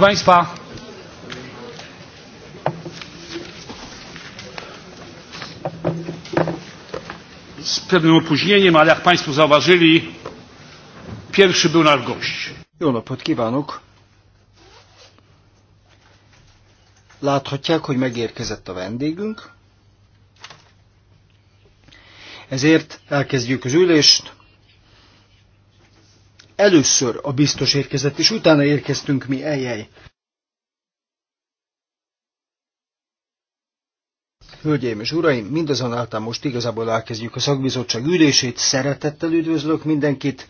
Proszę Państwa, z pewnym opóźnieniem, ale jak Państwo zauważyli, pierwszy był nasz gość. Jó napot kívánok! Láthatják, hogy megérkezett a vendégünk. Ezért elkezdjük az ülést először a biztos érkezett, és utána érkeztünk mi, eljej. Hölgyeim és uraim, mindazonáltal most igazából elkezdjük a szakbizottság ülését. Szeretettel üdvözlök mindenkit.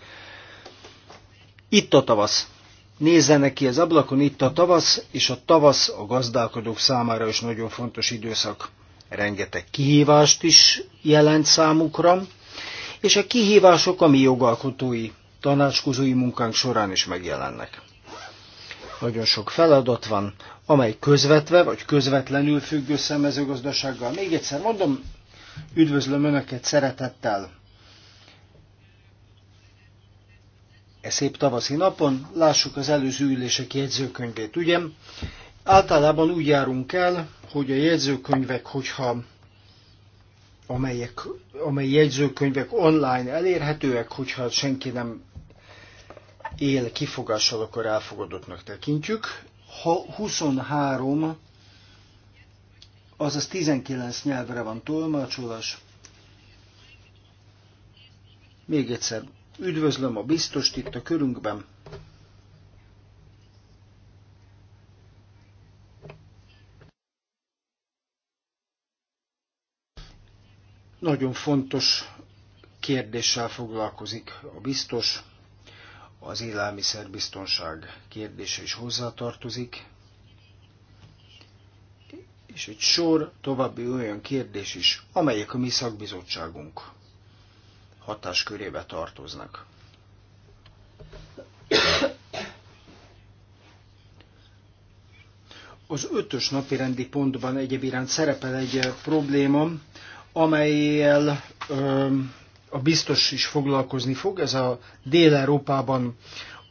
Itt a tavasz. Nézzenek ki az ablakon, itt a tavasz, és a tavasz a gazdálkodók számára is nagyon fontos időszak. Rengeteg kihívást is jelent számukra, és a kihívások a mi jogalkotói tanácskozói munkánk során is megjelennek. Nagyon sok feladat van, amely közvetve vagy közvetlenül függ össze a mezőgazdasággal. Még egyszer mondom, üdvözlöm Önöket szeretettel. E szép tavaszi napon lássuk az előző ülések jegyzőkönyvét. Ugye általában úgy járunk el, hogy a jegyzőkönyvek, hogyha amelyek, amely jegyzőkönyvek online elérhetőek, hogyha senki nem él kifogással, akkor elfogadottnak tekintjük. Ha 23, azaz 19 nyelvre van tolmácsolás, még egyszer üdvözlöm a biztost itt a körünkben. Nagyon fontos kérdéssel foglalkozik a biztos, az élelmiszerbiztonság kérdése is hozzátartozik, és egy sor további olyan kérdés is, amelyek a mi szakbizottságunk hatáskörébe tartoznak. Az ötös napi rendi pontban egyébként szerepel egy probléma, amelyel öm, a biztos is foglalkozni fog, ez a Dél-Európában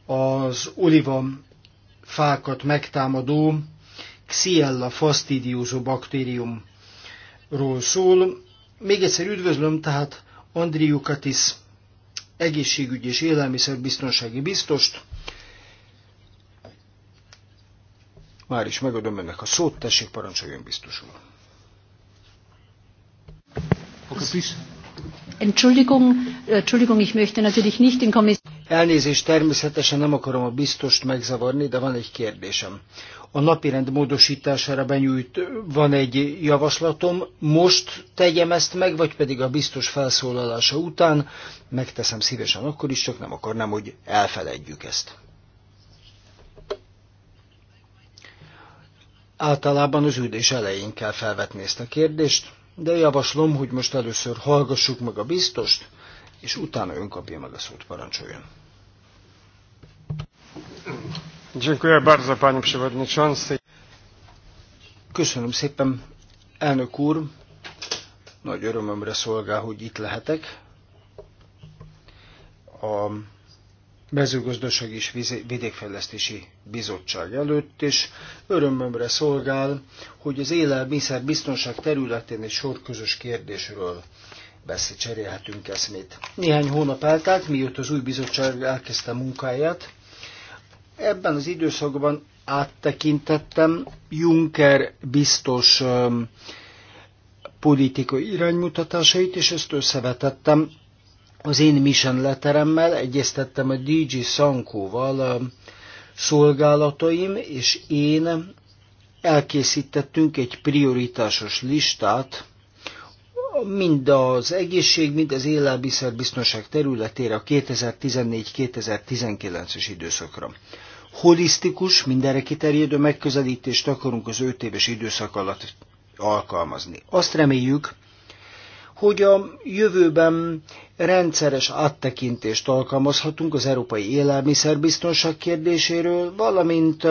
az oliva fákat megtámadó Xiella fastidiózó baktériumról szól. Még egyszer üdvözlöm tehát Andriu Katis egészségügyi és élelmiszerbiztonsági biztost. Már is megadom ennek a szót, tessék parancsoljon biztosul. Okay, please. Entschuldigung, äh, Entschuldigung, ich möchte natürlich nicht den Kommissar... Elnézést, természetesen nem akarom a biztost megzavarni, de van egy kérdésem. A napirend módosítására benyújt, van egy javaslatom, most tegyem ezt meg, vagy pedig a biztos felszólalása után, megteszem szívesen akkor is, csak nem akarnám, hogy elfeledjük ezt. Általában az üdés elején kell felvetni ezt a kérdést de javaslom, hogy most először hallgassuk meg a biztost, és utána ön kapja meg a szót, parancsoljon. Köszönöm szépen, elnök úr. Nagy örömömre szolgál, hogy itt lehetek. A mezőgazdaság és vidékfejlesztési bizottság előtt, és örömömre szolgál, hogy az élelmiszer biztonság területén egy sor közös kérdésről beszél, cserélhetünk eszmét. Néhány hónap eltelt, mióta az új bizottság elkezdte munkáját. Ebben az időszakban áttekintettem Juncker biztos politikai iránymutatásait, és ezt összevetettem az én Mission Letteremmel, egyeztettem a DJ Sankóval szolgálataim, és én elkészítettünk egy prioritásos listát, mind az egészség, mind az élelmiszerbiztonság területére a 2014-2019-es időszakra. Holisztikus, mindenre kiterjedő megközelítést akarunk az 5 éves időszak alatt alkalmazni. Azt reméljük, hogy a jövőben rendszeres áttekintést alkalmazhatunk az európai élelmiszerbiztonság kérdéséről, valamint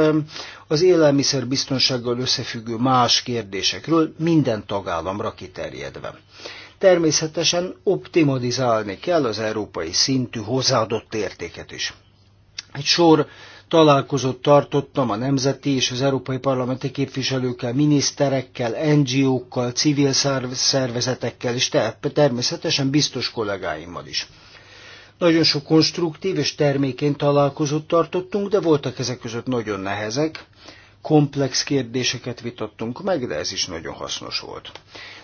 az élelmiszerbiztonsággal összefüggő más kérdésekről minden tagállamra kiterjedve. Természetesen optimalizálni kell az európai szintű hozzáadott értéket is. Egy sor találkozót tartottam a nemzeti és az európai parlamenti képviselőkkel, miniszterekkel, NGO-kkal, civil szervezetekkel, és természetesen biztos kollégáimmal is. Nagyon sok konstruktív és termékén találkozót tartottunk, de voltak ezek között nagyon nehezek. Komplex kérdéseket vitattunk meg, de ez is nagyon hasznos volt.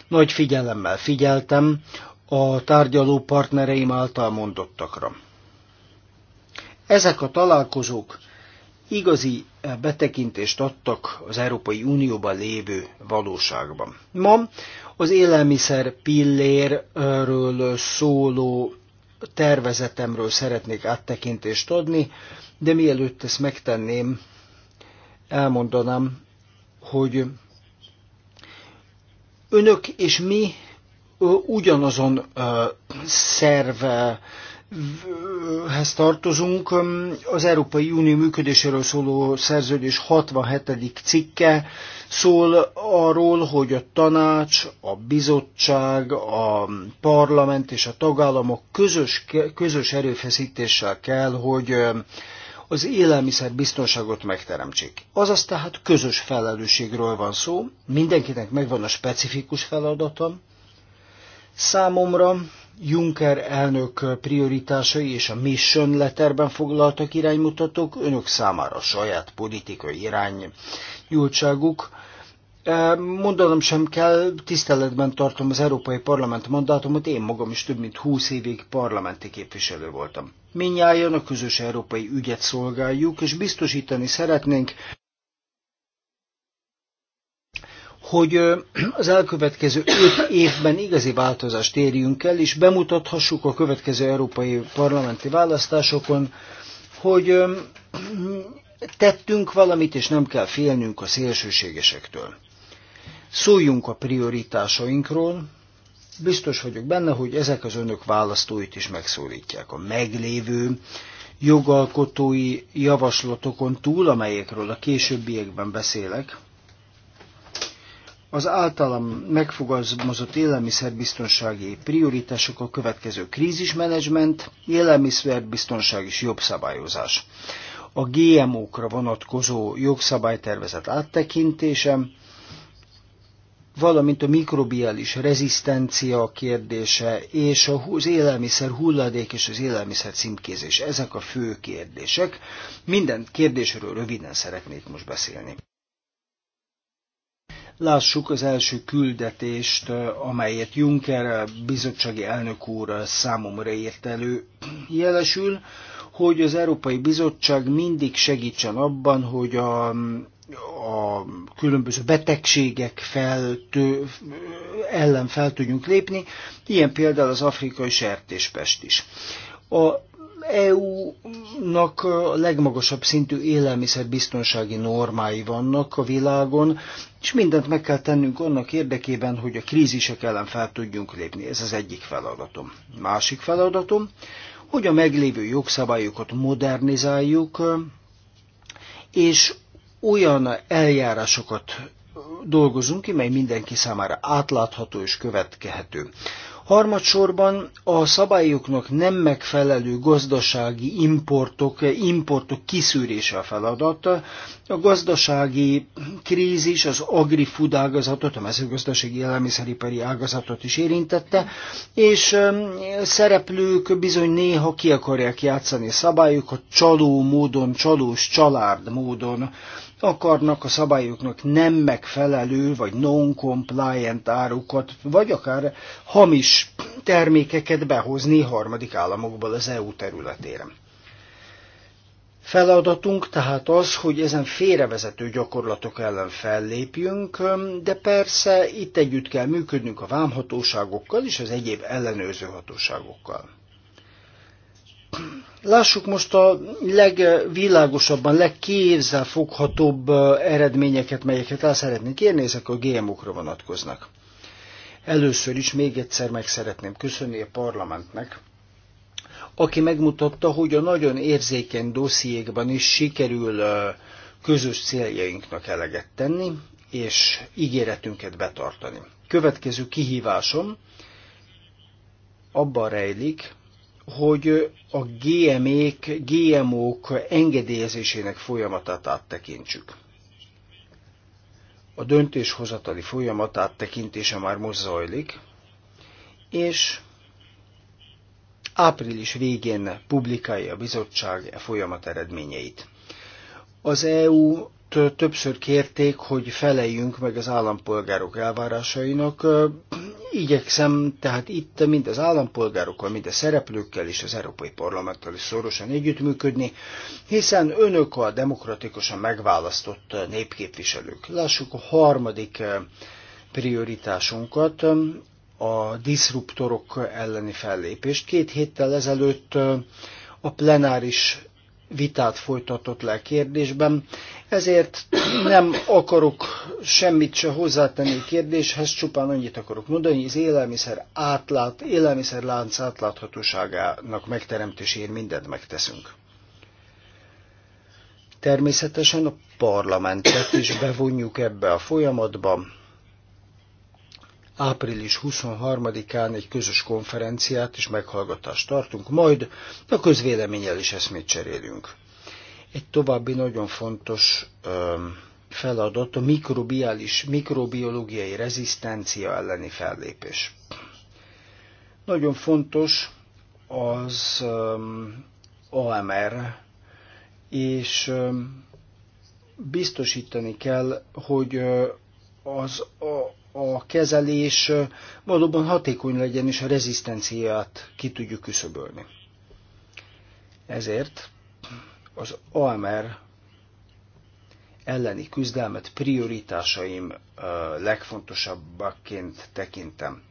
Nagy figyelemmel figyeltem a tárgyaló partnereim által mondottakra. Ezek a találkozók igazi betekintést adtak az Európai Unióban lévő valóságban. Ma az élelmiszer pillérről szóló tervezetemről szeretnék áttekintést adni, de mielőtt ezt megtenném, elmondanám, hogy önök és mi ugyanazon szerve hez tartozunk. Az Európai Unió működéséről szóló szerződés 67. cikke szól arról, hogy a tanács, a bizottság, a parlament és a tagállamok közös, közös erőfeszítéssel kell, hogy um, az élelmiszer biztonságot megteremtsék. Azaz tehát közös felelősségről van szó, mindenkinek megvan a specifikus feladata. Számomra Juncker elnök prioritásai és a mission letterben foglaltak iránymutatók önök számára a saját politikai irányultságuk. E, mondanom sem kell, tiszteletben tartom az Európai Parlament mandátumot, én magam is több mint 20 évig parlamenti képviselő voltam. Minnyáján a közös európai ügyet szolgáljuk, és biztosítani szeretnénk, hogy az elkövetkező öt évben igazi változást érjünk el, és bemutathassuk a következő európai parlamenti választásokon, hogy tettünk valamit, és nem kell félnünk a szélsőségesektől. Szóljunk a prioritásainkról, biztos vagyok benne, hogy ezek az önök választóit is megszólítják. A meglévő jogalkotói javaslatokon túl, amelyekről a későbbiekben beszélek, az általam megfogalmazott élelmiszerbiztonsági prioritások a következő krízismenedzsment, élelmiszerbiztonság és jobb A GMO-kra vonatkozó jogszabálytervezet áttekintése, valamint a mikrobiális rezisztencia kérdése és az élelmiszer hulladék és az élelmiszer címkézés. Ezek a fő kérdések. Minden kérdésről röviden szeretnék most beszélni. Lássuk az első küldetést, amelyet Juncker bizottsági elnök úr számomra írt elő. Jelesül, hogy az Európai Bizottság mindig segítsen abban, hogy a, a különböző betegségek feltő, ellen fel tudjunk lépni, ilyen például az afrikai sertéspest is. A EU-nak a legmagasabb szintű élelmiszerbiztonsági normái vannak a világon, és mindent meg kell tennünk annak érdekében, hogy a krízisek ellen fel tudjunk lépni. Ez az egyik feladatom. Másik feladatom, hogy a meglévő jogszabályokat modernizáljuk, és olyan eljárásokat dolgozunk ki, mely mindenki számára átlátható és követkehető. Harmadsorban a szabályoknak nem megfelelő gazdasági importok, importok kiszűrése a feladata. A gazdasági krízis az agri-food ágazatot, a mezőgazdasági élelmiszeripari ágazatot is érintette, és um, szereplők bizony néha ki akarják játszani szabályokat csaló módon, csalós csalárd módon akarnak a szabályoknak nem megfelelő vagy non-compliant árukat, vagy akár hamis termékeket behozni harmadik államokból az EU területére. Feladatunk tehát az, hogy ezen félrevezető gyakorlatok ellen fellépjünk, de persze itt együtt kell működnünk a vámhatóságokkal és az egyéb ellenőrző hatóságokkal. Lássuk most a legvilágosabban, legkézzelfoghatóbb eredményeket, melyeket el szeretnénk. érni, ezek a GMO-kra vonatkoznak. Először is még egyszer meg szeretném köszönni a parlamentnek, aki megmutatta, hogy a nagyon érzékeny dossziékban is sikerül közös céljainknak eleget tenni, és ígéretünket betartani. Következő kihívásom abban rejlik, hogy a GMO-k, GMO-k engedélyezésének folyamatát áttekintsük. A döntéshozatali folyamat áttekintése már most zajlik, és április végén publikálja a bizottság e folyamat eredményeit. Az EU többször kérték, hogy feleljünk meg az állampolgárok elvárásainak. Igyekszem tehát itt mind az állampolgárokkal, mind a szereplőkkel és az Európai Parlamenttel is szorosan együttműködni, hiszen önök a demokratikusan megválasztott népképviselők. Lássuk a harmadik prioritásunkat, a diszruptorok elleni fellépést. Két héttel ezelőtt a plenáris vitát folytatott le a kérdésben, ezért nem akarok semmit se hozzátenni a kérdéshez, csupán annyit akarok mondani, hogy az élelmiszer átlát, lánc átláthatóságának megteremtéséért mindent megteszünk. Természetesen a parlamentet is bevonjuk ebbe a folyamatba, április 23-án egy közös konferenciát és meghallgatást tartunk, majd a közvéleménnyel is eszmét cserélünk. Egy további nagyon fontos feladat a mikrobiális, mikrobiológiai rezisztencia elleni fellépés. Nagyon fontos az AMR, és biztosítani kell, hogy az a a kezelés valóban hatékony legyen, és a rezisztenciát ki tudjuk küszöbölni. Ezért az AMR elleni küzdelmet prioritásaim legfontosabbakként tekintem.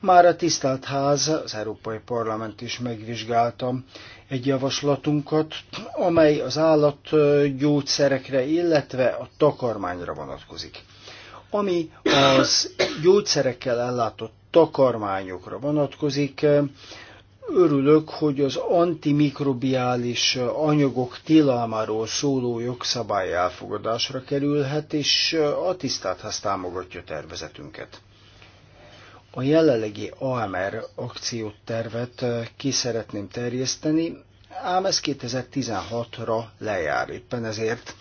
Már a tisztelt ház, az Európai Parlament is megvizsgáltam egy javaslatunkat, amely az állatgyógyszerekre, illetve a takarmányra vonatkozik ami az gyógyszerekkel ellátott takarmányokra vonatkozik. Örülök, hogy az antimikrobiális anyagok tilalmáról szóló jogszabály elfogadásra kerülhet, és a tisztátház támogatja tervezetünket. A jelenlegi AMR akciótervet ki szeretném terjeszteni, ám ez 2016-ra lejár éppen ezért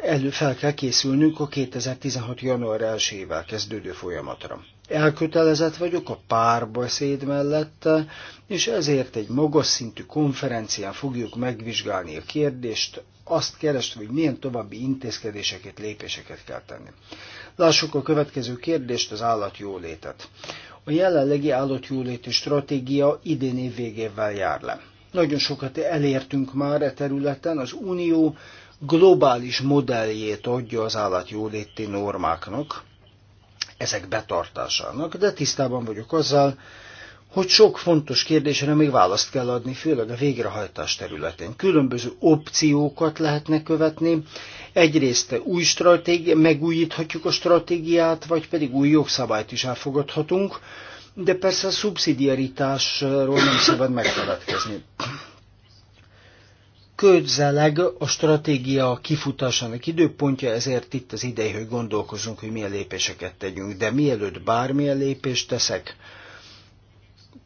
elő fel kell készülnünk a 2016. január 1-ével kezdődő folyamatra. Elkötelezett vagyok a párbeszéd mellett, és ezért egy magas szintű konferencián fogjuk megvizsgálni a kérdést, azt keresve, hogy milyen további intézkedéseket, lépéseket kell tenni. Lássuk a következő kérdést, az állatjólétet. A jelenlegi állatjóléti stratégia idén év végével jár le. Nagyon sokat elértünk már e területen, az Unió globális modelljét adja az állatjóléti normáknak, ezek betartásának, de tisztában vagyok azzal, hogy sok fontos kérdésre még választ kell adni, főleg a végrehajtás területén. Különböző opciókat lehetne követni, egyrészt új stratégia, megújíthatjuk a stratégiát, vagy pedig új jogszabályt is elfogadhatunk, de persze a szubszidiaritásról nem szabad megfeledkezni közeleg a stratégia kifutásának időpontja, ezért itt az ideje, hogy gondolkozunk, hogy milyen lépéseket tegyünk. De mielőtt bármilyen lépést teszek,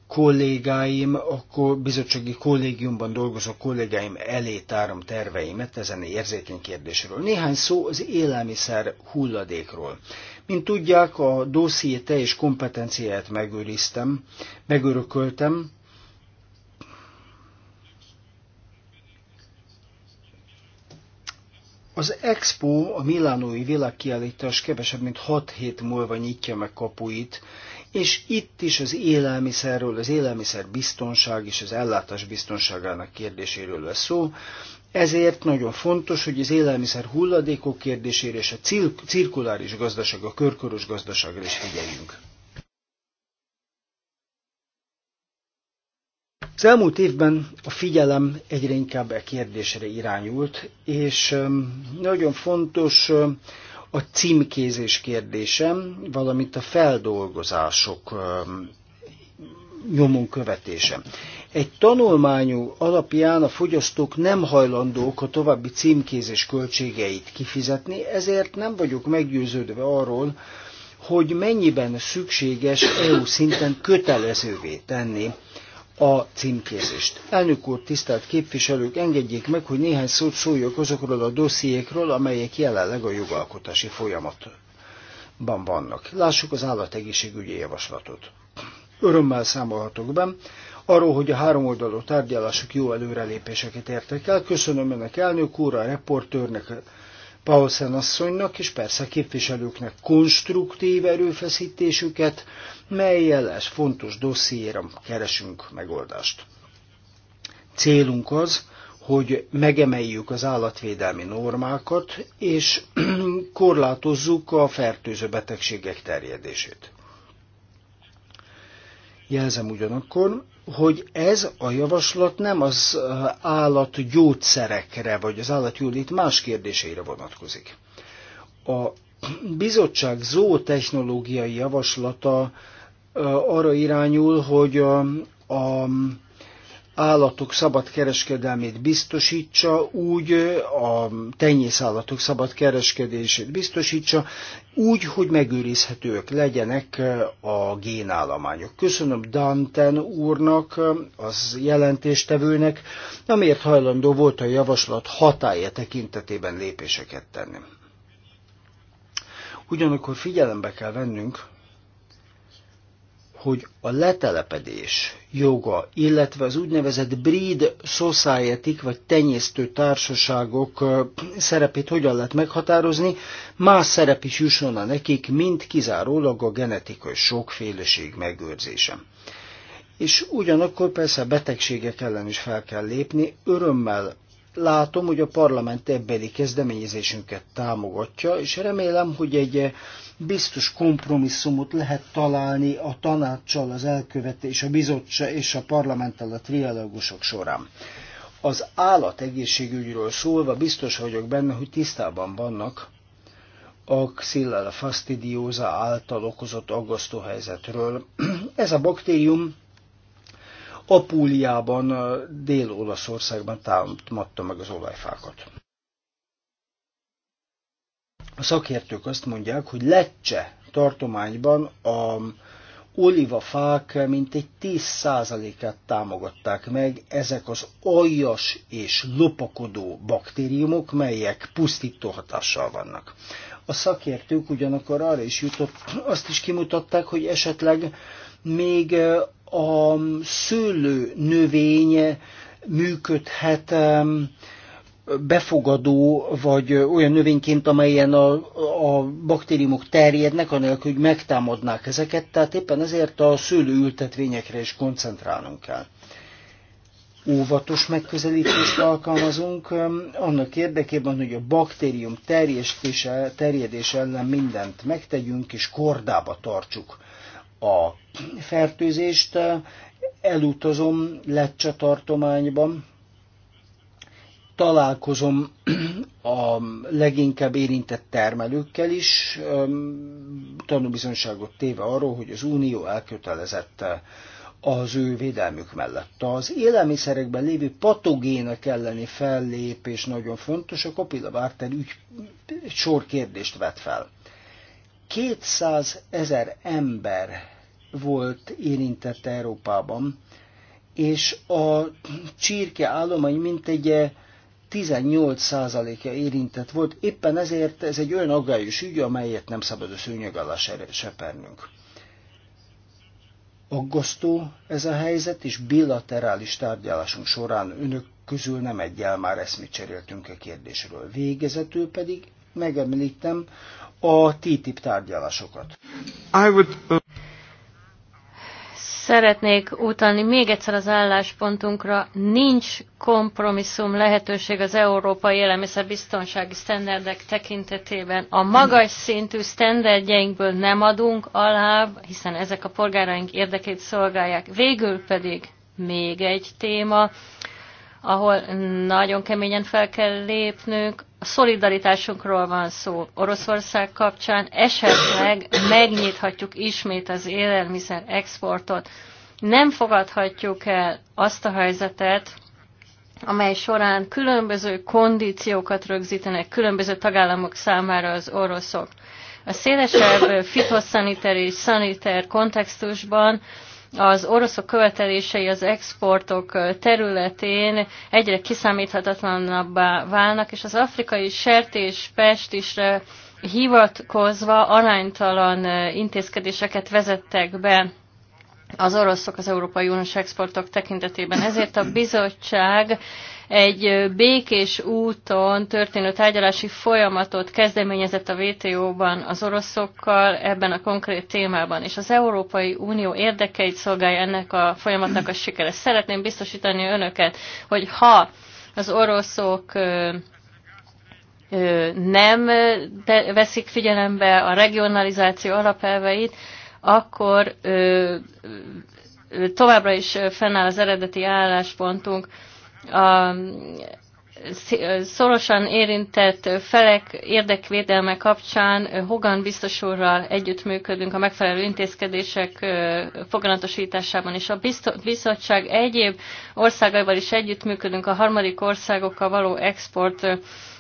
kollégáim, a bizottsági kollégiumban dolgozó kollégáim elé tárom terveimet ezen érzékeny kérdésről. Néhány szó az élelmiszer hulladékról. Mint tudják, a dosszié teljes kompetenciáját megőriztem, megörököltem, Az Expo, a Milánói világkiállítás kevesebb, mint 6 hét múlva nyitja meg kapuit, és itt is az élelmiszerről, az élelmiszer biztonság és az ellátás biztonságának kérdéséről lesz szó. Ezért nagyon fontos, hogy az élelmiszer hulladékok kérdésére és a cirkuláris gazdaság, a körkörös gazdaságra is figyeljünk. Az elmúlt évben a figyelem egyre inkább e kérdésre irányult, és nagyon fontos a címkézés kérdése, valamint a feldolgozások nyomon követése. Egy tanulmányú alapján a fogyasztók nem hajlandók a további címkézés költségeit kifizetni, ezért nem vagyok meggyőződve arról, hogy mennyiben szükséges EU szinten kötelezővé tenni a címkézést. Elnök úr, tisztelt képviselők, engedjék meg, hogy néhány szót szóljak azokról a dossziékről, amelyek jelenleg a jogalkotási folyamatban vannak. Lássuk az állategészségügyi javaslatot. Örömmel számolhatok be, arról, hogy a háromoldalú tárgyalások jó előrelépéseket értek el. Köszönöm önnek elnök úr, a reportőrnek, Paulsen asszonynak, és persze képviselőknek konstruktív erőfeszítésüket, melyel ez fontos dossziéra keresünk megoldást. Célunk az, hogy megemeljük az állatvédelmi normákat, és korlátozzuk a fertőző betegségek terjedését. Jelzem ugyanakkor, hogy ez a javaslat nem az állatgyógyszerekre vagy az állatjólét más kérdéseire vonatkozik. A bizottság zootechnológiai javaslata arra irányul, hogy a állatok szabad kereskedelmét biztosítsa, úgy a tenyészállatok szabad kereskedését biztosítsa, úgy, hogy megőrizhetők legyenek a génállományok. Köszönöm Danten úrnak, az jelentéstevőnek, miért hajlandó volt a javaslat hatája tekintetében lépéseket tenni. Ugyanakkor figyelembe kell vennünk, hogy a letelepedés joga, illetve az úgynevezett breed society vagy tenyésztő társaságok szerepét hogyan lehet meghatározni, más szerep is a nekik, mint kizárólag a genetikai sokféleség megőrzése. És ugyanakkor persze a betegségek ellen is fel kell lépni. Örömmel látom, hogy a parlament ebbeli kezdeményezésünket támogatja, és remélem, hogy egy biztos kompromisszumot lehet találni a tanácssal, az elkövetés, a bizottság és a parlamenttel a trialógusok során. Az egészségügyről szólva biztos vagyok benne, hogy tisztában vannak a xillella fastidiosa által okozott aggasztó helyzetről. Ez a baktérium Apúliában, Dél-Olaszországban támadta meg az olajfákat. A szakértők azt mondják, hogy Lecce tartományban a olivafák mintegy 10%-át támogatták meg ezek az aljas és lopakodó baktériumok, melyek pusztító hatással vannak. A szakértők ugyanakkor arra is jutott, azt is kimutatták, hogy esetleg még a szőlő növény működhet befogadó, vagy olyan növényként, amelyen a, a baktériumok terjednek, anélkül, hogy megtámadnák ezeket, tehát éppen ezért a szőlőültetvényekre is koncentrálnunk kell. Óvatos megközelítést alkalmazunk annak érdekében, hogy a baktérium terjedése ellen mindent megtegyünk és kordába tartsuk a fertőzést, elutazom Lecce tartományban, találkozom a leginkább érintett termelőkkel is, tanúbizonyságot téve arról, hogy az Unió elkötelezett az ő védelmük mellett. Az élelmiszerekben lévő patogének elleni fellépés nagyon fontos, a Kapila Várter ügy sor kérdést vet fel. 200 ezer ember volt érintett Európában, és a csirke állomány mintegy 18%-a érintett volt, éppen ezért ez egy olyan aggályos ügy, amelyet nem szabad a szőnyeg alá sepernünk. Aggasztó ez a helyzet, és bilaterális tárgyalásunk során önök közül nem egyel már eszmét cseréltünk a e kérdésről. Végezetül pedig megemlítem a TTIP tárgyalásokat. I would, uh... Szeretnék utalni még egyszer az álláspontunkra. Nincs kompromisszum lehetőség az európai élelmiszerbiztonsági sztenderdek tekintetében. A magas szintű sztenderdjeinkből nem adunk alá, hiszen ezek a polgáraink érdekét szolgálják. Végül pedig még egy téma, ahol nagyon keményen fel kell lépnünk, a szolidaritásunkról van szó Oroszország kapcsán, esetleg megnyithatjuk ismét az élelmiszer exportot. Nem fogadhatjuk el azt a helyzetet, amely során különböző kondíciókat rögzítenek különböző tagállamok számára az oroszok. A szélesebb fitoszaniter és szaniter kontextusban az oroszok követelései az exportok területén egyre kiszámíthatatlanabbá válnak, és az afrikai sertéspest is hivatkozva aránytalan intézkedéseket vezettek be az oroszok az Európai Uniós exportok tekintetében. Ezért a bizottság egy békés úton történő tárgyalási folyamatot kezdeményezett a WTO-ban az oroszokkal ebben a konkrét témában, és az Európai Unió érdekeit szolgálja ennek a folyamatnak a sikere. Szeretném biztosítani önöket, hogy ha az oroszok nem veszik figyelembe a regionalizáció alapelveit, akkor továbbra is fennáll az eredeti álláspontunk, a szorosan érintett felek érdekvédelme kapcsán Hogan biztos úrral együttműködünk a megfelelő intézkedések foglalatosításában és a bizottság egyéb országaival is együttműködünk a harmadik országokkal való export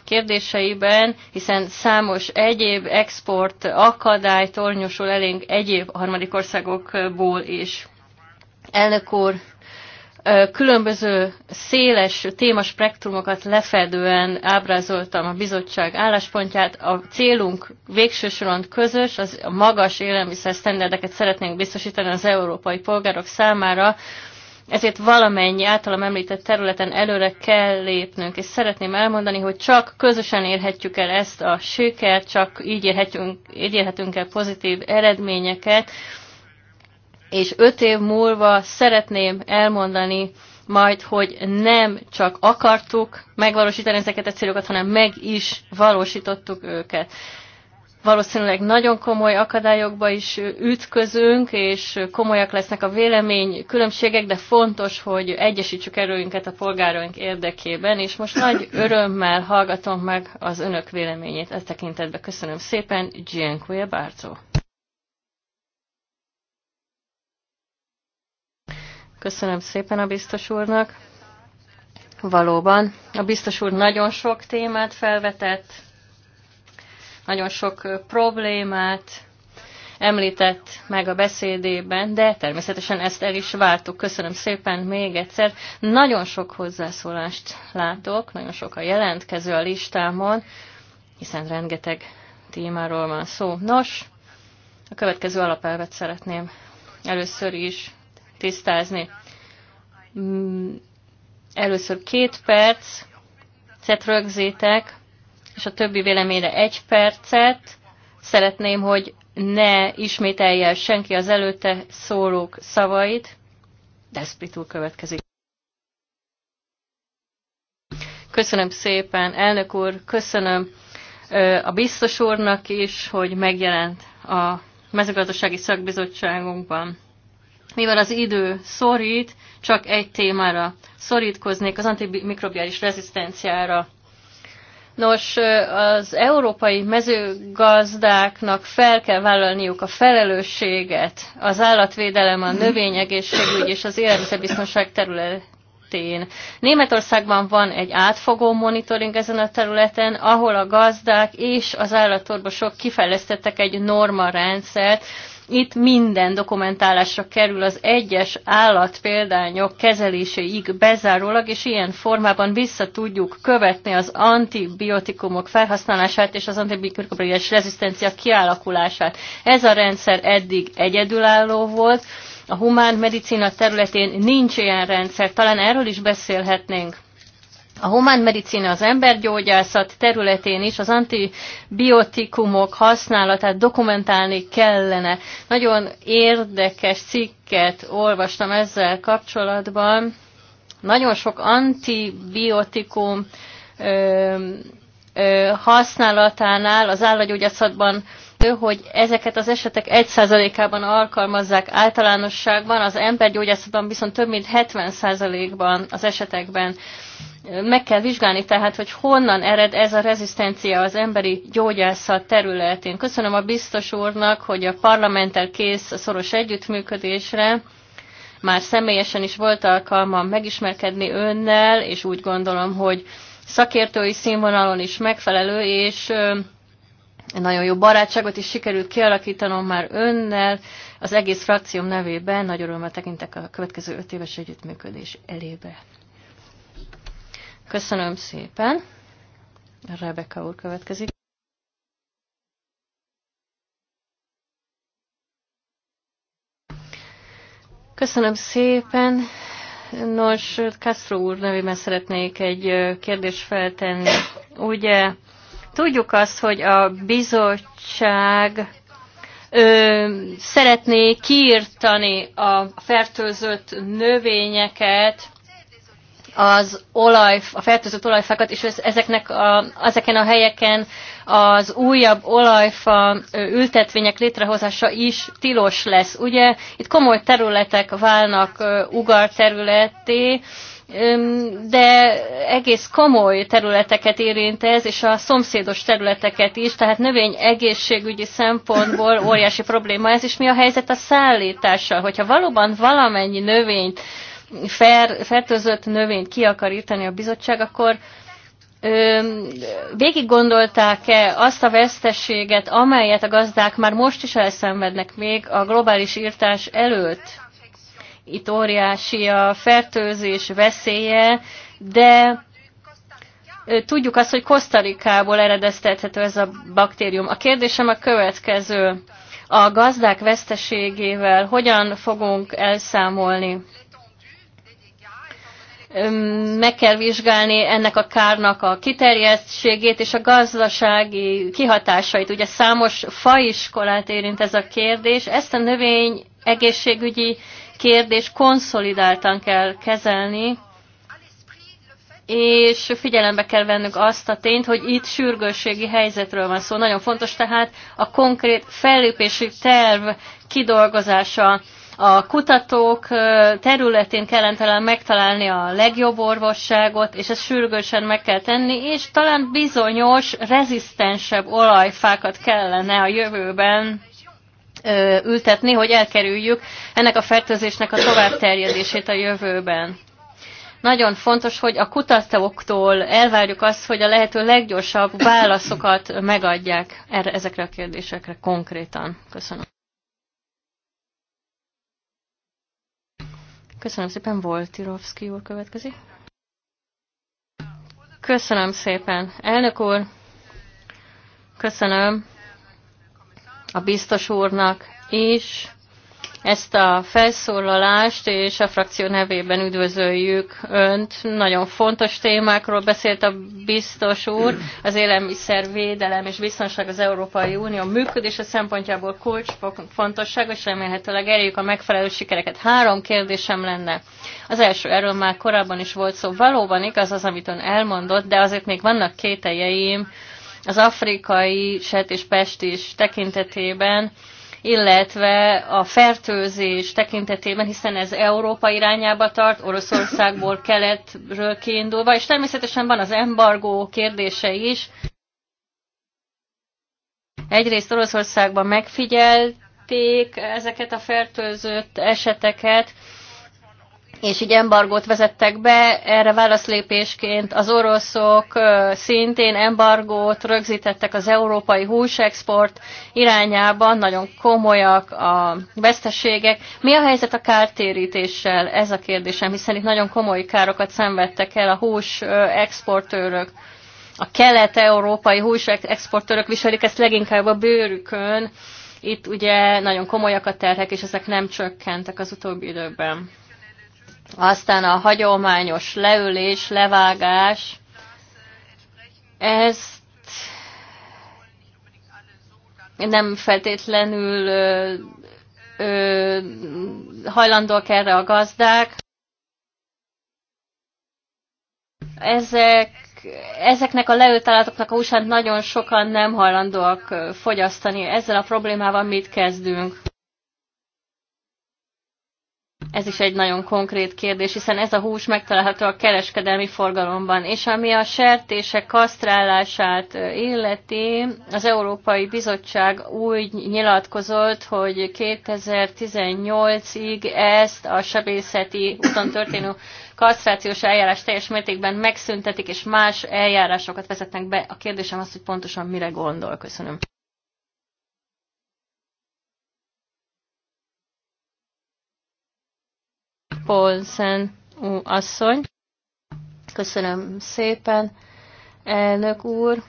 kérdéseiben, hiszen számos egyéb export akadály tornyosul elénk egyéb harmadik országokból is. Elnök úr, különböző széles témaspektrumokat lefedően ábrázoltam a bizottság álláspontját. A célunk végső soron közös, az a magas élelmiszer sztenderdeket szeretnénk biztosítani az európai polgárok számára, ezért valamennyi általam említett területen előre kell lépnünk, és szeretném elmondani, hogy csak közösen érhetjük el ezt a sikert, csak így érhetünk, így érhetünk el pozitív eredményeket, és öt év múlva szeretném elmondani majd, hogy nem csak akartuk megvalósítani ezeket a célokat, hanem meg is valósítottuk őket. Valószínűleg nagyon komoly akadályokba is ütközünk, és komolyak lesznek a vélemény különbségek, de fontos, hogy egyesítsük erőinket a polgáraink érdekében, és most nagy örömmel hallgatom meg az önök véleményét Ezt tekintetben. Köszönöm szépen, Gianquia Bárcó. Köszönöm szépen a biztos úrnak. Valóban, a biztos úr nagyon sok témát felvetett, nagyon sok problémát említett meg a beszédében, de természetesen ezt el is vártuk. Köszönöm szépen még egyszer. Nagyon sok hozzászólást látok, nagyon sok a jelentkező a listámon, hiszen rengeteg témáról van szó. Nos, a következő alapelvet szeretném először is tisztázni. Mm, először két szet rögzítek, és a többi véleményre egy percet. Szeretném, hogy ne ismételje senki az előtte szólók szavait. Despritul következik. Köszönöm szépen, elnök úr, köszönöm a biztos úrnak is, hogy megjelent a mezőgazdasági szakbizottságunkban. Mivel az idő szorít, csak egy témára szorítkoznék, az antimikrobiális rezisztenciára. Nos, az európai mezőgazdáknak fel kell vállalniuk a felelősséget az állatvédelem, a növényegészségügy és az élelmiszerbiztonság területén. Németországban van egy átfogó monitoring ezen a területen, ahol a gazdák és az állatorvosok kifejlesztettek egy norma rendszert, itt minden dokumentálásra kerül az egyes állatpéldányok kezeléséig bezárólag, és ilyen formában vissza tudjuk követni az antibiotikumok felhasználását és az antibiotikumok rezisztencia kialakulását. Ez a rendszer eddig egyedülálló volt, a humán medicina területén nincs ilyen rendszer, talán erről is beszélhetnénk. A humán medicina az embergyógyászat területén is az antibiotikumok használatát dokumentálni kellene. Nagyon érdekes cikket olvastam ezzel kapcsolatban. Nagyon sok antibiotikum ö, ö, használatánál az állagyógyászatban, hogy ezeket az esetek 1%-ában alkalmazzák általánosságban, az embergyógyászatban viszont több mint 70%-ban az esetekben meg kell vizsgálni tehát, hogy honnan ered ez a rezisztencia az emberi gyógyászat területén. Köszönöm a biztos úrnak, hogy a parlamenttel kész a szoros együttműködésre. Már személyesen is volt alkalmam megismerkedni önnel, és úgy gondolom, hogy szakértői színvonalon is megfelelő, és nagyon jó barátságot is sikerült kialakítanom már önnel. Az egész frakcióm nevében nagy örömmel tekintek a következő öt éves együttműködés elébe. Köszönöm szépen. Rebeka úr következik. Köszönöm szépen. Nos, Castro úr nevében szeretnék egy kérdést feltenni. Ugye tudjuk azt, hogy a bizottság ö, szeretné kiirtani a fertőzött növényeket, az olaj, a fertőzött olajfákat, és ezeknek a, ezeken a helyeken az újabb olajfa ültetvények létrehozása is tilos lesz. Ugye itt komoly területek válnak ugar területé, de egész komoly területeket érint ez, és a szomszédos területeket is, tehát növény egészségügyi szempontból óriási probléma ez, és mi a helyzet a szállítással, hogyha valóban valamennyi növényt fer, fertőzött növényt ki akar írtani a bizottság, akkor végig gondolták-e azt a veszteséget, amelyet a gazdák már most is elszenvednek még a globális írtás előtt? Itt óriási a fertőzés veszélye, de tudjuk azt, hogy Kosztarikából eredeztethető ez a baktérium. A kérdésem a következő. A gazdák veszteségével hogyan fogunk elszámolni? meg kell vizsgálni ennek a kárnak a kiterjedtségét és a gazdasági kihatásait. Ugye számos faiskolát érint ez a kérdés. Ezt a növény egészségügyi kérdés konszolidáltan kell kezelni, és figyelembe kell vennünk azt a tényt, hogy itt sürgősségi helyzetről van szó. Nagyon fontos tehát a konkrét fellépési terv kidolgozása a kutatók területén kellene talán megtalálni a legjobb orvosságot, és ezt sürgősen meg kell tenni, és talán bizonyos, rezisztensebb olajfákat kellene a jövőben ültetni, hogy elkerüljük ennek a fertőzésnek a továbbterjedését a jövőben nagyon fontos, hogy a kutatóktól elvárjuk azt, hogy a lehető leggyorsabb válaszokat megadják erre, ezekre a kérdésekre konkrétan. Köszönöm. Köszönöm szépen, Voltirovszki úr következik. Köszönöm szépen, elnök úr. Köszönöm a biztos úrnak is ezt a felszólalást, és a frakció nevében üdvözöljük Önt. Nagyon fontos témákról beszélt a biztos úr, az élelmiszervédelem és biztonság az Európai Unió működése szempontjából kulcsfontosság, fontosságos, és remélhetőleg elérjük a megfelelő sikereket. Három kérdésem lenne. Az első, erről már korábban is volt szó, valóban igaz az, amit ön elmondott, de azért még vannak kételjeim az afrikai set és pest is tekintetében, illetve a fertőzés tekintetében, hiszen ez Európa irányába tart, Oroszországból, keletről kiindulva, és természetesen van az embargó kérdése is. Egyrészt Oroszországban megfigyelték ezeket a fertőzött eseteket, és így embargót vezettek be, erre válaszlépésként az oroszok szintén embargót rögzítettek az európai húsexport irányában, nagyon komolyak a veszteségek. Mi a helyzet a kártérítéssel? Ez a kérdésem, hiszen itt nagyon komoly károkat szenvedtek el a hús exportőrök. A kelet-európai hús exportőrök viselik ezt leginkább a bőrükön. Itt ugye nagyon komolyak a terhek, és ezek nem csökkentek az utóbbi időben. Aztán a hagyományos leülés, levágás, ezt nem feltétlenül ö, ö, hajlandók erre a gazdák. Ezek, ezeknek a leültálatoknak a húsát nagyon sokan nem hajlandóak fogyasztani. Ezzel a problémával mit kezdünk? Ez is egy nagyon konkrét kérdés, hiszen ez a hús megtalálható a kereskedelmi forgalomban, és ami a sertések kasztrálását illeti, az Európai Bizottság úgy nyilatkozott, hogy 2018-ig ezt a sebészeti úton történő kasztrációs eljárás teljes mértékben megszüntetik, és más eljárásokat vezetnek be. A kérdésem az, hogy pontosan mire gondol. Köszönöm. Paulsen asszony. Köszönöm szépen, elnök úr.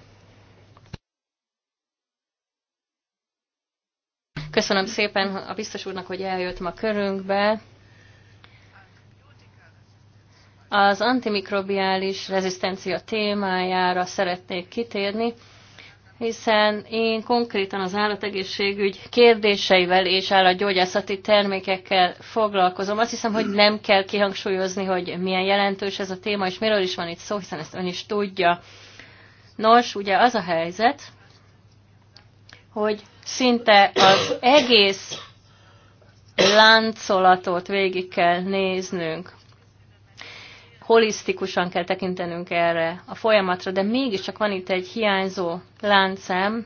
Köszönöm szépen a biztos úrnak, hogy eljött ma körünkbe. Az antimikrobiális rezisztencia témájára szeretnék kitérni hiszen én konkrétan az állategészségügy kérdéseivel és állatgyógyászati termékekkel foglalkozom. Azt hiszem, hogy nem kell kihangsúlyozni, hogy milyen jelentős ez a téma, és miről is van itt szó, hiszen ezt ön is tudja. Nos, ugye az a helyzet, hogy szinte az egész láncolatot végig kell néznünk holisztikusan kell tekintenünk erre a folyamatra, de mégiscsak van itt egy hiányzó láncem,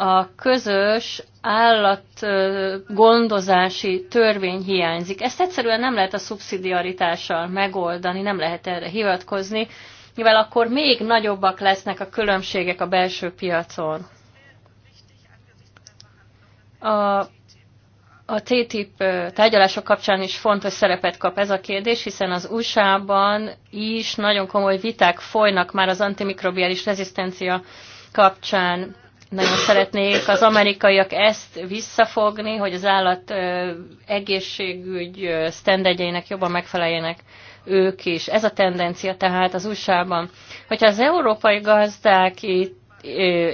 a közös állatgondozási törvény hiányzik. Ezt egyszerűen nem lehet a szubszidiaritással megoldani, nem lehet erre hivatkozni, mivel akkor még nagyobbak lesznek a különbségek a belső piacon. A a TTIP tárgyalások kapcsán is fontos szerepet kap ez a kérdés, hiszen az USA-ban is nagyon komoly viták folynak már az antimikrobiális rezisztencia kapcsán. Nagyon szeretnék az amerikaiak ezt visszafogni, hogy az állat egészségügy sztendegyeinek jobban megfeleljenek ők is. Ez a tendencia tehát az USA-ban. Hogyha az európai gazdák itt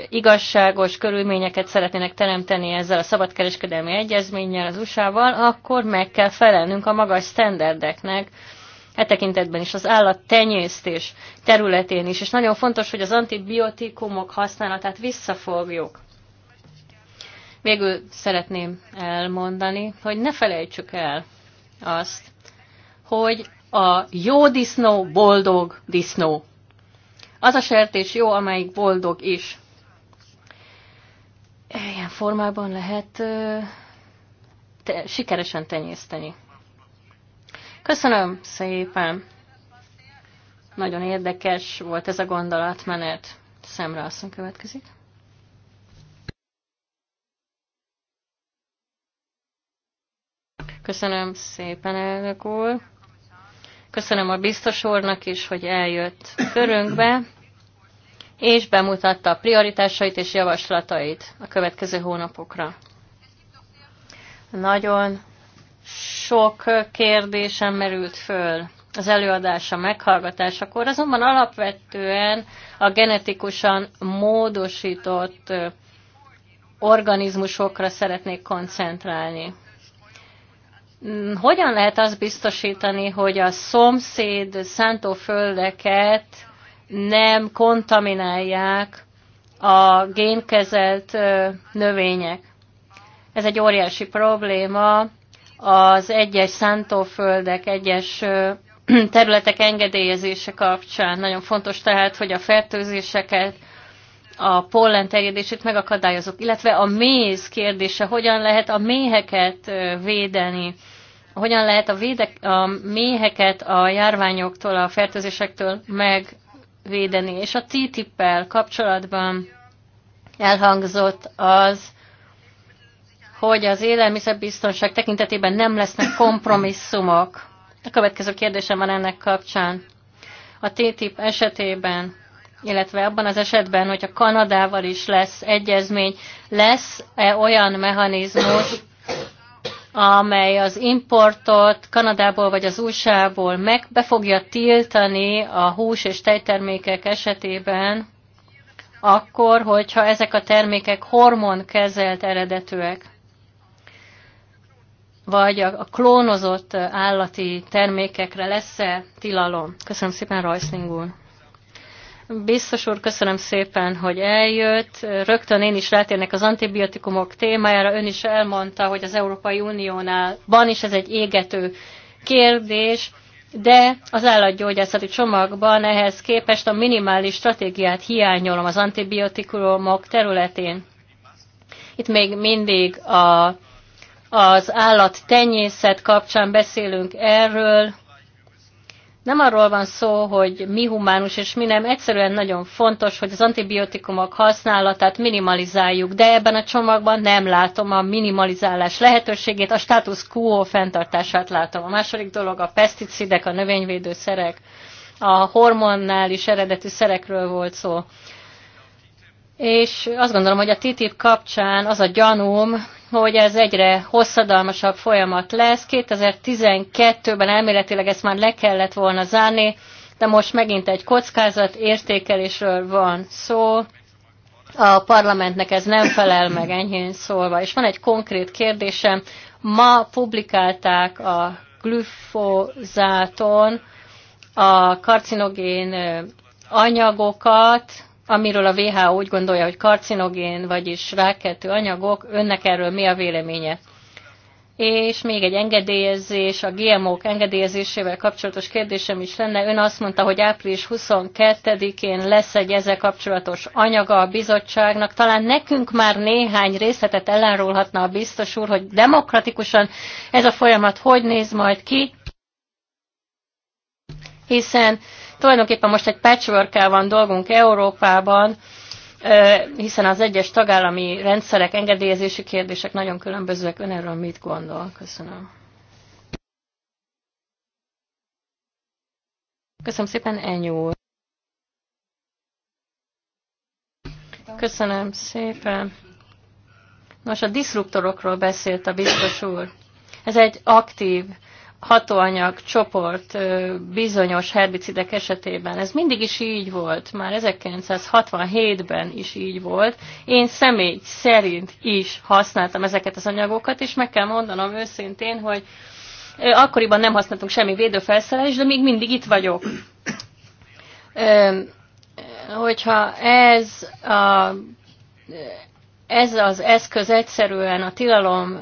igazságos körülményeket szeretnének teremteni ezzel a szabadkereskedelmi egyezménnyel az USA-val, akkor meg kell felelnünk a magas sztenderdeknek, e tekintetben is az állattenyésztés területén is, és nagyon fontos, hogy az antibiotikumok használatát visszafogjuk. Végül szeretném elmondani, hogy ne felejtsük el azt, hogy a jó disznó boldog disznó. Az a sertés jó, amelyik boldog is. Ilyen formában lehet te, sikeresen tenyészteni. Köszönöm szépen! Nagyon érdekes volt ez a gondolatmenet. Szemre asszony következik. Köszönöm szépen, elnök úr! Köszönöm a biztos úrnak is, hogy eljött körünkbe, és bemutatta a prioritásait és javaslatait a következő hónapokra. Nagyon sok kérdésem merült föl az előadása meghallgatásakor, azonban alapvetően a genetikusan módosított organizmusokra szeretnék koncentrálni hogyan lehet azt biztosítani, hogy a szomszéd szántóföldeket nem kontaminálják a génkezelt növények. Ez egy óriási probléma. Az egyes szántóföldek, egyes területek engedélyezése kapcsán nagyon fontos tehát, hogy a fertőzéseket a pollen terjedését megakadályozok, illetve a méz kérdése, hogyan lehet a méheket védeni, hogyan lehet a, védek, a méheket a járványoktól, a fertőzésektől megvédeni. És a TTIP-el kapcsolatban elhangzott az, hogy az élelmiszerbiztonság tekintetében nem lesznek kompromisszumok. A következő kérdésem van ennek kapcsán. A TTIP esetében illetve abban az esetben, hogyha Kanadával is lesz egyezmény, lesz-e olyan mechanizmus, amely az importot Kanadából vagy az USA-ból meg be fogja tiltani a hús és tejtermékek esetében, akkor, hogyha ezek a termékek hormonkezelt eredetűek, vagy a klónozott állati termékekre lesz-e tilalom? Köszönöm szépen, Rajszling úr! Biztos úr, köszönöm szépen, hogy eljött. Rögtön én is rátérnek az antibiotikumok témájára. Ön is elmondta, hogy az Európai Uniónál van is ez egy égető kérdés, de az állatgyógyászati csomagban ehhez képest a minimális stratégiát hiányolom az antibiotikumok területén. Itt még mindig a, az állattenyészet kapcsán beszélünk erről, nem arról van szó, hogy mi humánus és mi nem, egyszerűen nagyon fontos, hogy az antibiotikumok használatát minimalizáljuk, de ebben a csomagban nem látom a minimalizálás lehetőségét, a status quo fenntartását látom. A második dolog a peszticidek, a növényvédőszerek, a hormonális eredetű szerekről volt szó és azt gondolom, hogy a TTIP kapcsán az a gyanúm, hogy ez egyre hosszadalmasabb folyamat lesz. 2012-ben elméletileg ezt már le kellett volna zárni, de most megint egy kockázat értékelésről van szó. A parlamentnek ez nem felel meg enyhén szólva. És van egy konkrét kérdésem. Ma publikálták a glüfozáton a karcinogén anyagokat, amiről a WHO úgy gondolja, hogy karcinogén, vagyis rákkeltő anyagok, önnek erről mi a véleménye? És még egy engedélyezés, a GMO-k engedélyezésével kapcsolatos kérdésem is lenne. Ön azt mondta, hogy április 22-én lesz egy ezzel kapcsolatos anyaga a bizottságnak. Talán nekünk már néhány részletet ellenrólhatna a biztos úr, hogy demokratikusan ez a folyamat hogy néz majd ki, hiszen Tulajdonképpen most egy patchwork van dolgunk Európában, hiszen az egyes tagállami rendszerek, engedélyezési kérdések nagyon különbözőek. Ön erről mit gondol? Köszönöm. Köszönöm szépen, Enyő úr. Köszönöm szépen. Nos, a diszruptorokról beszélt a biztos úr. Ez egy aktív hatóanyag csoport bizonyos herbicidek esetében. Ez mindig is így volt, már 1967-ben is így volt. Én személy szerint is használtam ezeket az anyagokat, és meg kell mondanom őszintén, hogy akkoriban nem használtunk semmi védőfelszerelést, de még mindig itt vagyok. Hogyha ez a, ez az eszköz egyszerűen a tilalom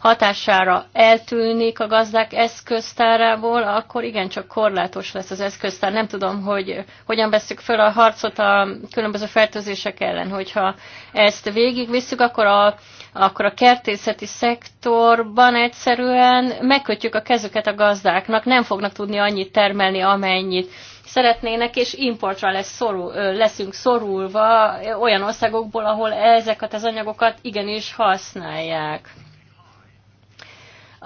hatására eltűnik a gazdák eszköztárából, akkor igencsak korlátos lesz az eszköztár. Nem tudom, hogy hogyan veszük föl a harcot a különböző fertőzések ellen. Hogyha ezt végigvisszük, akkor a, akkor a kertészeti szektorban egyszerűen megkötjük a kezüket a gazdáknak, nem fognak tudni annyit termelni, amennyit szeretnének, és importra lesz szorul, leszünk szorulva olyan országokból, ahol ezeket az anyagokat igenis használják.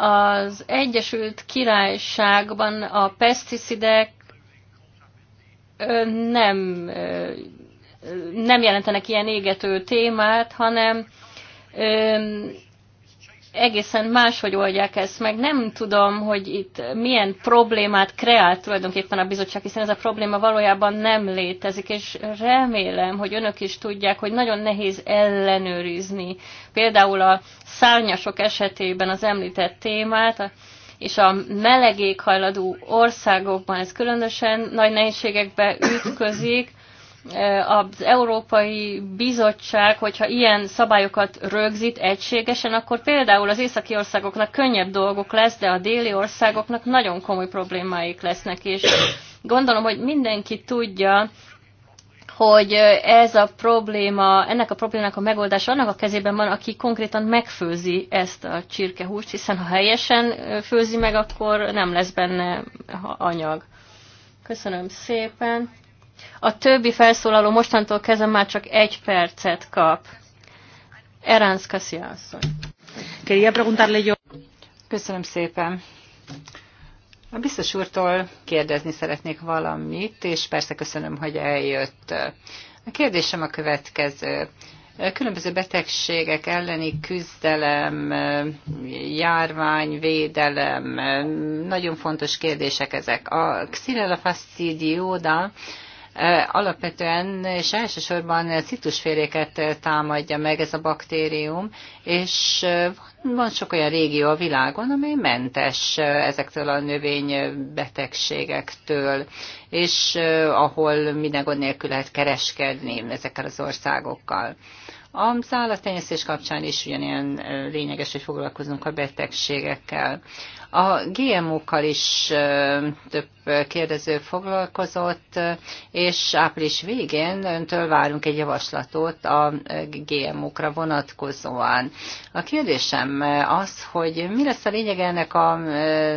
Az Egyesült Királyságban a peszticidek nem, nem jelentenek ilyen égető témát, hanem egészen máshogy oldják ezt meg. Nem tudom, hogy itt milyen problémát kreált tulajdonképpen a bizottság, hiszen ez a probléma valójában nem létezik, és remélem, hogy önök is tudják, hogy nagyon nehéz ellenőrizni. Például a szárnyasok esetében az említett témát, és a meleg éghajladú országokban ez különösen nagy nehézségekbe ütközik, az Európai Bizottság, hogyha ilyen szabályokat rögzít egységesen, akkor például az északi országoknak könnyebb dolgok lesz, de a déli országoknak nagyon komoly problémáik lesznek, és gondolom, hogy mindenki tudja, hogy ez a probléma, ennek a problémának a megoldása annak a kezében van, aki konkrétan megfőzi ezt a csirkehúst, hiszen ha helyesen főzi meg, akkor nem lesz benne anyag. Köszönöm szépen! A többi felszólaló mostantól kezdve már csak egy percet kap. Eránsz Kassia asszony. Köszönöm szépen. A biztos úrtól kérdezni szeretnék valamit, és persze köszönöm, hogy eljött. A kérdésem a következő. Különböző betegségek elleni küzdelem, járványvédelem, nagyon fontos kérdések ezek. A Xylella fastidioda alapvetően és elsősorban citusféréket támadja meg ez a baktérium, és van sok olyan régió a világon, ami mentes ezektől a növénybetegségektől, és ahol minden gond nélkül lehet kereskedni ezekkel az országokkal. A szállattenyésztés kapcsán is ugyanilyen lényeges, hogy foglalkozunk a betegségekkel. A GMO-kkal is több kérdező foglalkozott, és április végén öntől várunk egy javaslatot a GMO-kra vonatkozóan. A kérdésem az, hogy mi lesz a lényeg ennek a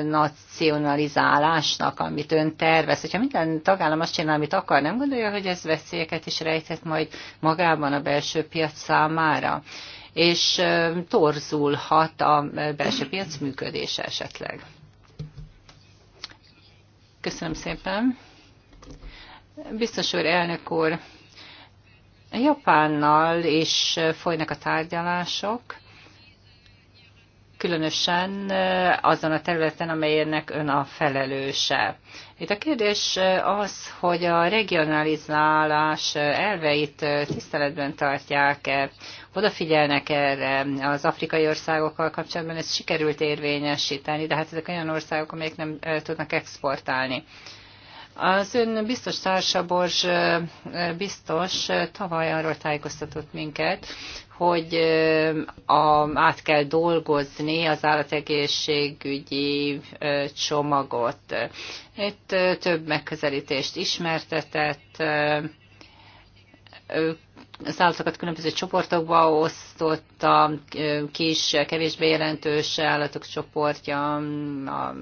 nacionalizálásnak, amit ön tervez? Hogyha minden tagállam azt csinál, amit akar, nem gondolja, hogy ez veszélyeket is rejtett majd magában a belső piac számára? és torzulhat a belső piac működése esetleg. Köszönöm szépen. Biztos úr, elnök úr, Japánnal is folynak a tárgyalások, különösen eh, azon a területen, amelyennek ön a felelőse. Itt a kérdés eh, az, hogy a regionalizálás eh, elveit tiszteletben tartják-e, odafigyelnek erre az afrikai országokkal kapcsolatban, ezt sikerült érvényesíteni, de hát ezek olyan országok, amelyek nem tudnak exportálni. Az ön biztos társa, Borzs biztos tavaly arról tájékoztatott minket, hogy a, át kell dolgozni az állategészségügyi csomagot. Itt több megközelítést ismertetett, az állatokat különböző csoportokba osztotta, kis, kevésbé jelentős állatok csoportja, a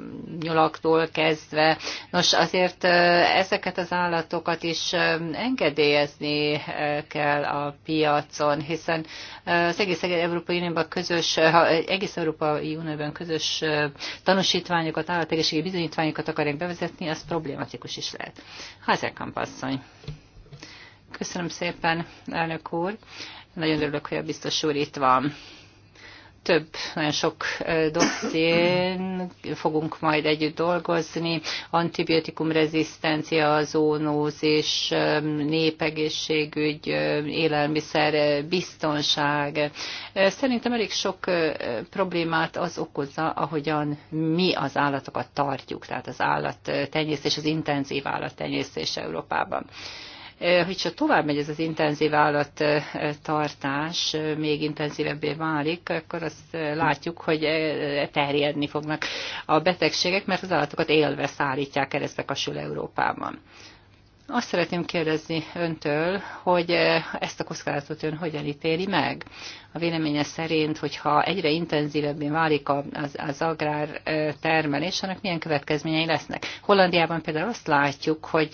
nyulaktól kezdve. Nos, azért ezeket az állatokat is engedélyezni kell a piacon, hiszen az egész Európai Unióban közös, ha egész Európai Unióban közös tanúsítványokat, állategészségi bizonyítványokat akarják bevezetni, az problématikus is lehet. Házekampasszony. asszony. Köszönöm szépen, elnök úr. Nagyon örülök, hogy a biztos úr itt van több, nagyon sok dosszén fogunk majd együtt dolgozni, Antibiotikum rezisztencia, zónózis, népegészségügy, élelmiszer, biztonság. Szerintem elég sok problémát az okozza, ahogyan mi az állatokat tartjuk, tehát az állattenyésztés, az intenzív állattenyésztés Európában csak tovább megy ez az intenzív állattartás, még intenzívebbé válik, akkor azt látjuk, hogy terjedni fognak a betegségek, mert az állatokat élve szállítják keresztbe kasul Európában. Azt szeretném kérdezni öntől, hogy eh, ezt a kockázatot ön hogyan ítéli meg? A véleménye szerint, hogyha egyre intenzívebbé válik az, az agrár eh, termelés, annak milyen következményei lesznek? Hollandiában például azt látjuk, hogy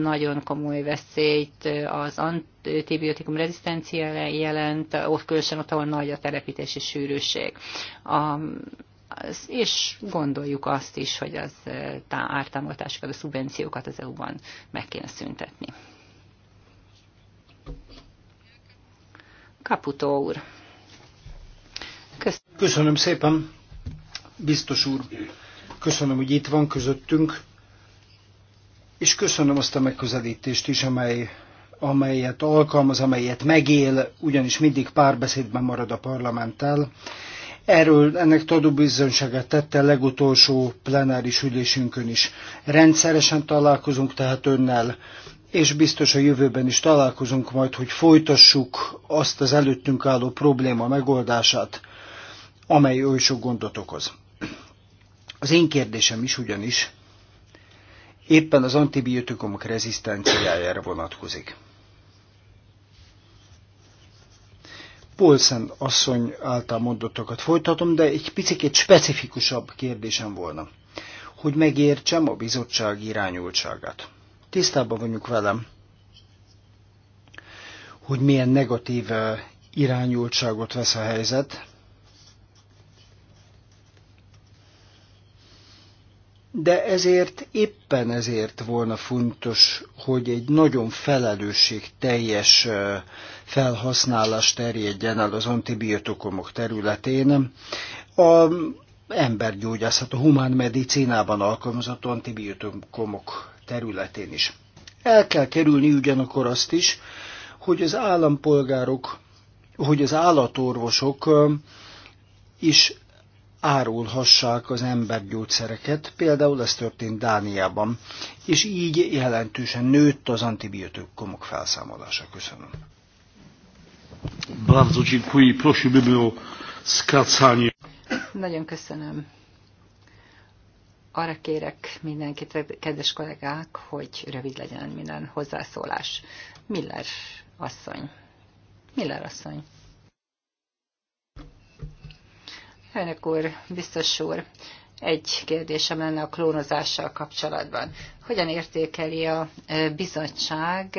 nagyon komoly veszélyt eh, az antibiotikum rezisztenciára jelent, ott különösen ott, ahol nagy a telepítési sűrűség. A és gondoljuk azt is, hogy az ártámogatásokat, a szubvenciókat az EU-ban meg kéne szüntetni. Kaputó úr. Köszönöm. köszönöm szépen, biztos úr. Köszönöm, hogy itt van közöttünk, és köszönöm azt a megközelítést is, amely amelyet alkalmaz, amelyet megél, ugyanis mindig párbeszédben marad a parlamenttel, Erről ennek bizonyságát tette a legutolsó plenáris ülésünkön is. Rendszeresen találkozunk tehát önnel, és biztos a jövőben is találkozunk majd, hogy folytassuk azt az előttünk álló probléma megoldását, amely oly sok gondot okoz. Az én kérdésem is ugyanis éppen az antibiotikumok rezisztenciájára vonatkozik. Polszen asszony által mondottakat folytatom, de egy picit specifikusabb kérdésem volna, hogy megértsem a bizottság irányultságát. Tisztában vagyunk velem, hogy milyen negatív eh, irányultságot vesz a helyzet, de ezért éppen ezért volna fontos, hogy egy nagyon felelősség teljes felhasználás terjedjen el az antibiotikumok területén. A embergyógyászat, a humán medicinában alkalmazott antibiotikumok területén is. El kell kerülni ugyanakkor azt is, hogy az állampolgárok, hogy az állatorvosok is árulhassák az embergyógyszereket, például ez történt Dániában, és így jelentősen nőtt az antibiotikumok felszámolása. Köszönöm. Bardzo dziękuję. Prosiłbym o skracanie. Nagyon köszönöm. Arra kérek mindenkit, kedves kollégák, hogy rövid legyen minden hozzászólás. Miller asszony. Miller asszony. Elnök úr, biztos úr, egy kérdésem lenne a klónozással kapcsolatban. Hogyan értékeli a e, bizottság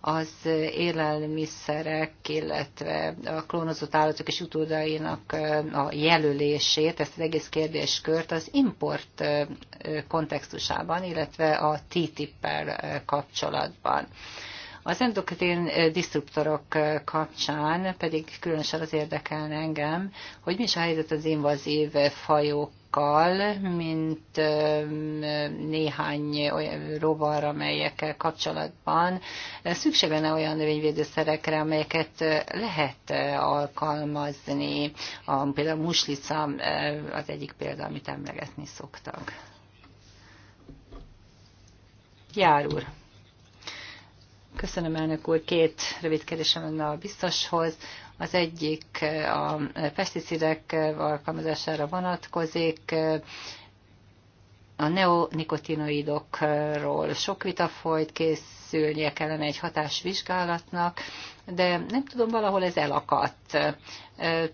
az élelmiszerek, illetve a klónozott állatok és utódainak e, a jelölését, ezt az egész kérdéskört az import e, kontextusában, illetve a TTIP-el kapcsolatban? Az endokrin disruptorok kapcsán pedig különösen az érdekelne engem, hogy mi is a helyzet az invazív fajok mint néhány olyan rovar, amelyekkel kapcsolatban szükség lenne olyan növényvédőszerekre, amelyeket lehet alkalmazni. A, például a muslica az egyik példa, amit emlegetni szoktak. Jár úr. Köszönöm, elnök úr. Két rövid kérdésem lenne a biztoshoz. Az egyik a pesticidek alkalmazására vonatkozik. A neonikotinoidokról sok vita folyt, készülnie kellene egy hatásvizsgálatnak, de nem tudom, valahol ez elakadt.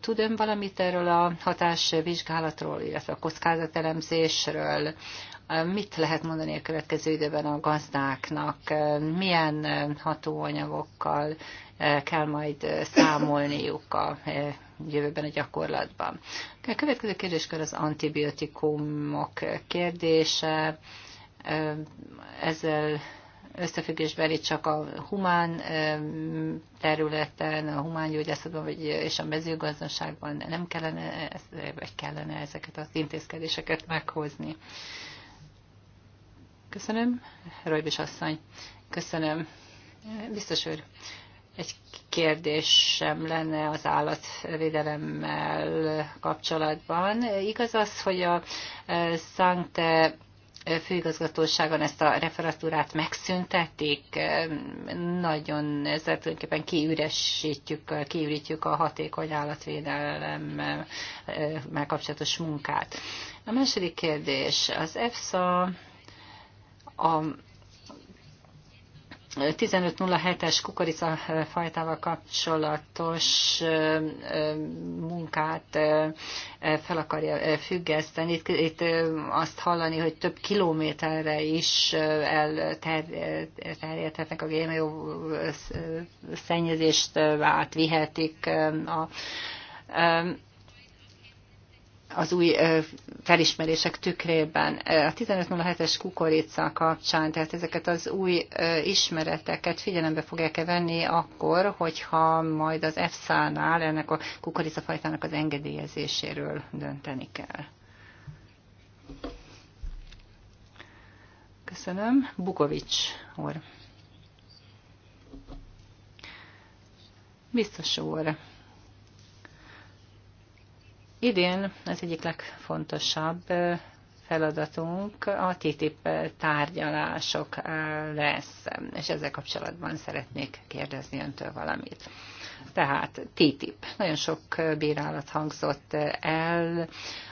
Tud ön valamit erről a hatásvizsgálatról, illetve a kockázatelemzésről? Mit lehet mondani a következő időben a gazdáknak? Milyen hatóanyagokkal kell majd számolniuk a jövőben a gyakorlatban? A következő kérdéskör az antibiotikumok kérdése. Ezzel összefüggésben itt csak a humán területen, a humán gyógyászatban vagy, és a mezőgazdaságban nem kellene, vagy kellene ezeket az intézkedéseket meghozni. Köszönöm. Rajbis asszony. Köszönöm. Biztos úr, egy kérdésem lenne az állatvédelemmel kapcsolatban. Igaz az, hogy a e, Sankte főigazgatóságon ezt a referatúrát megszüntetik, e, nagyon ezzel tulajdonképpen kiüresítjük, kiürítjük a hatékony állatvédelemmel e, kapcsolatos munkát. A második kérdés, az EFSA a 1507-es kukoricafajtával kapcsolatos munkát fel akarja függeszteni. Itt, itt azt hallani, hogy több kilométerre is elterjedhetnek a GMO szennyezést, átvihetik a az új felismerések tükrében. A 1507-es kukorica kapcsán, tehát ezeket az új ismereteket figyelembe fogják-e venni akkor, hogyha majd az EFSA-nál ennek a kukoricafajtának az engedélyezéséről dönteni kell? Köszönöm. Bukovics úr. Biztos úr. Idén az egyik legfontosabb feladatunk a TTIP tárgyalások lesz, és ezzel kapcsolatban szeretnék kérdezni öntől valamit. Tehát TTIP. Nagyon sok bírálat hangzott el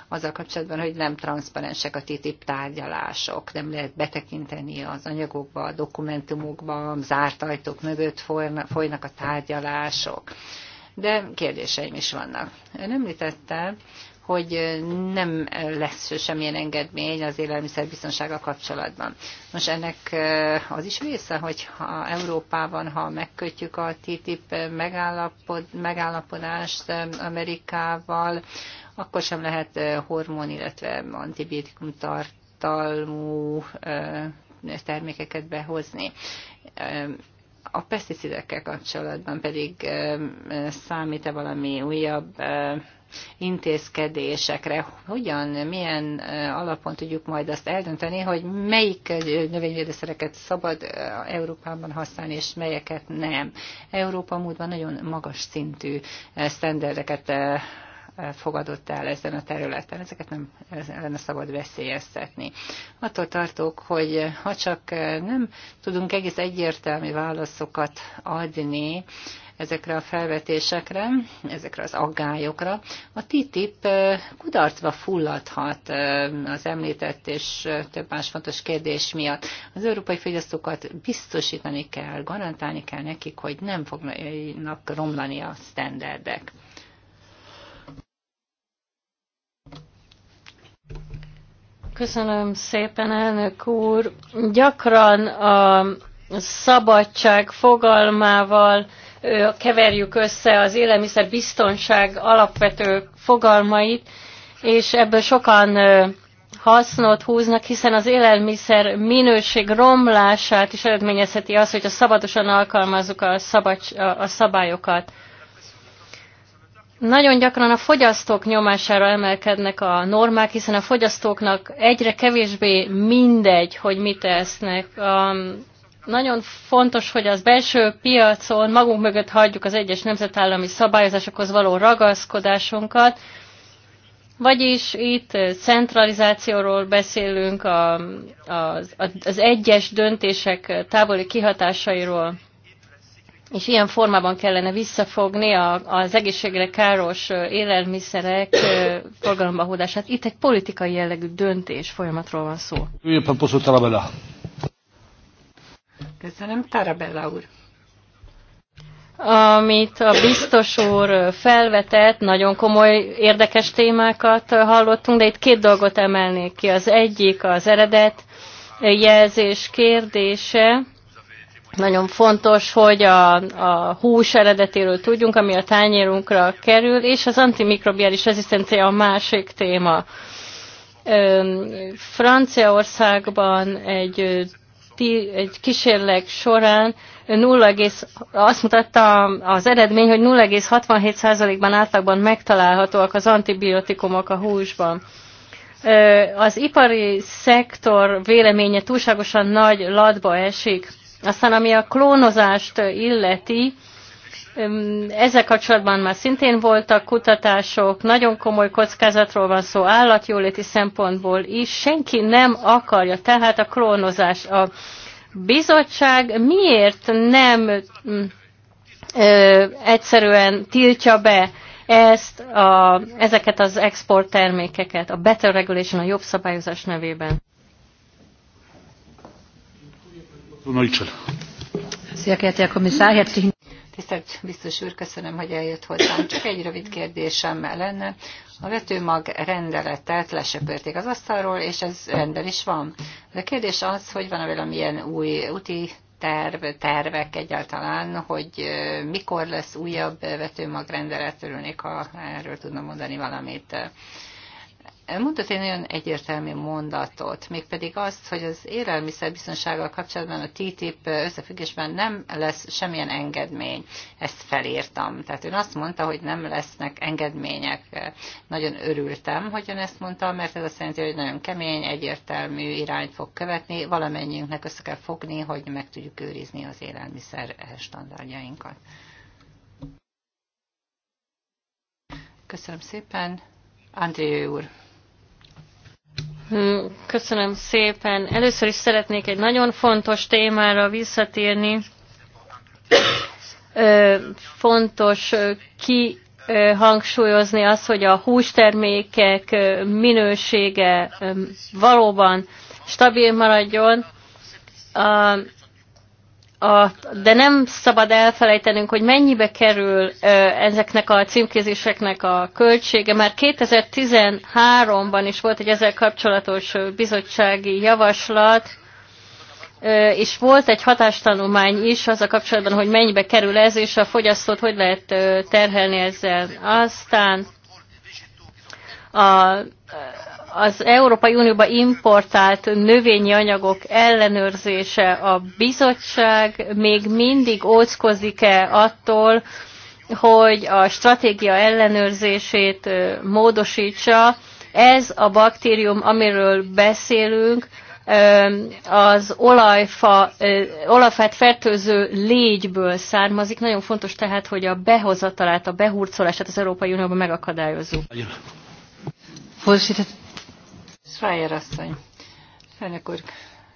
azzal kapcsolatban, hogy nem transzparensek a TTIP tárgyalások, nem lehet betekinteni az anyagokba, a dokumentumokba, zárt ajtók mögött folynak a tárgyalások de kérdéseim is vannak. Ön említette, hogy nem lesz semmilyen engedmény az élelmiszerbiztonsága kapcsolatban. Most ennek az is része, hogy ha Európában, ha megkötjük a TTIP megállapod, megállapodást Amerikával, akkor sem lehet hormon, illetve antibiotikum tartalmú termékeket behozni. A peszticidekkel kapcsolatban pedig számít-e valami újabb intézkedésekre, hogyan, milyen alapon tudjuk majd azt eldönteni, hogy melyik növényvédőszereket szabad Európában használni, és melyeket nem. Európa múltban nagyon magas szintű sztenderdeket fogadott el ezen a területen. Ezeket nem lenne szabad veszélyeztetni. Attól tartok, hogy ha csak nem tudunk egész egyértelmű válaszokat adni, ezekre a felvetésekre, ezekre az aggályokra. A TTIP kudarcba fulladhat az említett és több más fontos kérdés miatt. Az európai fogyasztókat biztosítani kell, garantálni kell nekik, hogy nem fognak romlani a standardek. Köszönöm szépen, elnök úr. Gyakran a szabadság fogalmával keverjük össze az élelmiszer biztonság alapvető fogalmait, és ebből sokan hasznot húznak, hiszen az élelmiszer minőség romlását is eredményezheti az, a szabadosan alkalmazzuk a, szabads, a szabályokat. Nagyon gyakran a fogyasztók nyomására emelkednek a normák, hiszen a fogyasztóknak egyre kevésbé mindegy, hogy mit esznek. Um, nagyon fontos, hogy az belső piacon magunk mögött hagyjuk az egyes nemzetállami szabályozásokhoz való ragaszkodásunkat, vagyis itt centralizációról beszélünk, a, az, az egyes döntések távoli kihatásairól és ilyen formában kellene visszafogni a, az egészségre káros élelmiszerek forgalomba hódását. Itt egy politikai jellegű döntés folyamatról van szó. Köszönöm, Tarabella úr. Amit a biztos úr felvetett, nagyon komoly, érdekes témákat hallottunk, de itt két dolgot emelnék ki. Az egyik az eredet jelzés kérdése, nagyon fontos, hogy a, a hús eredetéről tudjunk, ami a tányérunkra kerül, és az antimikrobiális rezisztencia a másik téma. Franciaországban egy, egy kísérlek során 0, azt mutatta az eredmény, hogy 0,67%-ban átlagban megtalálhatóak az antibiotikumok a húsban az ipari szektor véleménye túlságosan nagy latba esik aztán ami a klónozást illeti, ezzel kapcsolatban már szintén voltak kutatások, nagyon komoly kockázatról van szó állatjóléti szempontból is, senki nem akarja, tehát a klónozás. A bizottság miért nem mm, ö, egyszerűen tiltja be ezt a, ezeket az export termékeket a better regulation, a jobb szabályozás nevében? Tisztelt biztos úr, köszönöm, hogy eljött hozzám. Csak egy rövid kérdésem lenne. A vetőmag rendeletet lesöpörték az asztalról, és ez rendben is van. De a kérdés az, hogy van-e valamilyen új úti terv, tervek egyáltalán, hogy mikor lesz újabb vetőmag rendelet, örülnék, ha erről tudna mondani valamit mondott egy nagyon egyértelmű mondatot, mégpedig azt, hogy az élelmiszerbiztonsággal kapcsolatban a TTIP összefüggésben nem lesz semmilyen engedmény. Ezt felírtam. Tehát ön azt mondta, hogy nem lesznek engedmények. Nagyon örültem, hogy ön ezt mondta, mert ez azt jelenti, hogy nagyon kemény, egyértelmű irányt fog követni. Valamennyiünknek össze kell fogni, hogy meg tudjuk őrizni az élelmiszer standardjainkat. Köszönöm szépen. André úr. Köszönöm szépen. Először is szeretnék egy nagyon fontos témára visszatérni. Fontos ki hangsúlyozni azt, hogy a hústermékek minősége valóban stabil maradjon a, de nem szabad elfelejtenünk, hogy mennyibe kerül ezeknek a címkézéseknek a költsége. Már 2013-ban is volt egy ezzel kapcsolatos bizottsági javaslat, és volt egy hatástanulmány is az a kapcsolatban, hogy mennyibe kerül ez, és a fogyasztót hogy lehet terhelni ezzel. Aztán a, az Európai Unióba importált növényi anyagok ellenőrzése a bizottság még mindig óckozik-e attól, hogy a stratégia ellenőrzését módosítsa. Ez a baktérium, amiről beszélünk, az olajfa, olajfát fertőző légyből származik. Nagyon fontos tehát, hogy a behozatalát, a behurcolását az Európai Unióban megakadályozzuk. Voorzitter, Schreier asszony. főnök úr,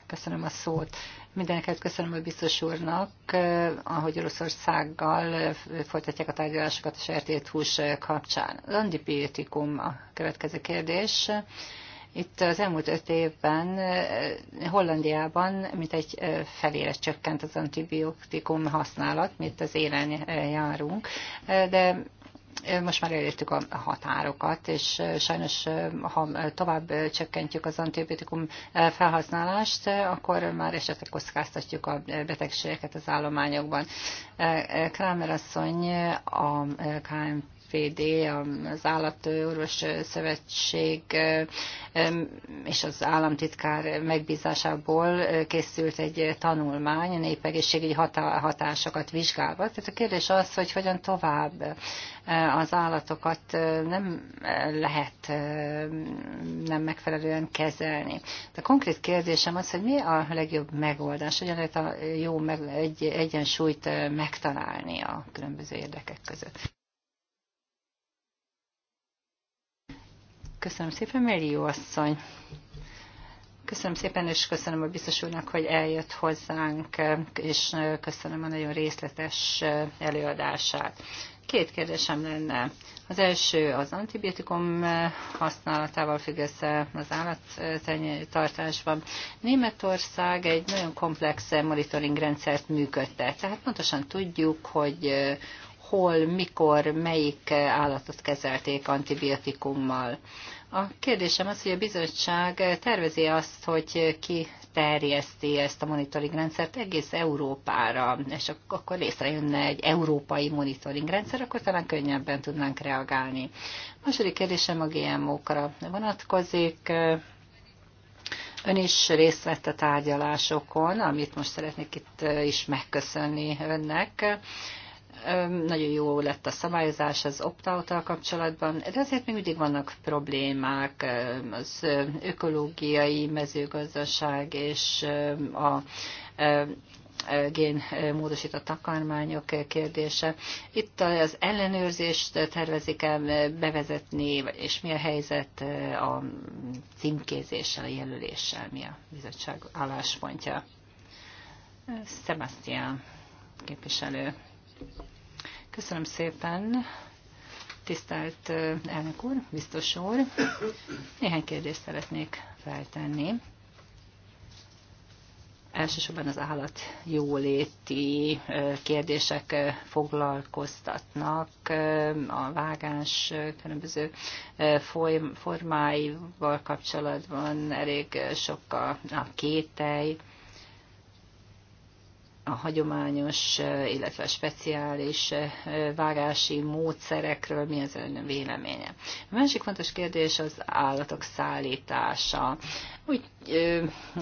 köszönöm a szót. Mindeneket köszönöm a biztos úrnak, eh, ahogy Oroszországgal eh, folytatják a tárgyalásokat a sertét hús kapcsán. Az antibiotikum a következő kérdés. Itt az elmúlt öt évben eh, Hollandiában egy felére csökkent az antibiotikum használat, mint az élen járunk, de most már elértük a határokat, és sajnos ha tovább csökkentjük az antibiotikum felhasználást, akkor már esetleg kockáztatjuk a betegségeket az állományokban. Kramer asszony a KMP FFD, e az Állatorvos Szövetség és az államtitkár megbízásából készült egy tanulmány, a népegészségügyi hatásokat vizsgálva. Tehát a kérdés az, hogy hogyan tovább e, az állatokat e, nem lehet nem megfelelően kezelni. De a konkrét kérdésem az, hogy mi a legjobb megoldás, hogyan lehet a jó meg, egy, egyensúlyt megtalálni a különböző érdekek között. Köszönöm szépen, jó asszony. Köszönöm szépen, és köszönöm a biztos úrnak, hogy eljött hozzánk, és köszönöm a nagyon részletes előadását. Két kérdésem lenne. Az első az antibiotikum használatával függ össze az állattartásban. Németország egy nagyon komplex monitoring rendszert működtet, tehát pontosan tudjuk, hogy hol, mikor, melyik állatot kezelték antibiotikummal. A kérdésem az, hogy a bizottság tervezi azt, hogy ki terjeszti ezt a monitoring rendszert egész Európára, és akkor létrejönne egy európai monitoring rendszer, akkor talán könnyebben tudnánk reagálni. A második kérdésem a GMO-kra vonatkozik. Ön is részt vett a tárgyalásokon, amit most szeretnék itt is megköszönni önnek nagyon jó lett a szabályozás az opt kapcsolatban, de azért még mindig vannak problémák az ökológiai mezőgazdaság és a génmódosított takarmányok kérdése. Itt az ellenőrzést tervezik el bevezetni, és mi a helyzet a címkézéssel, a jelöléssel, mi a bizottság álláspontja? Sebastian képviselő. Köszönöm szépen, tisztelt elnök úr, biztos úr. Néhány kérdést szeretnék feltenni. Elsősorban az állat jóléti kérdések foglalkoztatnak a vágás különböző formáival kapcsolatban elég sok a kételj, a hagyományos, illetve speciális eh, vágási módszerekről, mi az ön véleménye. A másik fontos kérdés az állatok szállítása. Úgy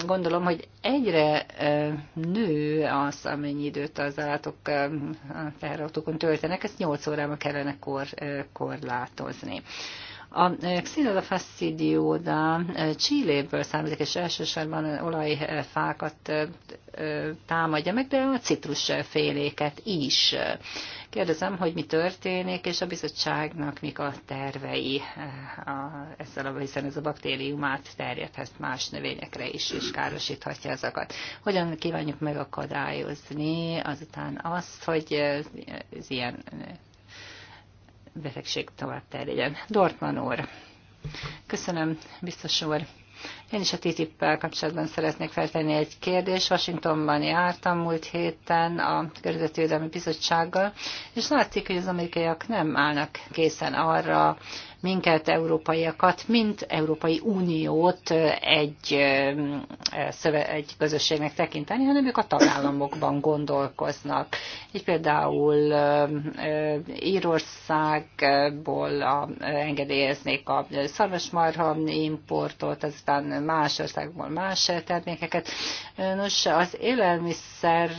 gondolom, hogy egyre nő az, amennyi időt az állatok teherautókon töltenek, ezt 8 órában kellene kor, korlátozni. A Xinoda fastidioda Csilléből származik, és elsősorban olajfákat támadja meg, de a citrusféléket is. Kérdezem, hogy mi történik, és a bizottságnak mik a tervei a, ezzel, a, hiszen ez a baktérium terjedhet más növényekre is, és károsíthatja azokat. Hogyan kívánjuk megakadályozni azután azt, hogy az ilyen betegség tovább terjedjen. Dortman úr. Köszönöm, biztos úr. Én is a TTIP-pel kapcsolatban szeretnék feltenni egy kérdést. Washingtonban jártam múlt héten a Környezetvédelmi Bizottsággal, és látszik, hogy az amerikaiak nem állnak készen arra, minket, európaiakat, mint Európai Uniót egy, egy közösségnek tekinteni, hanem ők a tagállamokban gondolkoznak. Így például Írországból engedélyeznék a szarvasmarha importot, aztán más országból más termékeket. Nos, az élelmiszer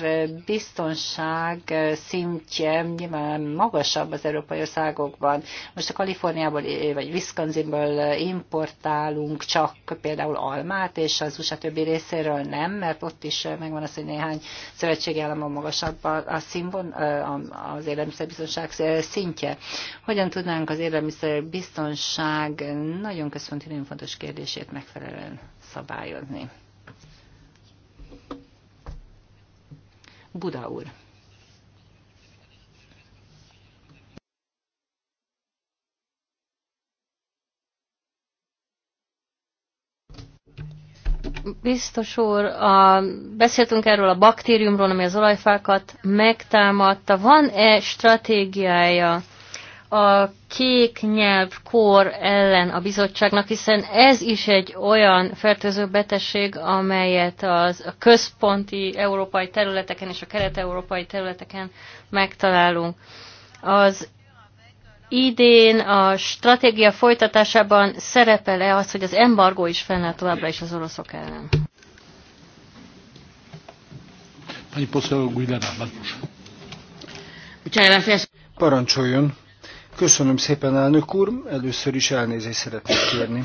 biztonság szintje nyilván magasabb az európai országokban. Most a Kaliforniából vagy Wisconsinből importálunk csak például almát, és az USA többi részéről nem, mert ott is megvan az, hogy néhány szövetségi államon magasabb a színvon, az élelmiszerbiztonság szintje. Hogyan tudnánk az élelmiszerbiztonság nagyon központi, nagyon fontos kérdését megfelelően szabályozni. Buda úr. Biztos úr, a, beszéltünk erről a baktériumról, ami az olajfákat megtámadta. Van-e stratégiája a kék nyelv kor ellen a bizottságnak, hiszen ez is egy olyan fertőző betegség, amelyet az, a központi európai területeken és a kelet-európai területeken megtalálunk. Az idén a stratégia folytatásában szerepel-e az, hogy az embargó is fennáll továbbra is az oroszok ellen? Parancsoljon! Köszönöm szépen, elnök úr. Először is elnézést szeretnék kérni.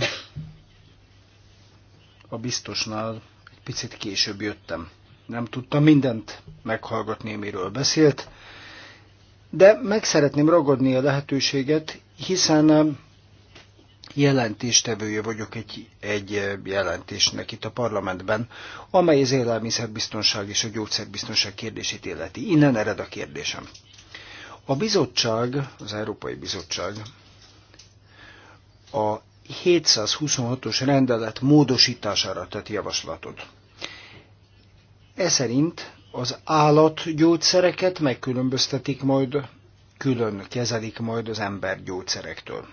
A biztosnál egy picit később jöttem. Nem tudtam mindent meghallgatni, miről beszélt, de meg szeretném ragadni a lehetőséget, hiszen jelentéstevője vagyok egy, egy jelentésnek itt a parlamentben, amely az élelmiszerbiztonság és a gyógyszerbiztonság kérdését illeti. Innen ered a kérdésem. A bizottság, az Európai Bizottság a 726-os rendelet módosítására tett javaslatot. E szerint az állatgyógyszereket megkülönböztetik majd, külön kezelik majd az ember gyógyszerektől.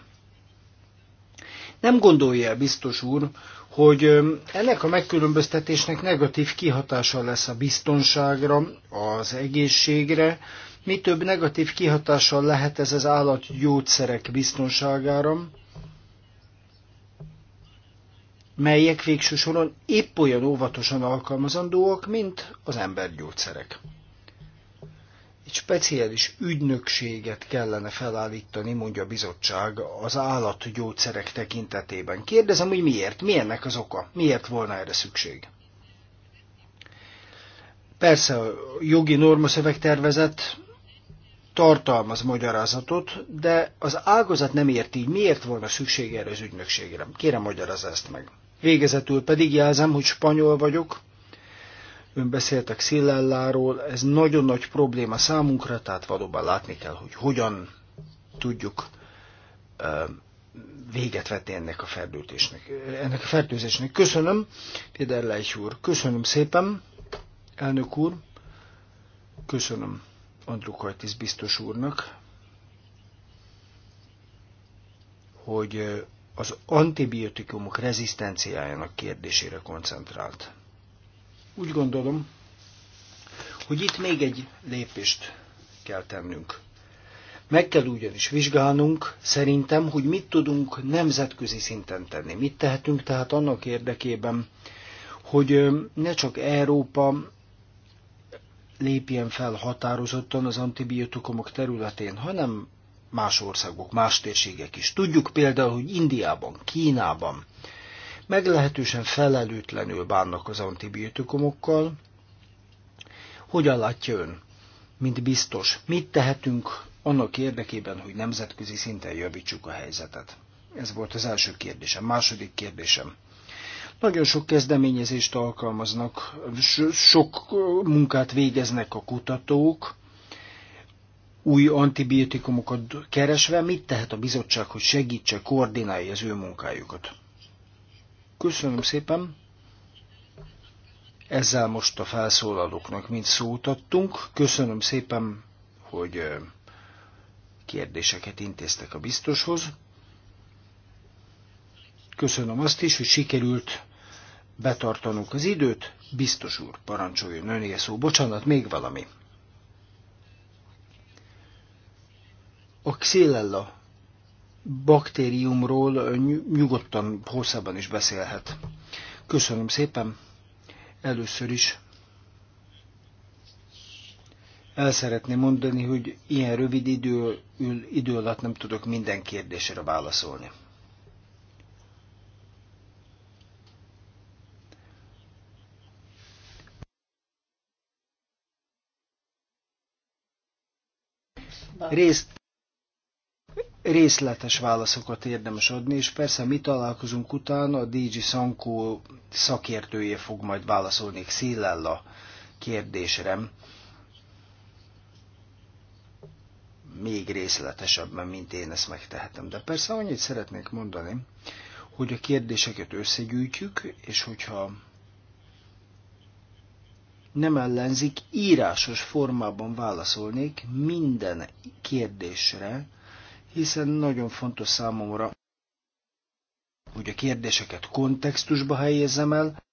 Nem gondolja el biztos úr, hogy ennek a megkülönböztetésnek negatív kihatása lesz a biztonságra, az egészségre, mi több negatív kihatással lehet ez az állat gyógyszerek biztonságára, melyek végső soron épp olyan óvatosan alkalmazandóak, mint az embergyógyszerek. Egy speciális ügynökséget kellene felállítani, mondja a bizottság, az állatgyógyszerek tekintetében. Kérdezem, hogy miért? Mi ennek az oka? Miért volna erre szükség? Persze a jogi normaszövegtervezet tartalmaz magyarázatot, de az ágazat nem érti, hogy miért volna szükség erre az ügynökségre. Kérem, magyarázza ezt meg. Végezetül pedig jelzem, hogy spanyol vagyok, ön beszéltek Szillelláról, ez nagyon nagy probléma számunkra, tehát valóban látni kell, hogy hogyan tudjuk véget vetni ennek a fertőzésnek. Ennek a fertőzésnek. Köszönöm, Péter Leich Köszönöm szépen, elnök úr. Köszönöm Andrukaitis biztos úrnak, hogy az antibiotikumok rezisztenciájának kérdésére koncentrált. Úgy gondolom, hogy itt még egy lépést kell tennünk. Meg kell ugyanis vizsgálnunk, szerintem, hogy mit tudunk nemzetközi szinten tenni. Mit tehetünk tehát annak érdekében, hogy ne csak Európa lépjen fel határozottan az antibiotikumok területén, hanem más országok, más térségek is. Tudjuk például, hogy Indiában, Kínában meglehetősen felelőtlenül bánnak az antibiotikumokkal. Hogyan látja ön, mint biztos, mit tehetünk annak érdekében, hogy nemzetközi szinten javítsuk a helyzetet? Ez volt az első kérdésem. Második kérdésem. Nagyon sok kezdeményezést alkalmaznak, sok munkát végeznek a kutatók, új antibiotikumokat keresve, mit tehet a bizottság, hogy segítse, koordinálja az ő munkájukat? Köszönöm szépen! Ezzel most a felszólalóknak mind szót adtunk. Köszönöm szépen, hogy kérdéseket intéztek a biztoshoz. Köszönöm azt is, hogy sikerült betartanunk az időt. Biztos úr, parancsoljon öné szó. Bocsánat, még valami. A Xylella baktériumról nyugodtan hosszabban is beszélhet. Köszönöm szépen. Először is el szeretném mondani, hogy ilyen rövid idő, idő alatt nem tudok minden kérdésre válaszolni. részt, részletes válaszokat érdemes adni, és persze mi találkozunk után, a DJ Sankó szakértője fog majd válaszolni Xillella kérdésre. Még részletesebben, mint én ezt megtehetem. De persze annyit szeretnék mondani, hogy a kérdéseket összegyűjtjük, és hogyha nem ellenzik, írásos formában válaszolnék minden kérdésre, hiszen nagyon fontos számomra, hogy a kérdéseket kontextusba helyezzem el,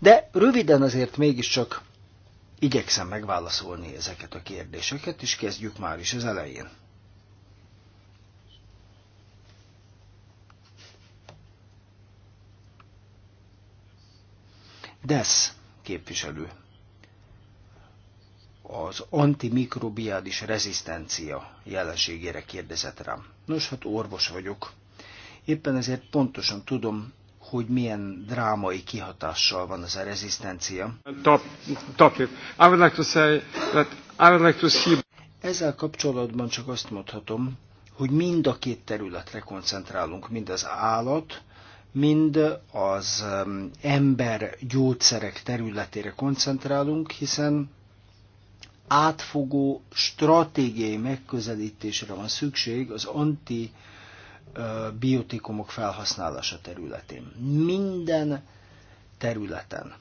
De röviden azért mégiscsak igyekszem megválaszolni ezeket a kérdéseket, és kezdjük már is az elején. Desz képviselő. Az antimikrobiális rezisztencia jelenségére kérdezett rám. Nos, hát orvos vagyok. Éppen ezért pontosan tudom, hogy milyen drámai kihatással van ez a rezisztencia. Ezzel kapcsolatban csak azt mondhatom, hogy mind a két területre koncentrálunk, mind az állat, mind az um, ember gyógyszerek területére koncentrálunk, hiszen átfogó stratégiai megközelítésre van szükség az antibiotikumok uh, felhasználása területén. Minden területen.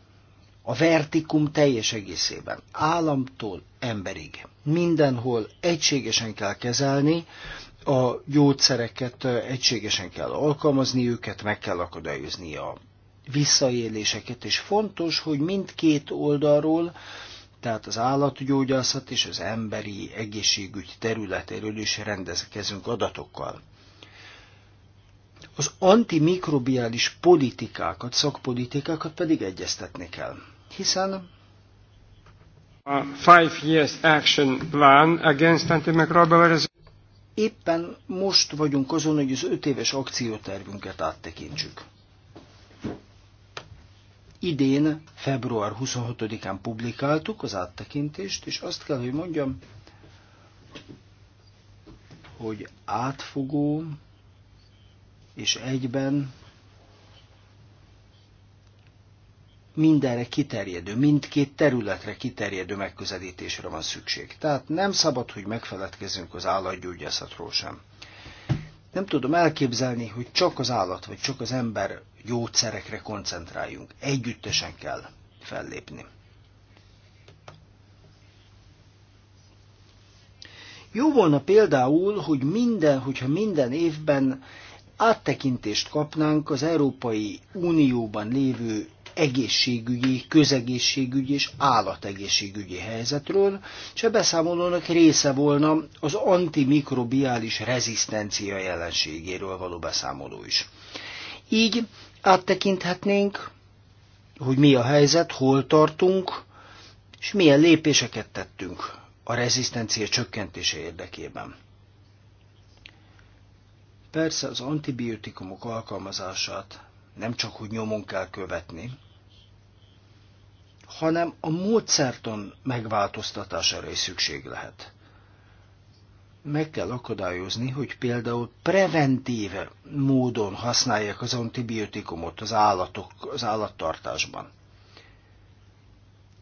A vertikum teljes egészében, államtól emberig. Mindenhol egységesen kell kezelni a gyógyszereket egységesen kell alkalmazni, őket meg kell akadályozni a visszaéléseket, és fontos, hogy mindkét oldalról, tehát az állatgyógyászat és az emberi egészségügy területéről is rendezkezünk adatokkal. Az antimikrobiális politikákat, szakpolitikákat pedig egyeztetni kell, hiszen a five years action plan against antimicrobial resistance Éppen most vagyunk azon, hogy az öt éves akciótervünket áttekintsük. Idén, február 26-án publikáltuk az áttekintést, és azt kell, hogy mondjam, hogy átfogó és egyben mindenre kiterjedő, mindkét területre kiterjedő megközelítésre van szükség. Tehát nem szabad, hogy megfeledkezzünk az állatgyógyászatról sem. Nem tudom elképzelni, hogy csak az állat vagy csak az ember gyógyszerekre koncentráljunk. Együttesen kell fellépni. Jó volna például, hogy minden, hogyha minden évben áttekintést kapnánk az Európai Unióban lévő egészségügyi, közegészségügyi és állategészségügyi helyzetről, és a beszámolónak része volna az antimikrobiális rezisztencia jelenségéről való beszámoló is. Így áttekinthetnénk, hogy mi a helyzet, hol tartunk, és milyen lépéseket tettünk a rezisztencia csökkentése érdekében. Persze az antibiotikumok alkalmazását nem csak hogy nyomon kell követni, hanem a módszerton megváltoztatására is szükség lehet. Meg kell akadályozni, hogy például preventív módon használják az antibiotikumot az, állatok, az állattartásban.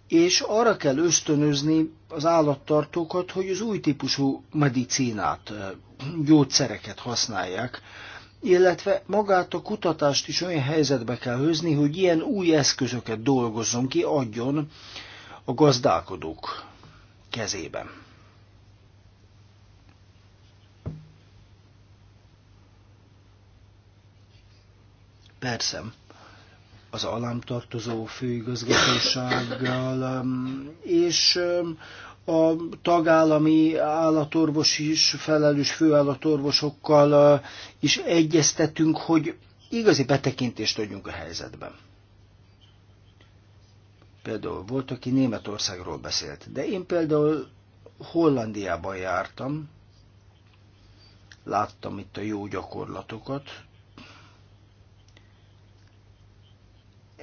És arra kell ösztönözni az állattartókat, hogy az új típusú medicinát, gyógyszereket használják, illetve magát a kutatást is olyan helyzetbe kell hozni, hogy ilyen új eszközöket dolgozzon ki, adjon a gazdálkodók kezében. Persze, az alámtartozó főigazgatósággal, um, és um, a tagállami állatorvos is, felelős főállatorvosokkal is egyeztetünk, hogy igazi betekintést adjunk a helyzetben. Például volt, aki Németországról beszélt, de én például Hollandiában jártam, láttam itt a jó gyakorlatokat,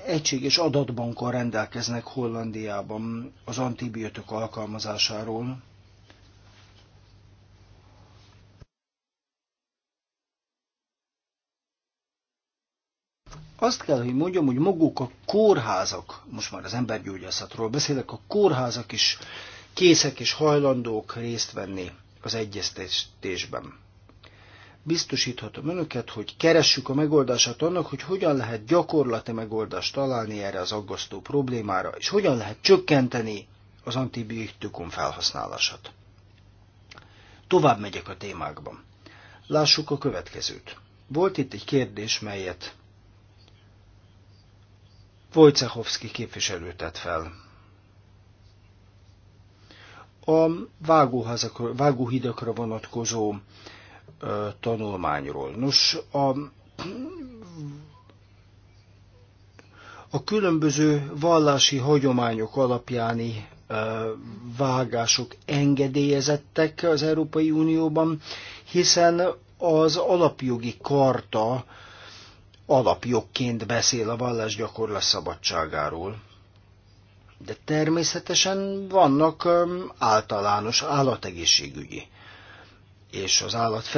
egységes adatbankkal rendelkeznek Hollandiában az antibiotok alkalmazásáról. Azt kell, hogy mondjam, hogy maguk a kórházak, most már az embergyógyászatról beszélek, a kórházak is készek és hajlandók részt venni az egyeztetésben biztosíthatom önöket, hogy keressük a megoldását annak, hogy hogyan lehet gyakorlati megoldást találni erre az aggasztó problémára, és hogyan lehet csökkenteni az antibiotikum felhasználását. Tovább megyek a témákban. Lássuk a következőt. Volt itt egy kérdés, melyet Wojciechowski képviselő tett fel. A vágóhidakra vonatkozó tanulmányról. Nos, a a különböző vallási hagyományok alapjáni vágások engedélyezettek az Európai Unióban, hiszen az alapjogi karta alapjogként beszél a vallás gyakorlás szabadságáról. De természetesen vannak általános állategészségügyi és az állat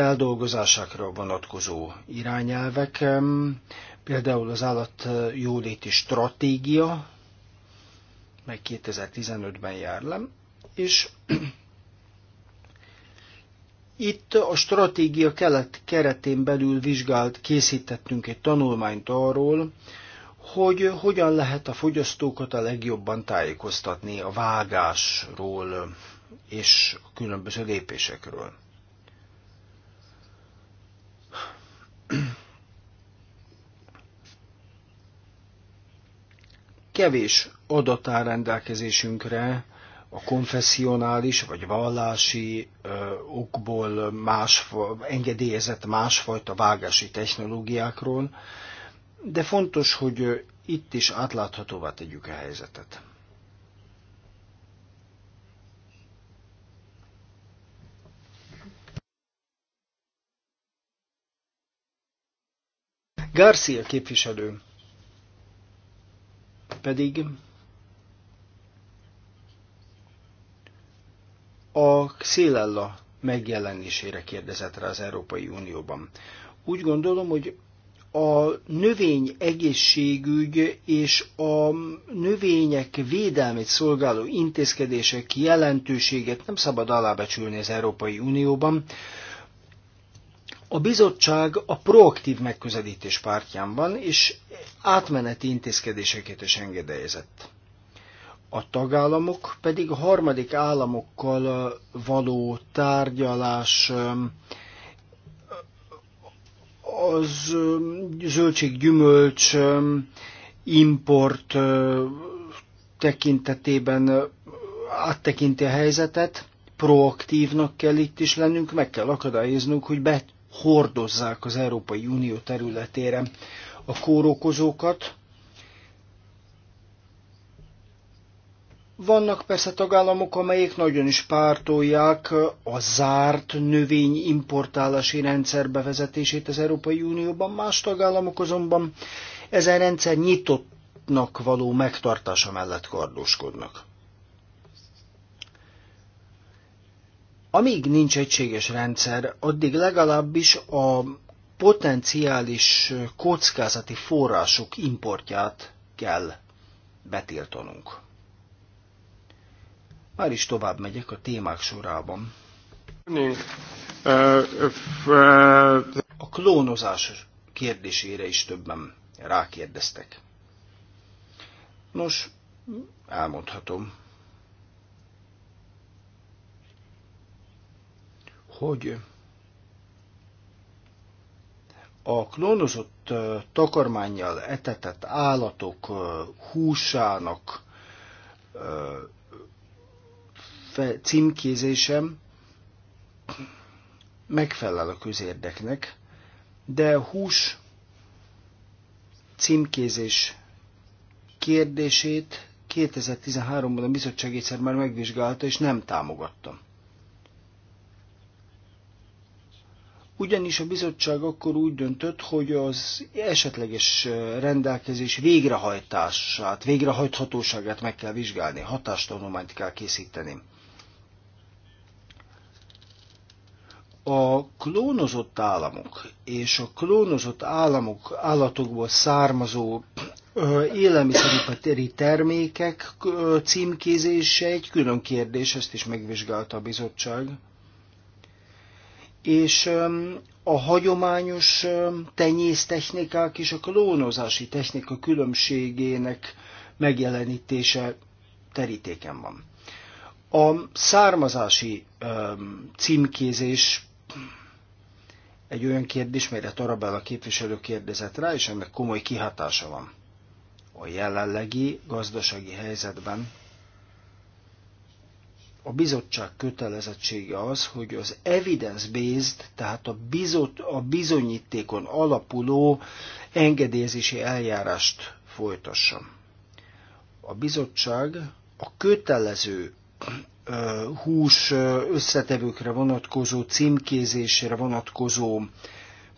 vonatkozó irányelvek, például az állat eh, jóléti stratégia, meg 2015-ben jár le, és itt a stratégia kelet keretén belül vizsgált, készítettünk egy tanulmányt arról, hogy hogyan lehet a fogyasztókat a legjobban tájékoztatni a vágásról eh, és a különböző lépésekről. kevés adat áll rendelkezésünkre a konfessionális vagy vallási ö, okból más, engedélyezett másfajta vágási technológiákról, de fontos, hogy itt is átláthatóvá tegyük a helyzetet. Garcia képviselő pedig a szélella megjelenésére kérdezett rá az Európai Unióban. Úgy gondolom, hogy a növény egészségügy és a növények védelmét szolgáló intézkedések jelentőséget nem szabad alábecsülni az Európai Unióban. A bizottság a proaktív megközelítés pártján van, és átmeneti intézkedéseket is engedélyezett. A tagállamok pedig a harmadik államokkal való tárgyalás az zöldséggyümölcs import tekintetében áttekinti a helyzetet, proaktívnak kell itt is lennünk, meg kell akadályoznunk, hogy hordozzák az Európai Unió területére a kórokozókat. Vannak persze tagállamok, amelyek nagyon is pártolják a zárt növény importálási rendszer bevezetését az Európai Unióban, más tagállamok azonban ezen rendszer nyitottnak való megtartása mellett kardoskodnak. Amíg nincs egységes rendszer, addig legalábbis a potenciális kockázati források importját kell betiltanunk. Már is tovább megyek a témák sorában. A klónozás kérdésére is többen rákérdeztek. Nos, elmondhatom, hogy a klónozott takarmányjal etetett állatok húsának címkézésem megfelel a közérdeknek, de hús címkézés kérdését 2013-ban a bizottság egyszer már megvizsgálta, és nem támogattam. Ugyanis a bizottság akkor úgy döntött, hogy az esetleges eh, rendelkezés végrehajtását, végrehajthatóságát meg kell vizsgálni, hatástanulmányt kell készíteni. A klónozott államok és a klónozott államok állatokból származó eh, élelmiszeripari termékek eh, címkézése egy külön kérdés, ezt is megvizsgálta a bizottság és a hagyományos tenyésztechnikák és a klónozási technika különbségének megjelenítése terítéken van. A származási címkézés egy olyan kérdés, melyre Tarabella képviselő kérdezett rá, és ennek komoly kihatása van. A jelenlegi gazdasági helyzetben a bizottság kötelezettsége az, hogy az evidence-based, tehát a, bizot, a bizonyítékon alapuló engedélyezési eljárást folytassam. A bizottság a kötelező hús összetevőkre vonatkozó címkézésre vonatkozó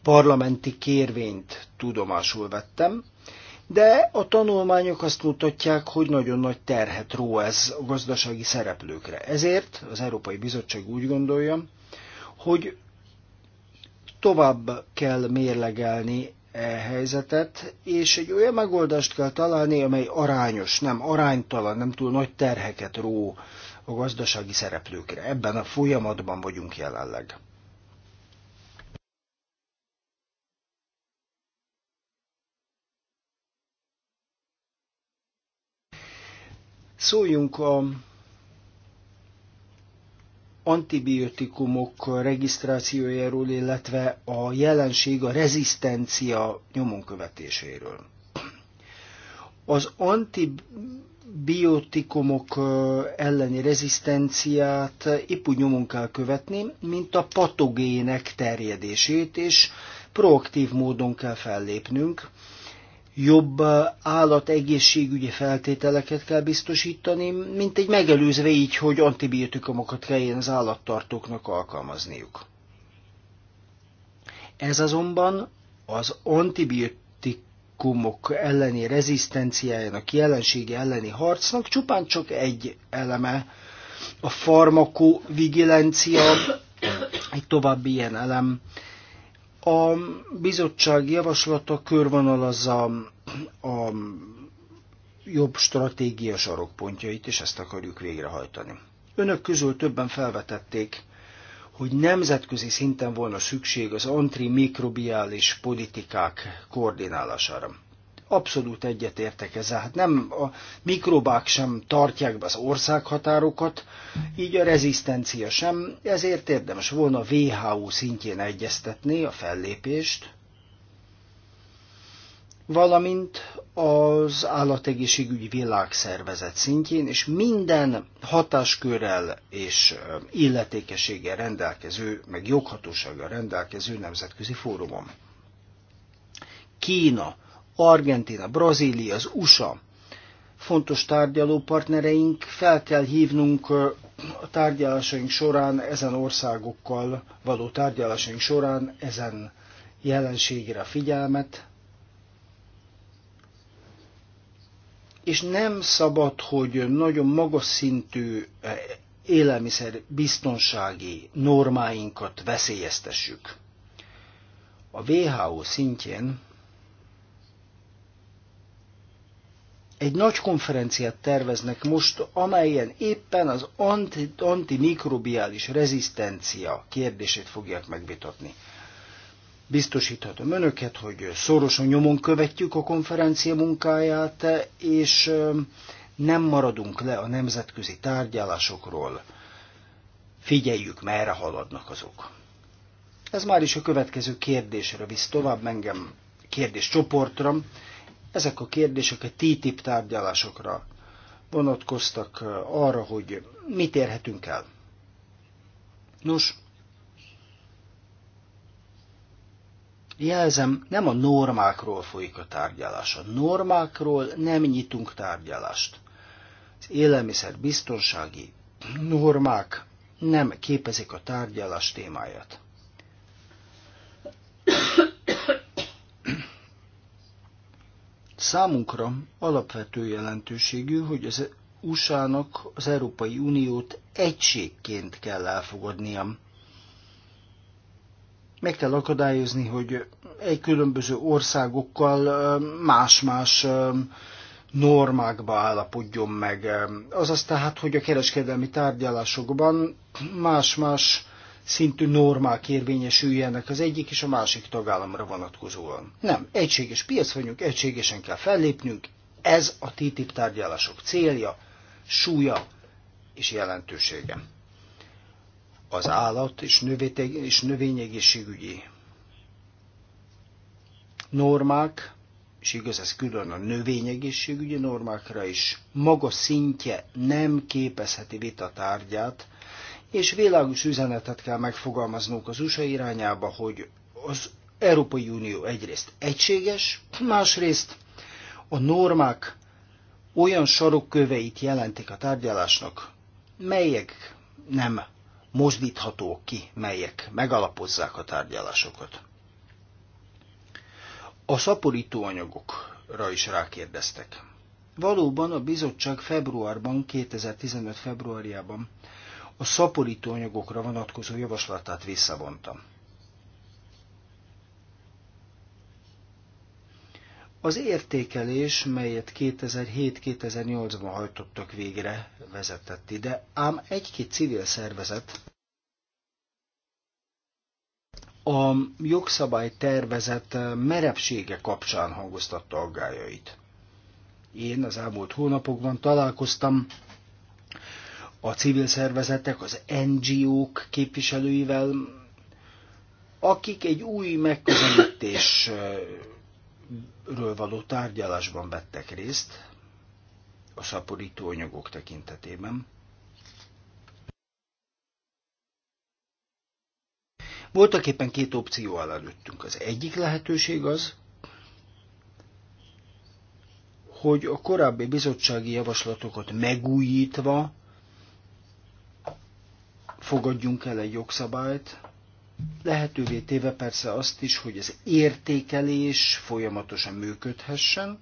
parlamenti kérvényt tudomásul vettem, de a tanulmányok azt mutatják, hogy nagyon nagy terhet ró ez a gazdasági szereplőkre. Ezért az Európai Bizottság úgy gondolja, hogy tovább kell mérlegelni e helyzetet, és egy olyan megoldást kell találni, amely arányos, nem aránytalan, nem túl nagy terheket ró a gazdasági szereplőkre. Ebben a folyamatban vagyunk jelenleg. Szóljunk a antibiotikumok regisztrációjáról, illetve a jelenség a rezisztencia nyomon követéséről. Az antibiotikumok elleni rezisztenciát épp úgy nyomon kell követni, mint a patogének terjedését, és proaktív módon kell fellépnünk jobb eh, állategészségügyi feltételeket kell biztosítani, mint egy megelőzve így, hogy antibiotikumokat kelljen az állattartóknak alkalmazniuk. Ez azonban az antibiotikumok elleni rezisztenciájának jelensége elleni harcnak csupán csak egy eleme, a farmakovigilencia, egy további ilyen elem, a bizottság javaslata körvonalazza a jobb stratégia sarokpontjait, és ezt akarjuk végrehajtani. Önök közül többen felvetették, hogy nemzetközi szinten volna szükség az antimikrobiális politikák koordinálására. Abszolút egyetértek ezzel. Hát nem a mikrobák sem tartják be az országhatárokat, így a rezisztencia sem, ezért érdemes volna WHO szintjén egyeztetni a fellépést, valamint az állategészségügyi világszervezet szintjén, és minden hatáskörrel és illetékességgel rendelkező, meg joghatósággal rendelkező nemzetközi fórumon. Kína Argentina, Brazília, az USA fontos tárgyalópartnereink, fel kell hívnunk a tárgyalásaink során, ezen országokkal való tárgyalásaink során ezen jelenségre a figyelmet, és nem szabad, hogy nagyon magas szintű élelmiszer biztonsági normáinkat veszélyeztessük. A WHO szintjén egy nagy konferenciát terveznek most, amelyen éppen az anti, antimikrobiális rezisztencia kérdését fogják megvitatni. Biztosíthatom önöket, hogy szorosan nyomon követjük a konferencia munkáját, és nem maradunk le a nemzetközi tárgyalásokról. Figyeljük, merre haladnak azok. Ez már is a következő kérdésre visz tovább engem, kérdéscsoportra, csoportra ezek a kérdések a TTIP tárgyalásokra vonatkoztak eh, arra, hogy mit érhetünk el. Nos, Jelzem, nem a normákról folyik a tárgyalás. A normákról nem nyitunk tárgyalást. Az élelmiszer biztonsági normák nem képezik a tárgyalás témáját. Számunkra alapvető jelentőségű, hogy az USA-nak az Európai Uniót egységként kell elfogadnia. Meg kell akadályozni, hogy egy különböző országokkal más-más normákba állapodjon meg. Azaz tehát, hogy a kereskedelmi tárgyalásokban más-más szintű normák érvényesüljenek az egyik és a másik tagállamra vonatkozóan. Nem, egységes piac vagyunk, egységesen kell fellépnünk, ez a TTIP tárgyalások célja, súlya és jelentősége. Az állat és, növényeg, és növényegészségügyi normák, és igaz ez külön a növényegészségügyi normákra is, maga szintje nem képezheti vita tárgyát, és világos üzenetet kell megfogalmaznunk az USA irányába, hogy az Európai Unió egyrészt egységes, másrészt a normák olyan sarokköveit jelentik a tárgyalásnak, melyek nem mozdíthatók ki, melyek megalapozzák a tárgyalásokat. A szaporító anyagokra is rákérdeztek. Valóban a bizottság februárban, 2015 februárjában a szaporító anyagokra vonatkozó javaslatát visszavontam. Az értékelés, melyet 2007-2008-ban hajtottak végre, vezetett ide, ám egy-két civil szervezet a jogszabály tervezett merevsége kapcsán hangoztatta aggájait. Én az elmúlt hónapokban találkoztam a civil szervezetek, az NGO-k képviselőivel, akik egy új megközelítésről való tárgyalásban vettek részt a szaporító anyagok tekintetében. Voltak éppen két opció áll előttünk. Az egyik lehetőség az, hogy a korábbi bizottsági javaslatokat megújítva fogadjunk el egy jogszabályt, lehetővé téve persze azt is, hogy az értékelés folyamatosan működhessen.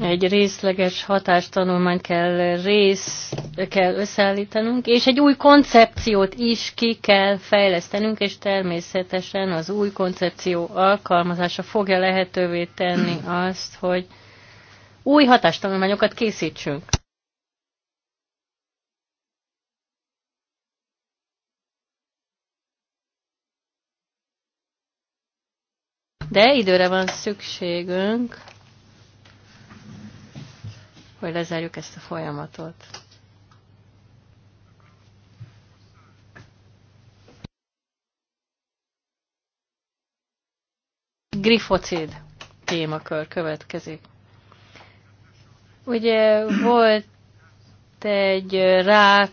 Egy részleges hatástanulmányt kell, rész, kell összeállítanunk, és egy új koncepciót is ki kell fejlesztenünk, és természetesen az új koncepció alkalmazása fogja lehetővé tenni azt, hogy új hatástanulmányokat készítsünk. De időre van szükségünk, hogy lezárjuk ezt a folyamatot. Grifocid témakör következik. Ugye volt egy rák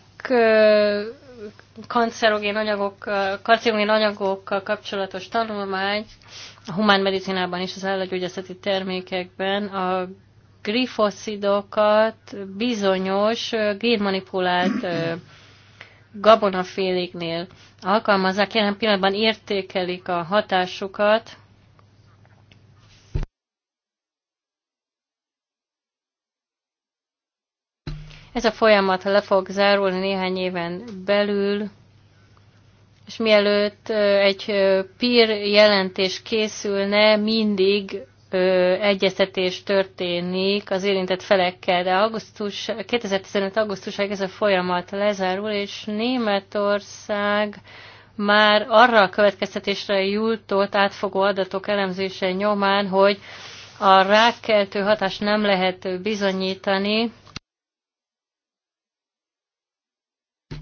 kancerogén, anyagok, kancerogén anyagokkal kapcsolatos tanulmány, a humán medicinában és az állatgyógyászati termékekben a grifoszidokat bizonyos génmanipulált gabonaféléknél alkalmazzák, jelen pillanatban értékelik a hatásukat, Ez a folyamat le fog zárulni néhány éven belül és mielőtt egy PIR jelentés készülne, mindig egyeztetés történik az érintett felekkel, de augusztus, 2015. augusztusáig ez a folyamat lezárul, és Németország már arra a következtetésre jutott átfogó adatok elemzése nyomán, hogy a rákkeltő hatást nem lehet bizonyítani,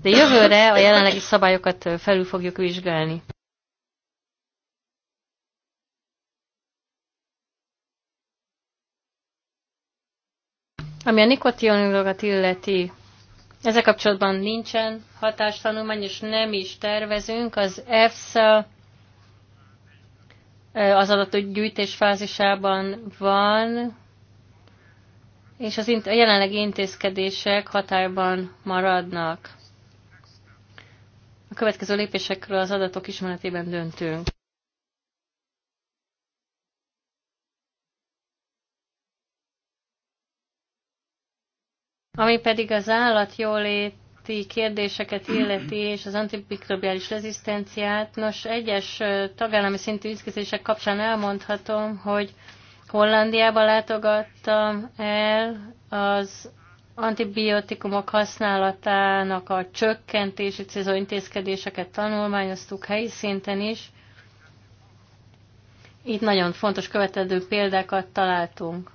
De jövőre a jelenlegi szabályokat felül fogjuk vizsgálni. Ami a nikotinolagat illeti, ezzel kapcsolatban nincsen hatástanulmány, és nem is tervezünk. Az EFSA az adatgyűjtés fázisában van, és az a jelenlegi intézkedések hatályban maradnak következő lépésekről az adatok ismeretében döntünk. Ami pedig az állatjóléti kérdéseket illeti, és az antimikrobiális rezisztenciát, nos, egyes tagállami szintű ütközések kapcsán elmondhatom, hogy Hollandiába látogattam el az antibiotikumok használatának a csökkentési célzó intézkedéseket tanulmányoztuk helyi szinten is. Itt nagyon fontos követedő példákat találtunk.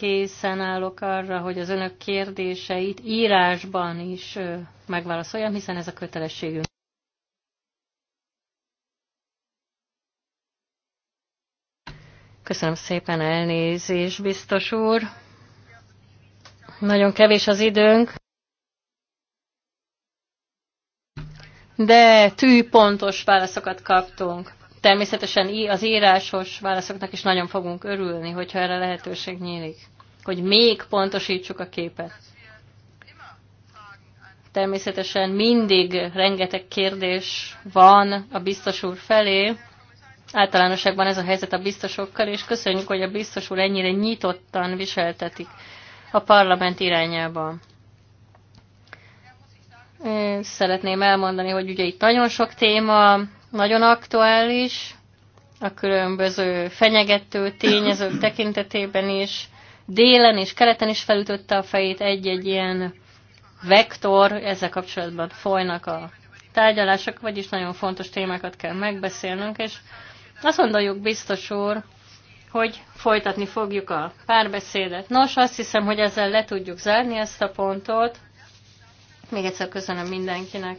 készen állok arra, hogy az önök kérdéseit írásban is megválaszoljam, hiszen ez a kötelességünk. Köszönöm szépen elnézés, biztos úr. Nagyon kevés az időnk. De tűpontos válaszokat kaptunk. Természetesen az írásos válaszoknak is nagyon fogunk örülni, hogyha erre lehetőség nyílik, hogy még pontosítsuk a képet. Természetesen mindig rengeteg kérdés van a biztos úr felé. Általánosságban ez a helyzet a biztosokkal, és köszönjük, hogy a biztos úr ennyire nyitottan viseltetik a parlament irányába. szeretném elmondani, hogy ugye itt nagyon sok téma nagyon aktuális, a különböző fenyegető tényezők tekintetében is, délen és keleten is felütötte a fejét egy-egy ilyen vektor, ezzel kapcsolatban folynak a tárgyalások, vagyis nagyon fontos témákat kell megbeszélnünk, és azt gondoljuk biztos úr, hogy folytatni fogjuk a párbeszédet. Nos, azt hiszem, hogy ezzel le tudjuk zárni ezt a pontot. Még egyszer köszönöm mindenkinek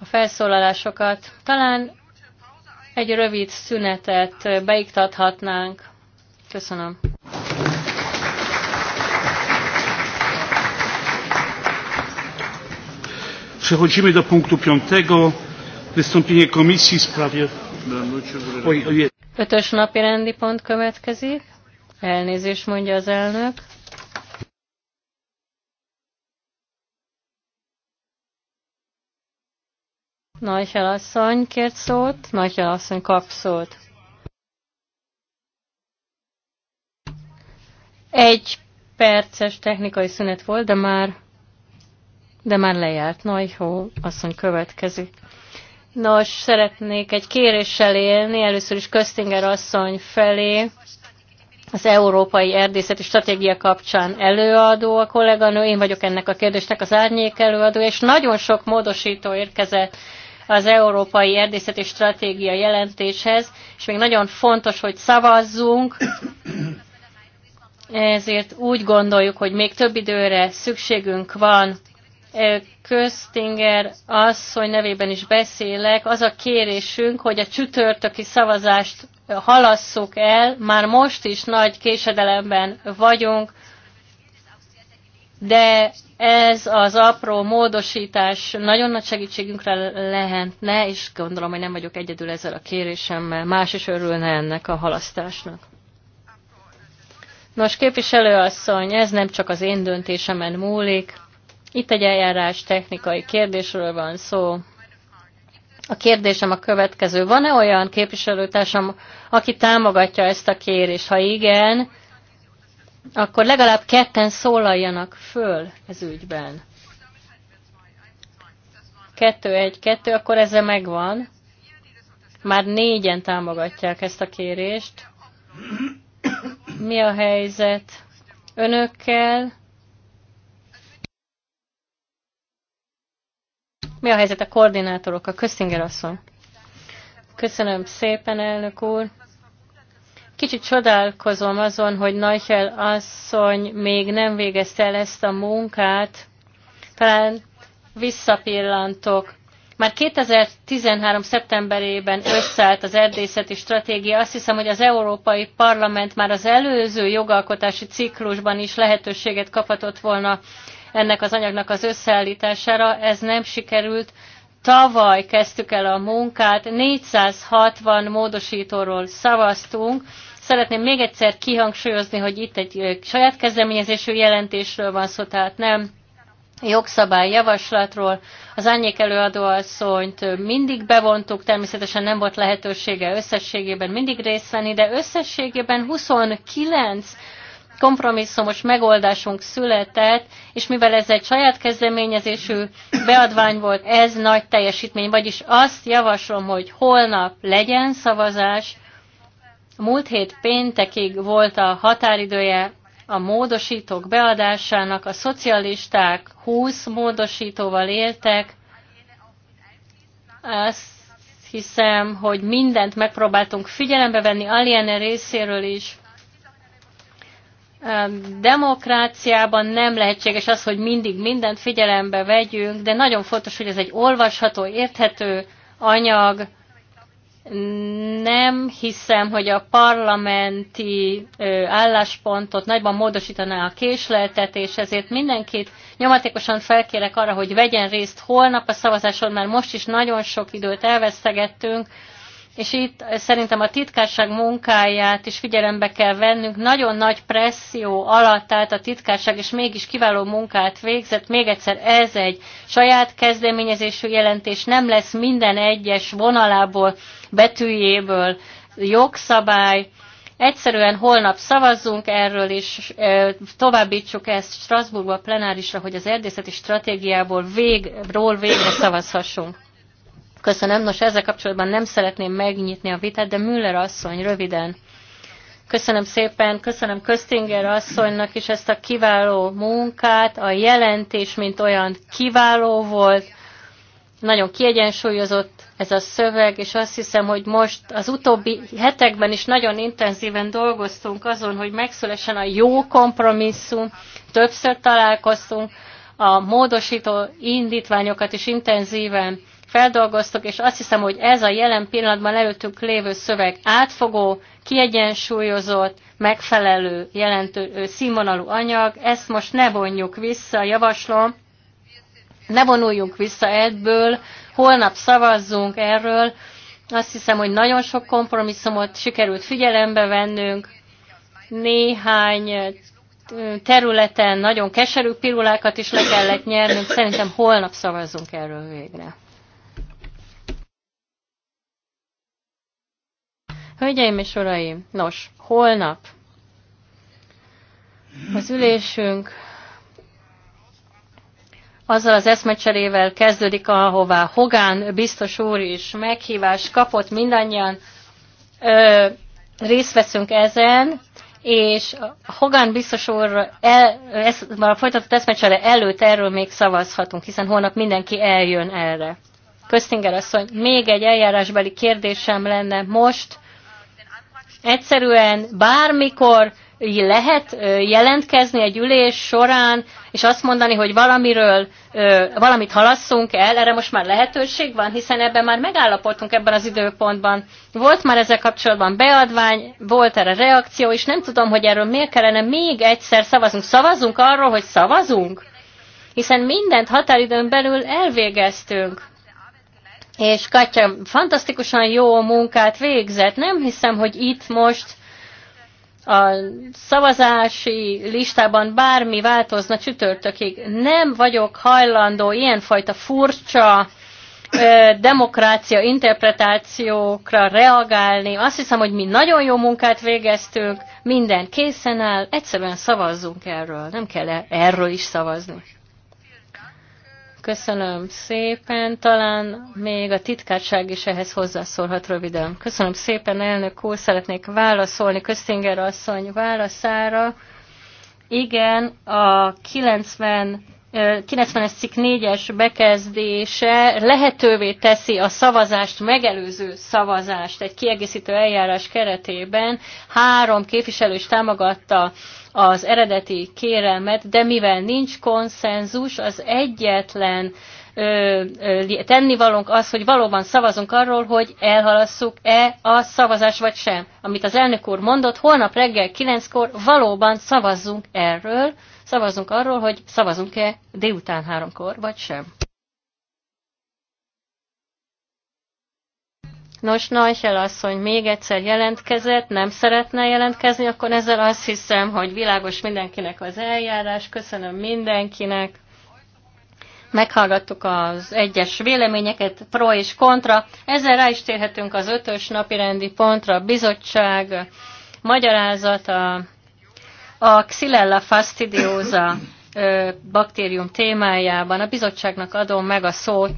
a felszólalásokat. Talán egy rövid szünetet beiktathatnánk. Köszönöm. Przechodzimy do punktu piątego. Wystąpienie komisji w sprawie... Ötös napi rendi pont következik. Elnézést mondja az elnök. Nagyhel asszony kért szót, Nagyhel asszony kap szót. Egy perces technikai szünet volt, de már, de már lejárt. Nagyhó asszony következik. Nos, szeretnék egy kéréssel élni, először is Köztinger asszony felé, az Európai Erdészeti Stratégia kapcsán előadó a kolléganő, én vagyok ennek a kérdésnek az árnyék előadó, és nagyon sok módosító érkezett az Európai Erdészeti Stratégia jelentéshez, és még nagyon fontos, hogy szavazzunk, ezért úgy gondoljuk, hogy még több időre szükségünk van. Köztinger asszony nevében is beszélek, az a kérésünk, hogy a csütörtöki szavazást halasszuk el, már most is nagy késedelemben vagyunk, de ez az apró módosítás nagyon nagy segítségünkre lehetne, és gondolom, hogy nem vagyok egyedül ezzel a kérésemmel. Más is örülne ennek a halasztásnak. Nos, képviselőasszony, ez nem csak az én döntésemen múlik. Itt egy eljárás technikai kérdésről van szó. A kérdésem a következő. Van-e olyan képviselőtársam, aki támogatja ezt a kérést? Ha igen, akkor legalább ketten szólaljanak föl ez ügyben. Kettő, egy, kettő, akkor ezzel megvan. Már négyen támogatják ezt a kérést. Mi a helyzet önökkel? Mi a helyzet a koordinátorokkal? Köszinger asszony. Köszönöm szépen, elnök úr. Kicsit csodálkozom azon, hogy Nagyhel asszony még nem végezte el ezt a munkát. Talán visszapillantok. Már 2013. szeptemberében összeállt az erdészeti stratégia. Azt hiszem, hogy az Európai Parlament már az előző jogalkotási ciklusban is lehetőséget kaphatott volna ennek az anyagnak az összeállítására. Ez nem sikerült. Tavaly kezdtük el a munkát, 460 módosítóról szavaztunk, Szeretném még egyszer kihangsúlyozni, hogy itt egy saját kezdeményezésű jelentésről van szó, tehát nem jogszabály javaslatról. Az árnyék előadóasszonyt mindig bevontuk, természetesen nem volt lehetősége összességében mindig részt venni, de összességében 29 kompromisszumos megoldásunk született, és mivel ez egy saját kezdeményezésű beadvány volt, ez nagy teljesítmény, vagyis azt javaslom, hogy holnap legyen szavazás, Múlt hét péntekig volt a határidője a módosítók beadásának, a szocialisták 20 módosítóval éltek. Azt hiszem, hogy mindent megpróbáltunk figyelembe venni Aliene részéről is. Demokráciában nem lehetséges az, hogy mindig mindent figyelembe vegyünk, de nagyon fontos, hogy ez egy olvasható, érthető anyag, nem hiszem, hogy a parlamenti álláspontot nagyban módosítaná a késleltetés, ezért mindenkit nyomatékosan felkérek arra, hogy vegyen részt holnap a szavazáson, mert most is nagyon sok időt elvesztegettünk, és itt eh, szerintem a titkárság munkáját is figyelembe kell vennünk. Nagyon nagy presszió alatt állt a titkárság, és mégis kiváló munkát végzett. Még egyszer, ez egy saját kezdeményezésű jelentés, nem lesz minden egyes vonalából, betűjéből jogszabály. Egyszerűen holnap szavazzunk erről, és eh, továbbítsuk ezt Strasbourgba plenárisra, hogy az erdészeti stratégiából végről végre szavazhassunk. Köszönöm. Nos, ezzel kapcsolatban nem szeretném megnyitni a vitát, de Müller asszony, röviden. Köszönöm szépen, köszönöm Köztinger asszonynak is ezt a kiváló munkát, a jelentés, mint olyan kiváló volt, nagyon kiegyensúlyozott ez a szöveg, és azt hiszem, hogy most az utóbbi hetekben is nagyon intenzíven dolgoztunk azon, hogy megszülessen a jó kompromisszum, többször találkoztunk, a módosító indítványokat is intenzíven feldolgoztuk, és azt hiszem, hogy ez a jelen pillanatban előttünk lévő szöveg átfogó, kiegyensúlyozott, megfelelő, jelentő, színvonalú anyag. Ezt most ne vonjuk vissza, javaslom, ne vonuljunk vissza ebből, holnap szavazzunk erről. Azt hiszem, hogy nagyon sok kompromisszumot sikerült figyelembe vennünk, néhány területen nagyon keserű pirulákat is le kellett nyernünk. Szerintem holnap szavazzunk erről végre. Hölgyeim és uraim, nos, holnap az ülésünk azzal az eszmecserével kezdődik, ahová Hogán biztos úr is meghívást kapott, mindannyian ö, részt veszünk ezen, és Hogán biztos úr el, a folytatott eszmecsere előtt erről még szavazhatunk, hiszen holnap mindenki eljön erre. Köztinger asszony, még egy eljárásbeli kérdésem lenne most, Egyszerűen bármikor lehet jelentkezni egy ülés során, és azt mondani, hogy valamiről, valamit halasszunk el, erre most már lehetőség van, hiszen ebben már megállapodtunk ebben az időpontban. Volt már ezzel kapcsolatban beadvány, volt erre reakció, és nem tudom, hogy erről miért kellene még egyszer szavazunk. Szavazunk arról, hogy szavazunk? Hiszen mindent határidőn belül elvégeztünk és Katya fantasztikusan jó munkát végzett. Nem hiszem, hogy itt most a szavazási listában bármi változna csütörtökig. Nem vagyok hajlandó ilyenfajta furcsa demokrácia interpretációkra reagálni. Azt hiszem, hogy mi nagyon jó munkát végeztünk, minden készen áll, egyszerűen szavazzunk erről, nem kell erről is szavazni. Köszönöm szépen. Talán még a titkárság is ehhez hozzászólhat röviden. Köszönöm szépen, elnök úr. Szeretnék válaszolni Köszinger asszony válaszára. Igen, a 90 90-es cikk 4-es bekezdése lehetővé teszi a szavazást, megelőző szavazást egy kiegészítő eljárás keretében. Három képviselő is támogatta az eredeti kérelmet, de mivel nincs konszenzus, az egyetlen tennivalónk az, hogy valóban szavazunk arról, hogy elhalasszuk-e a szavazás vagy sem. Amit az elnök úr mondott, holnap reggel kilenckor valóban szavazzunk erről, szavazzunk arról, hogy szavazunk-e délután háromkor vagy sem. Nos, Najhel asszony még egyszer jelentkezett, nem szeretne jelentkezni, akkor ezzel azt hiszem, hogy világos mindenkinek az eljárás. Köszönöm mindenkinek. Meghallgattuk az egyes véleményeket, pro és kontra. Ezzel rá is térhetünk az ötös napi rendi pontra, bizottság, magyarázata, a Xylella fastidiosa baktérium témájában. A bizottságnak adom meg a szót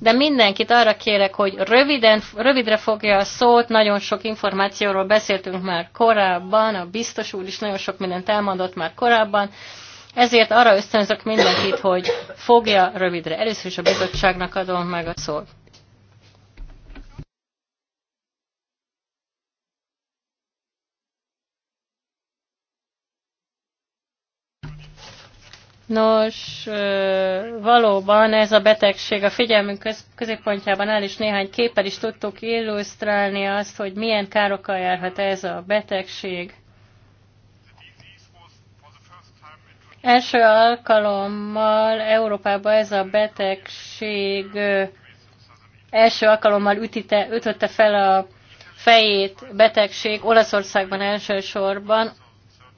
de mindenkit arra kérek, hogy röviden, rövidre fogja a szót, nagyon sok információról beszéltünk már korábban, a biztos úr is nagyon sok mindent elmondott már korábban, ezért arra ösztönzök mindenkit, hogy fogja rövidre. Először is a bizottságnak adom meg a szót. Nos, valóban ez a betegség a figyelmünk középpontjában áll, és néhány képpel is tudtuk illusztrálni azt, hogy milyen károkkal járhat ez a betegség. Első alkalommal Európában ez a betegség első alkalommal ütite, ütötte fel a fejét betegség Olaszországban elsősorban.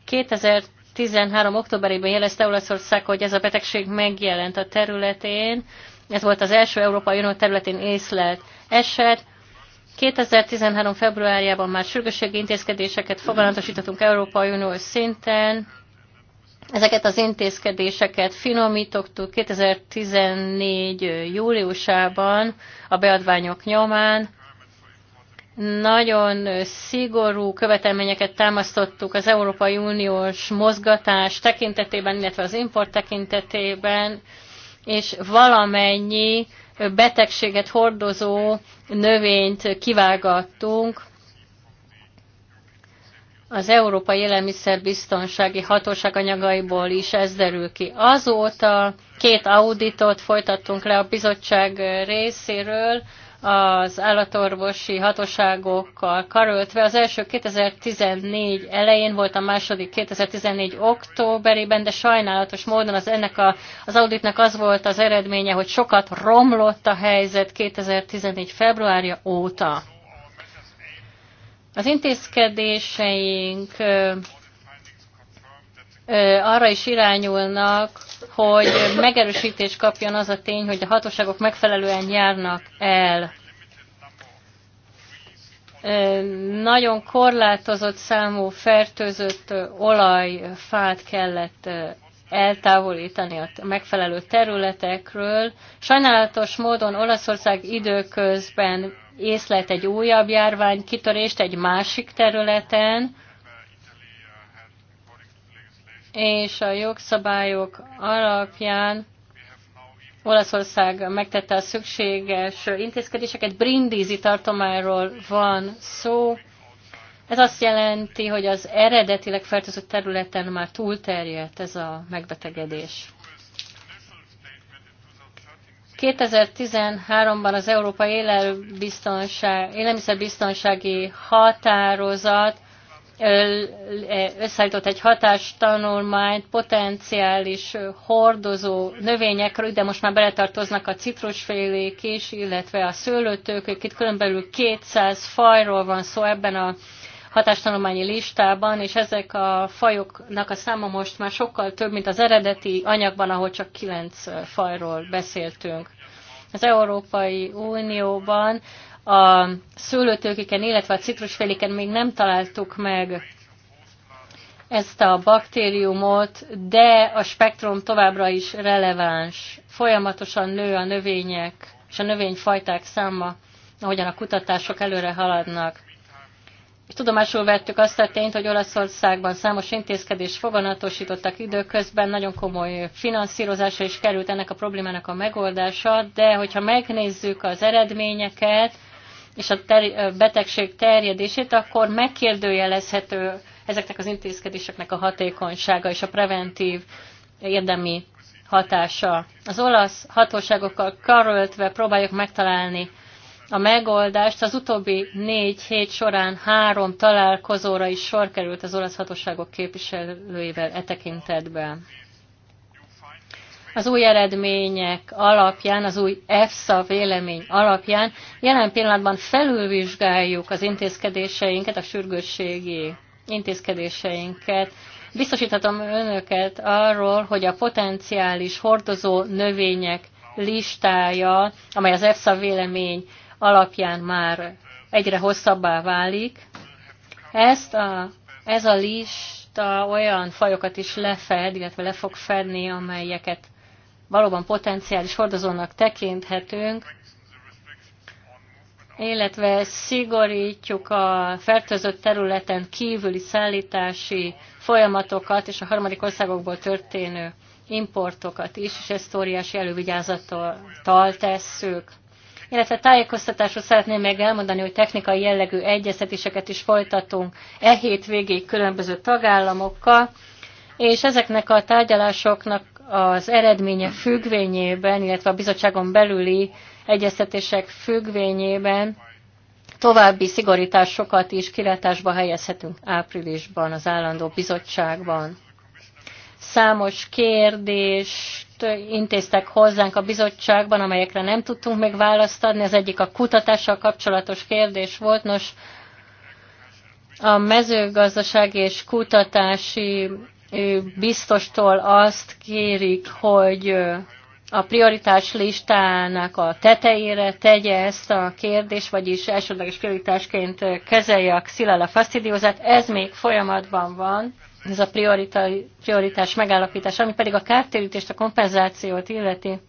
2000 13. októberében jelezte Olaszország, hogy ez a betegség megjelent a területén. Ez volt az első Európai Unió területén észlelt eset. 2013. februárjában már sürgősségi intézkedéseket fogalmatosítottunk Európai Unió szinten. Ezeket az intézkedéseket finomítottuk 2014. júliusában a beadványok nyomán nagyon szigorú követelményeket támasztottuk az Európai Uniós mozgatás tekintetében, illetve az import tekintetében, és valamennyi betegséget hordozó növényt kivágattunk, az Európai Élelmiszerbiztonsági Hatóság anyagaiból is ez derül ki. Azóta két auditot folytattunk le a bizottság részéről, az állatorvosi hatóságokkal karöltve. Az első 2014 elején volt, a második 2014 októberében, de sajnálatos módon az ennek a, az auditnak az volt az eredménye, hogy sokat romlott a helyzet 2014 februárja óta. Az intézkedéseink arra is irányulnak, hogy megerősítést kapjon az a tény, hogy a hatóságok megfelelően járnak el. Nagyon korlátozott számú fertőzött olajfát kellett eltávolítani a megfelelő területekről. Sajnálatos módon Olaszország időközben észlelt egy újabb kitörést egy másik területen, és a jogszabályok alapján Olaszország megtette a szükséges intézkedéseket. Brindízi tartományról van szó. Ez azt jelenti, hogy az eredetileg fertőzött területen már túlterjedt ez a megbetegedés. 2013-ban az Európai Élelmiszerbiztonsági Határozat összeállított egy hatástanulmányt potenciális hordozó növényekről, de most már beletartoznak a citrusfélék is, illetve a szőlőtők, Itt körülbelül 200 fajról van szó ebben a hatástanulmányi listában, és ezek a fajoknak a száma most már sokkal több, mint az eredeti anyagban, ahol csak 9 fajról beszéltünk. Az Európai Unióban a szőlőtőkéken, illetve a citrusféléken még nem találtuk meg ezt a baktériumot, de a spektrum továbbra is releváns. Folyamatosan nő a növények és a növényfajták száma, ahogyan a kutatások előre haladnak. És tudomásul vettük azt a tényt, hogy Olaszországban számos intézkedés foganatosítottak időközben, nagyon komoly finanszírozása is került ennek a problémának a megoldása, de hogyha megnézzük az eredményeket, és a ter- betegség terjedését, akkor megkérdőjelezhető ezeknek az intézkedéseknek a hatékonysága és a preventív érdemi hatása. Az olasz hatóságokkal karöltve próbáljuk megtalálni a megoldást. Az utóbbi négy hét során három találkozóra is sor került az olasz hatóságok képviselőivel e tekintetben az új eredmények alapján, az új EFSA vélemény alapján jelen pillanatban felülvizsgáljuk az intézkedéseinket, a sürgősségi intézkedéseinket. Biztosíthatom önöket arról, hogy a potenciális hordozó növények listája, amely az EFSA vélemény alapján már egyre hosszabbá válik, ezt a, ez a lista olyan fajokat is lefed, illetve le fog fedni, amelyeket valóban potenciális hordozónak tekinthetünk, illetve szigorítjuk a fertőzött területen kívüli szállítási folyamatokat és a harmadik országokból történő importokat is, és ezt óriási elővigyázattal tesszük. Illetve tájékoztatásról szeretném még elmondani, hogy technikai jellegű egyeztetéseket is folytatunk e hét végéig különböző tagállamokkal, és ezeknek a tárgyalásoknak az eredménye függvényében, illetve a bizottságon belüli egyeztetések függvényében további szigorításokat is kilátásba helyezhetünk áprilisban az állandó bizottságban. Számos kérdést intéztek hozzánk a bizottságban, amelyekre nem tudtunk még választ adni. Az egyik a kutatással kapcsolatos kérdés volt. Nos, a mezőgazdasági és kutatási biztostól azt kérik, hogy a prioritás listának a tetejére tegye ezt a kérdést, vagyis elsődleges prioritásként kezelje a Xilala fasztidiózát. Ez még folyamatban van, ez a prioritás megállapítás, ami pedig a kártérítést, a kompenzációt illeti.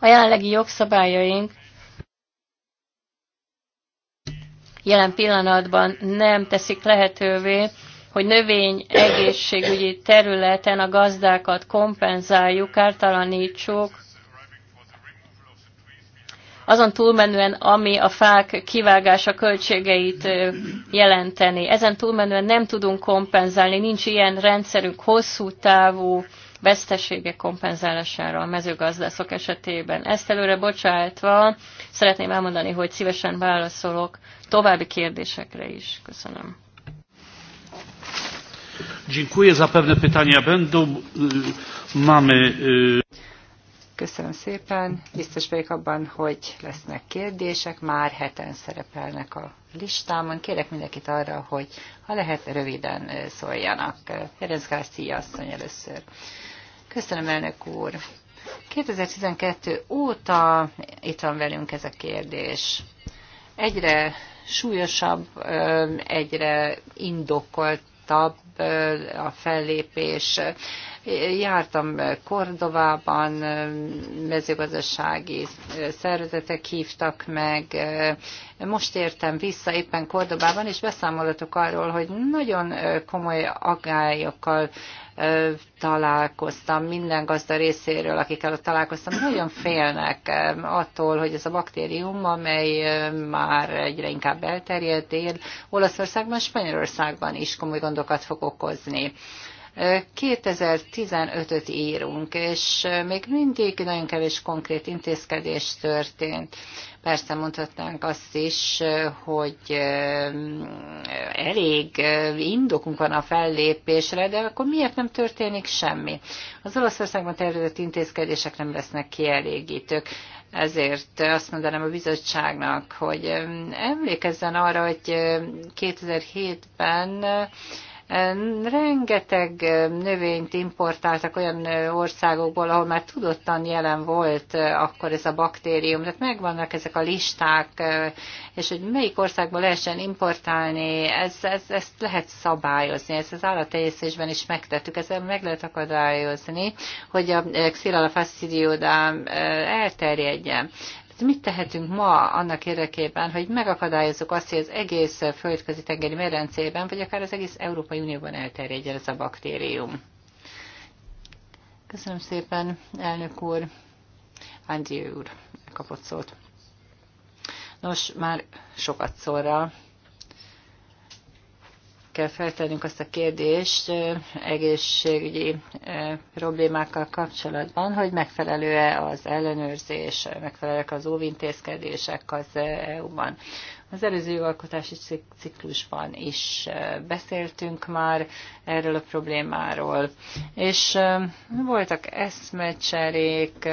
A jelenlegi jogszabályaink jelen pillanatban nem teszik lehetővé, hogy növény egészségügyi területen a gazdákat kompenzáljuk, ártalanítsuk, azon túlmenően, ami a fák kivágása költségeit jelenteni. Ezen túlmenően nem tudunk kompenzálni, nincs ilyen rendszerünk hosszú távú veszteségek kompenzálására a mezőgazdászok esetében. Ezt előre bocsájtva szeretném elmondani, hogy szívesen válaszolok további kérdésekre is. Köszönöm. Dziękuję. pewne pytania będą. Mamy... Köszönöm szépen. Biztos vagyok abban, hogy lesznek kérdések. Már heten szerepelnek a listámon. Kérek mindenkit arra, hogy ha lehet, röviden szóljanak. Ferenc Gárcia asszony először. Köszönöm, elnök úr. 2012 óta itt van velünk ez a kérdés. Egyre súlyosabb, egyre indokoltabb a fellépés. Jártam Kordovában, mezőgazdasági szervezetek hívtak meg. Most értem vissza éppen Kordobában, és beszámolatok arról, hogy nagyon komoly agályokkal találkoztam, minden gazda részéről, akikkel ott találkoztam, nagyon félnek attól, hogy ez a baktérium, amely már egyre inkább elterjedt, él Olaszországban, Spanyolországban is komoly gondokat fog okozni. 2015-öt írunk, és még mindig nagyon kevés konkrét intézkedés történt. Persze mondhatnánk azt is, hogy elég indokunk van a fellépésre, de akkor miért nem történik semmi? Az Olaszországban tervezett intézkedések nem lesznek kielégítők. Ezért azt mondanám a bizottságnak, hogy emlékezzen arra, hogy 2007-ben Rengeteg növényt importáltak olyan országokból, ahol már tudottan jelen volt akkor ez a baktérium. Tehát megvannak ezek a listák, és hogy melyik országból lehessen importálni, ez, ez, ezt lehet szabályozni. Ezt az állatejészésben is megtettük, ezzel meg lehet akadályozni, hogy a Xylella fastidioda eh, elterjedjen. Hát mit tehetünk ma annak érdekében, hogy megakadályozzuk azt, hogy az egész földközi tengeri medencében, vagy akár az egész Európai Unióban elterjedjen ez a baktérium? Köszönöm szépen, elnök úr. Andi úr kapott szót. Nos, már sokat szóra kell feltennünk azt a kérdést egészségügyi problémákkal kapcsolatban, hogy megfelelő-e az ellenőrzés, megfelelőek az óvintézkedések az EU-ban. Az előző jogalkotási ciklusban is beszéltünk már erről a problémáról, és voltak eszmecserék,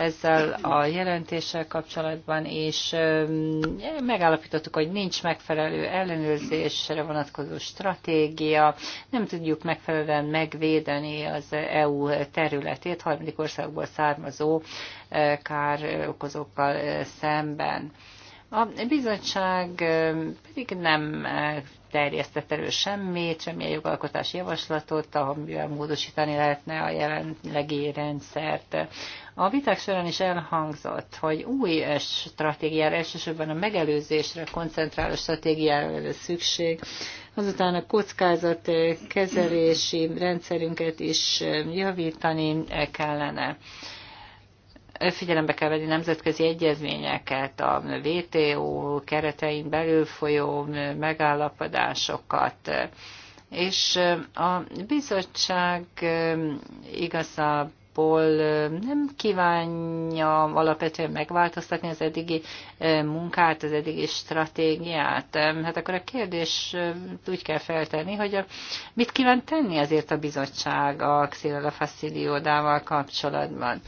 ezzel a jelentéssel kapcsolatban, és megállapítottuk, hogy nincs megfelelő ellenőrzésre vonatkozó stratégia, nem tudjuk megfelelően megvédeni az EU területét harmadik országból származó károkozókkal szemben. A bizottság pedig nem terjesztett elő semmit, semmilyen jogalkotási javaslatot, amivel módosítani lehetne a jelenlegi rendszert. A viták során is elhangzott, hogy új stratégiára, elsősorban a megelőzésre koncentráló stratégiára lenne szükség, azután a kockázat kezelési rendszerünket is javítani kellene. Figyelembe kell venni nemzetközi egyezményeket, a WTO keretein belül folyó megállapodásokat. És a bizottság igazából nem kívánja alapvetően megváltoztatni az eddigi munkát, az eddigi stratégiát. Hát akkor a kérdés úgy kell feltenni, hogy a, mit kíván tenni azért a bizottság a Xilala Faciliodával kapcsolatban.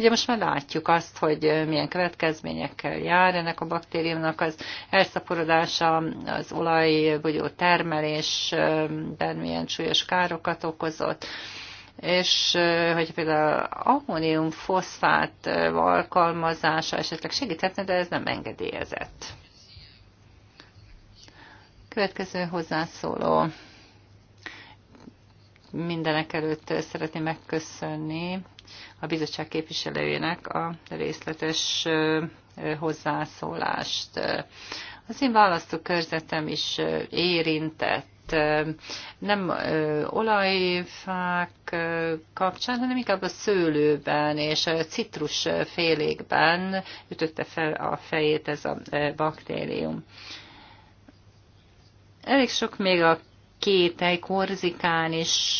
Ugye most már látjuk azt, hogy milyen következményekkel jár ennek a baktériumnak az elszaporodása, az olajbogyó termelésben milyen súlyos károkat okozott és hogy például ammónium foszfát alkalmazása esetleg segíthetne, de ez nem engedélyezett. Következő hozzászóló. Mindenek előtt szeretném megköszönni a bizottság képviselőjének a részletes hozzászólást. Az én választókörzetem is érintett nem olajfák kapcsán, hanem inkább a szőlőben és a citrusfélékben ütötte fel a fejét ez a baktérium. Elég sok még a kétely Korzikán is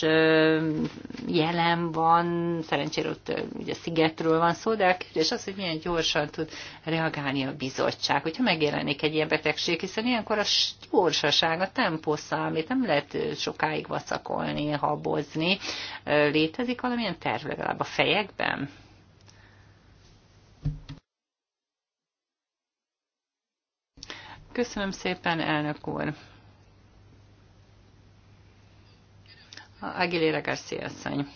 jelen van, szerencsére ott ugye szigetről van szó, de a kérdés az, hogy milyen gyorsan tud reagálni a bizottság, hogyha megjelenik egy ilyen betegség, hiszen ilyenkor a gyorsaság, a tempó számít, nem lehet sokáig vacakolni, habozni. Létezik valamilyen terv legalább a fejekben? Köszönöm szépen, elnök úr! Aguilera Garcia asszony.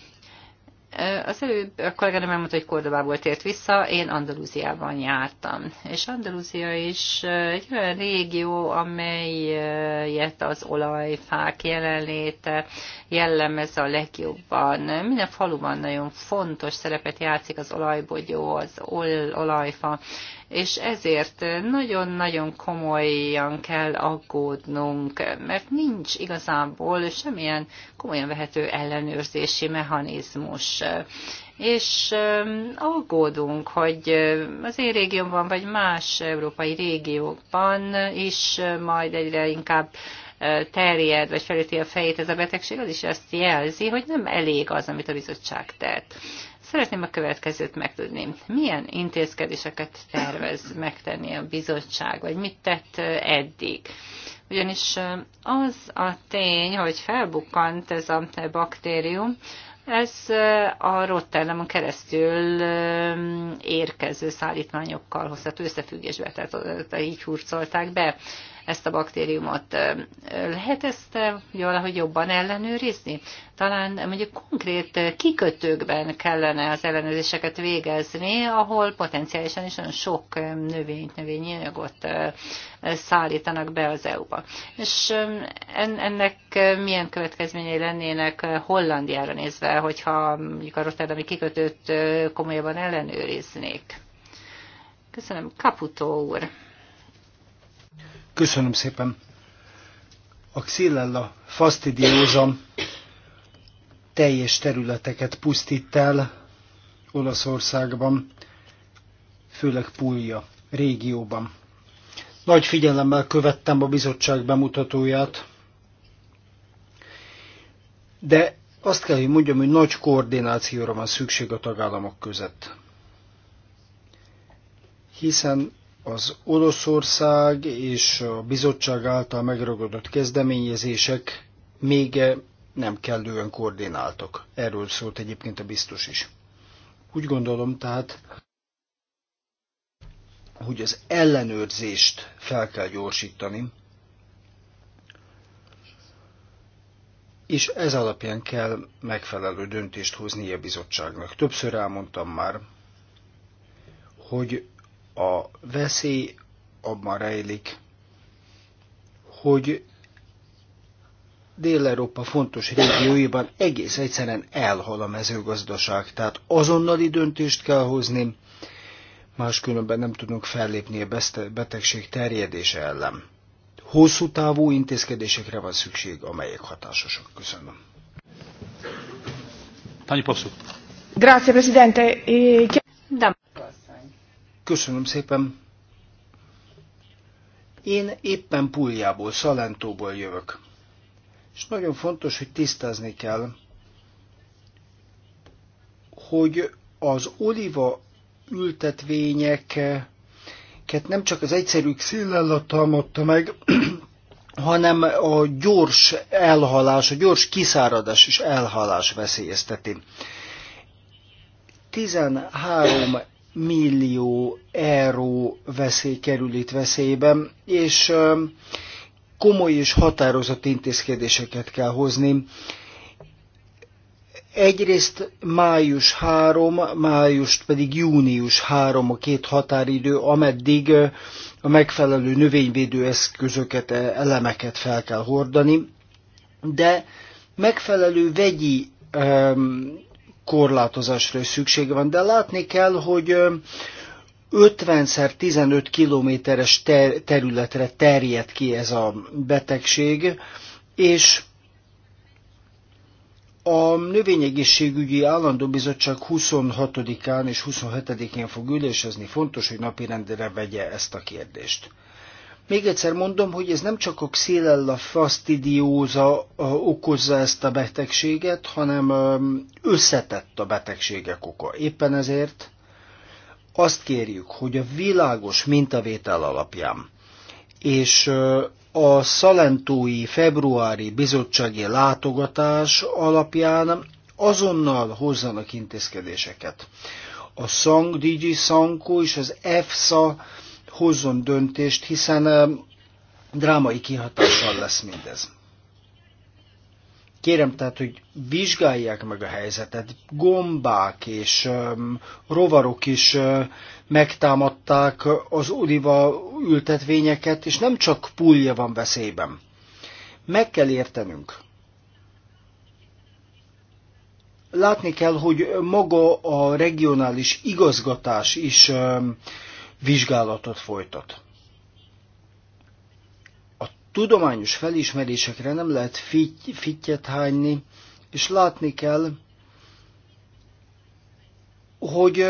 Az előbb a kolléganőm elmondta, hogy Kordobából tért vissza, én Andalúziában jártam. És Andalúzia is egy olyan régió, amelyet az olajfák jelenléte jellemez a legjobban. Minden faluban nagyon fontos szerepet játszik az olajbogyó, az ol olajfa, és ezért nagyon-nagyon komolyan kell aggódnunk, mert nincs igazából semmilyen komolyan vehető ellenőrzési mechanizmus és aggódunk, hogy az én régiómban, vagy más európai régiókban is majd egyre inkább terjed, vagy felüti a fejét ez a betegség, az is azt jelzi, hogy nem elég az, amit a bizottság tett. Szeretném a következőt megtudni. Milyen intézkedéseket tervez megtenni a bizottság, vagy mit tett eddig? Ugyanis az a tény, hogy felbukkant ez a baktérium, ez a Rotterdamon keresztül érkező szállítmányokkal hozható összefüggésbe, tehát így hurcolták be ezt a baktériumot. Lehet ezt valahogy jobban ellenőrizni? Talán mondjuk konkrét kikötőkben kellene az ellenőrzéseket végezni, ahol potenciálisan is olyan sok növényt, növényi anyagot szállítanak be az EU-ba. És ennek milyen következményei lennének Hollandiára nézve, hogyha mondjuk a Rotterdami kikötőt komolyabban ellenőriznék? Köszönöm, Kaputó úr. Köszönöm szépen. A Xylella fastidiosa teljes területeket pusztít el Olaszországban, főleg Puglia régióban. Nagy figyelemmel követtem a bizottság bemutatóját, de azt kell, hogy mondjam, hogy nagy koordinációra van szükség a tagállamok között. Hiszen az Oroszország és a bizottság által megragadott kezdeményezések még nem kellően koordináltak. Erről szólt egyébként a biztos is. Úgy gondolom tehát, hogy az ellenőrzést fel kell gyorsítani, és ez alapján kell megfelelő döntést hozni a bizottságnak. Többször elmondtam már, hogy a veszély abban rejlik, hogy Dél-Európa fontos régióiban egész egyszerűen elhal a mezőgazdaság, tehát azonnali döntést kell hozni, máskülönben nem tudunk fellépni a betegség terjedése ellen. Hosszú távú intézkedésekre van szükség, amelyek hatásosak. Köszönöm. Tanyi Popsu. Grazie, Presidente. De. Köszönöm szépen. Én éppen Puljából, Szalentóból jövök. És nagyon fontos, hogy tisztázni kell, hogy az oliva ültetvényeket nem csak az egyszerű szillellat támadta meg, hanem a gyors elhalás, a gyors kiszáradás és elhalás veszélyezteti. 13 millió euró veszély kerül itt veszélyben, és komoly és határozott intézkedéseket kell hozni. Egyrészt május 3, május, pedig június 3 a két határidő, ameddig a megfelelő növényvédő eszközöket, e, elemeket fel kell hordani, de megfelelő vegyi korlátozásra is szükség van, de látni kell, hogy 50-szer 15 kilométeres ter- területre terjed ki ez a betegség, és a Növényegészségügyi Állandó Bizottság 26-án és 27-én fog ülésezni. Fontos, hogy napirendre vegye ezt a kérdést. Még egyszer mondom, hogy ez nem csak a xylella fastidióza okozza ezt a betegséget, hanem összetett a betegségek oka. Éppen ezért azt kérjük, hogy a világos mintavétel alapján és a szalentói februári bizottsági látogatás alapján azonnal hozzanak intézkedéseket. A SANG, DG SANKO és az EFSA hozzon döntést, hiszen drámai kihatással lesz mindez. Kérem tehát, hogy vizsgálják meg a helyzetet. Gombák és um, rovarok is um, megtámadták az oliva ültetvényeket, és nem csak pulja van veszélyben. Meg kell értenünk. Látni kell, hogy maga a regionális igazgatás is um, vizsgálatot folytat. A tudományos felismerésekre nem lehet fittyet hányni, és látni kell, hogy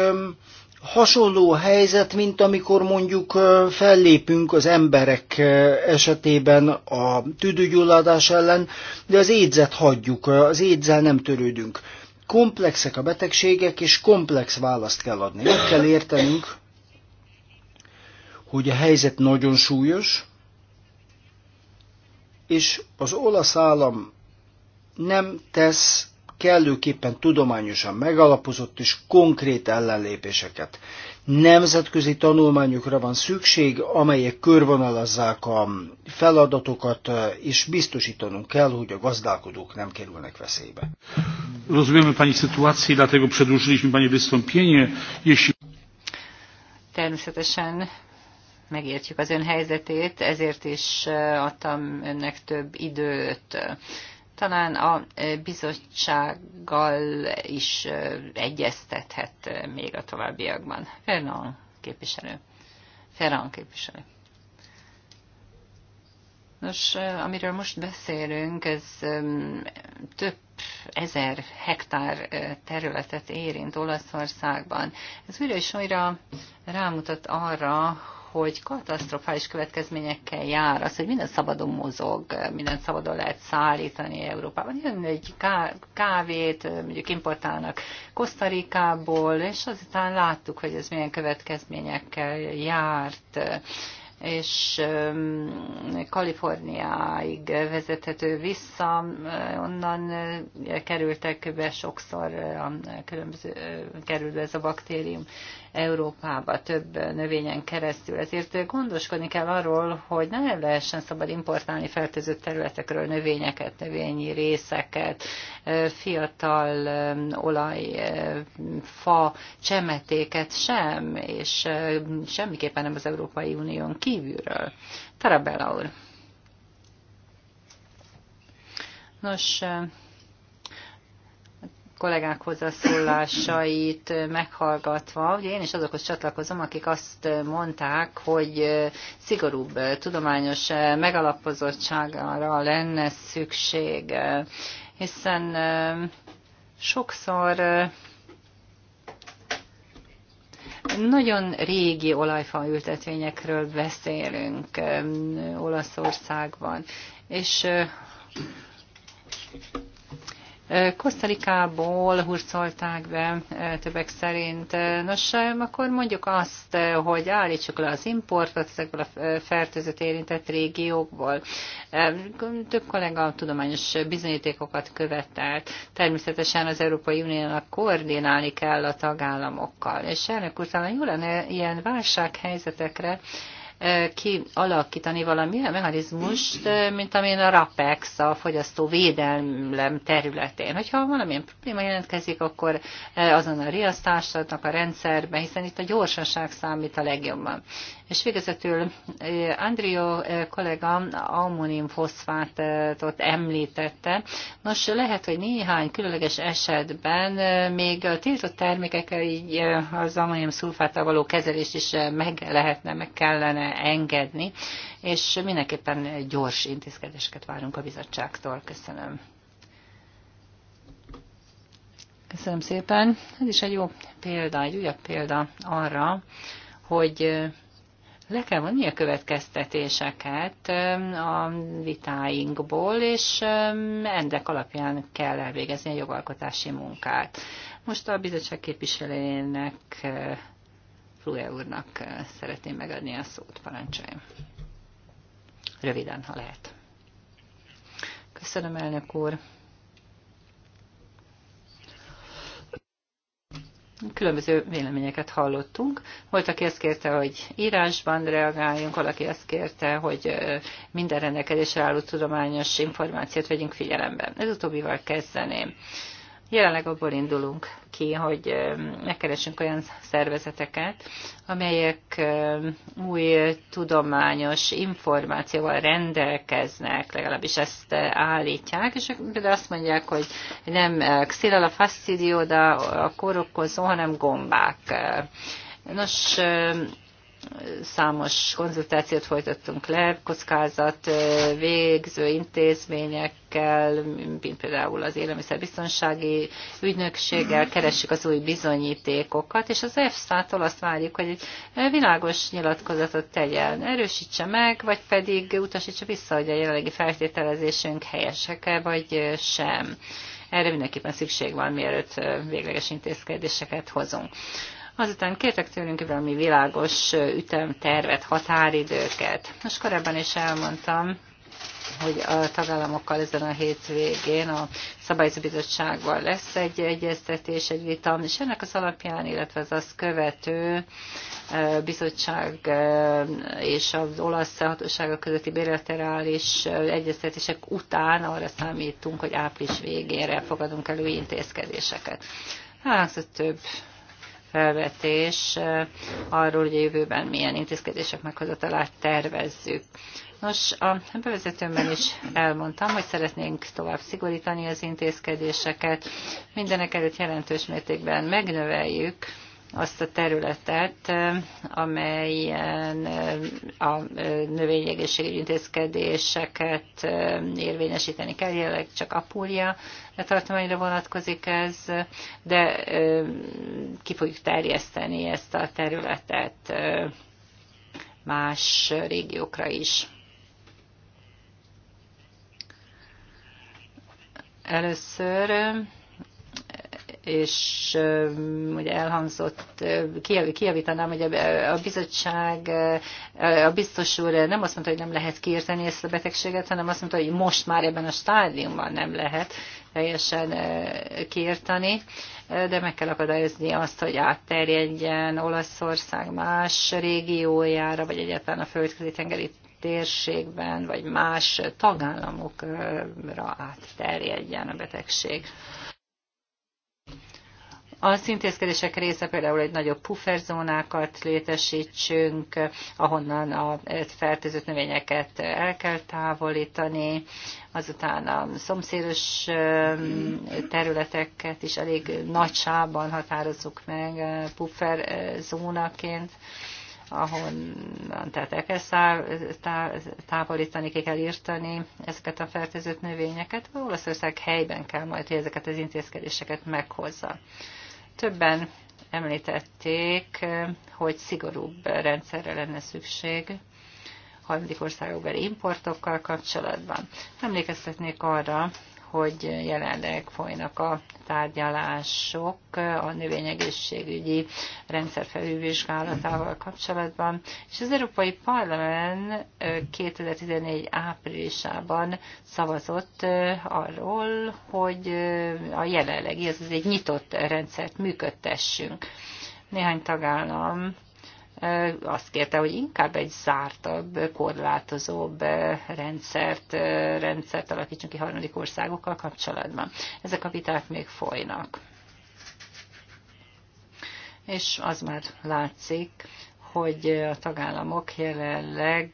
hasonló helyzet, mint amikor mondjuk fellépünk az emberek esetében a tüdőgyulladás ellen, de az édzet hagyjuk, az édzel nem törődünk. Komplexek a betegségek, és komplex választ kell adni. Meg kell értenünk, hogy a helyzet nagyon súlyos, és az olasz állam nem tesz kellőképpen tudományosan megalapozott és konkrét ellenlépéseket. Nemzetközi tanulmányokra van szükség, amelyek körvonalazzák a feladatokat, és biztosítanunk kell, hogy a gazdálkodók nem kerülnek veszélybe. Rozumiemy Pani sytuację, dlatego przedłużyliśmy Pani wystąpienie. Jeśli... Természetesen megértjük az ön helyzetét, ezért is adtam önnek több időt. Talán a bizottsággal is egyeztethet még a továbbiakban. Fernand képviselő. Ferran képviselő. Nos, amiről most beszélünk, ez több ezer hektár területet érint Olaszországban. Ez újra és újra rámutat arra, hogy katasztrofális következményekkel jár az, hogy minden szabadon mozog, minden szabadon lehet szállítani Európában. Jön egy kávét, mondjuk importálnak Kosztarikából, és azután láttuk, hogy ez milyen következményekkel járt és Kaliforniáig vezethető vissza, onnan kerültek be sokszor a különböző, került be ez a baktérium, Európába több növényen keresztül. Ezért gondoskodni kell arról, hogy ne lehessen szabad importálni fertőzött területekről növényeket, növényi részeket, fiatal olaj, fa, csemetéket sem, és semmiképpen nem az Európai Unión kívülről. Tarabella úr. Nos, kollégák hozzászólásait meghallgatva, ugye én is azokhoz csatlakozom, akik azt mondták, hogy szigorúbb tudományos megalapozottságra lenne szükség, hiszen sokszor nagyon régi olajfa ültetvényekről beszélünk Olaszországban, és Kosztalikából hurcolták be e, többek szerint. E, nos, e, akkor mondjuk azt, hogy állítsuk le az importot ezekből a fertőzött érintett régiókból. Több kollega tudományos bizonyítékokat követelt. Természetesen az Európai Uniónak koordinálni kell a tagállamokkal. És elnök úr, talán jó lenne ilyen válsághelyzetekre kialakítani valami mechanizmust, mint amilyen a RAPEX, a fogyasztó védelem területén. Hogyha valamilyen probléma jelentkezik, akkor azon a riasztásnak a rendszerben, hiszen itt a gyorsaság számít a legjobban. És végezetül eh, Andrió eh, kollega ammónium foszfátot említette. Nos, lehet, hogy néhány különleges esetben eh, még a tiltott termékek így az ammonium szulfáttal való kezelést is meg lehetne, meg kellene engedni, és mindenképpen gyors intézkedéseket várunk a bizottságtól. Köszönöm. Köszönöm szépen. Ez is egy jó példa, egy újabb példa arra, hogy le kell mondani a következtetéseket um, a vitáinkból, és um, ennek alapján kell elvégezni a jogalkotási munkát. Most a bizottság képviselőjének, uh, Flue úrnak uh, szeretném megadni a szót, parancsoljon. Röviden, ha lehet. Köszönöm, elnök úr. Különböző véleményeket hallottunk. Volt, aki ezt kérte, hogy írásban reagáljunk, valaki ezt kérte, hogy minden rendelkezésre álló tudományos információt vegyünk figyelembe. Ez utóbbival kezdeném. Jelenleg abból indulunk ki, hogy megkeresünk olyan szervezeteket, amelyek új tudományos információval rendelkeznek, legalábbis ezt állítják, és például azt mondják, hogy nem xilala fastidioda a kórokozó, hanem gombák. Nos, Számos konzultációt folytattunk le, kockázat végző intézményekkel, mint például az élelmiszerbiztonsági ügynökséggel keressük az új bizonyítékokat, és az EFSA-tól azt várjuk, hogy egy világos nyilatkozatot tegyen, erősítse meg, vagy pedig utasítsa vissza, hogy a jelenlegi feltételezésünk helyesek-e, vagy sem erre mindenképpen szükség van, mielőtt végleges intézkedéseket hozunk. Azután kértek tőlünk valami világos ütemtervet, határidőket. Most korábban is elmondtam, hogy a tagállamokkal ezen a hétvégén a szabályzóbizottságban lesz egy egyeztetés, egy vita, és ennek az alapján, illetve az azt követő bizottság és az olasz hatóságok közötti bilaterális egyeztetések után arra számítunk, hogy április végére fogadunk elő intézkedéseket. Hát, több felvetés eh, arról, hogy a jövőben milyen intézkedések meghozatalát tervezzük. Nos, a bevezetőmben is elmondtam, hogy szeretnénk tovább szigorítani az intézkedéseket. Mindenek előtt jelentős mértékben megnöveljük azt a területet, amelyen eh, a eh, növényegészségügyi intézkedéseket eh, érvényesíteni kell, jelenleg csak Apulia tartományra vonatkozik ez, de ki fogjuk terjeszteni ezt a területet más régiókra is. Először és ugye elhangzott, kijavítanám, hogy a bizottság, a biztos úr nem azt mondta, hogy nem lehet kiérteni ezt a betegséget, hanem azt mondta, hogy most már ebben a stádiumban nem lehet teljesen kiérteni, de meg kell akadályozni azt, hogy átterjedjen Olaszország más régiójára, vagy egyáltalán a földközi tengeri térségben, vagy más tagállamokra átterjedjen a betegség. Az intézkedések része például egy nagyobb pufferzónákat létesítsünk, ahonnan a fertőzött növényeket el kell távolítani, azután a szomszédos területeket is elég nagy sában határozzuk meg pufferzónaként ahonnan tehát el kell szá, tá, távolítani, ki kell írtani ezeket a fertőzött növényeket. Olaszország helyben kell majd, hogy ezeket az intézkedéseket meghozza. Többen említették, hogy szigorúbb rendszerre lenne szükség harmadik országokbeli importokkal kapcsolatban. Emlékeztetnék arra, hogy jelenleg folynak a tárgyalások a növényegészségügyi rendszer felülvizsgálatával kapcsolatban, és az Európai Parlament 2014 áprilisában szavazott arról, hogy a jelenlegi, ez egy nyitott rendszert működtessünk. Néhány tagállam azt kérte, hogy inkább egy zártabb, korlátozóbb rendszert, rendszert alakítsunk ki harmadik országokkal kapcsolatban. Ezek a viták még folynak. És az már látszik, hogy a tagállamok jelenleg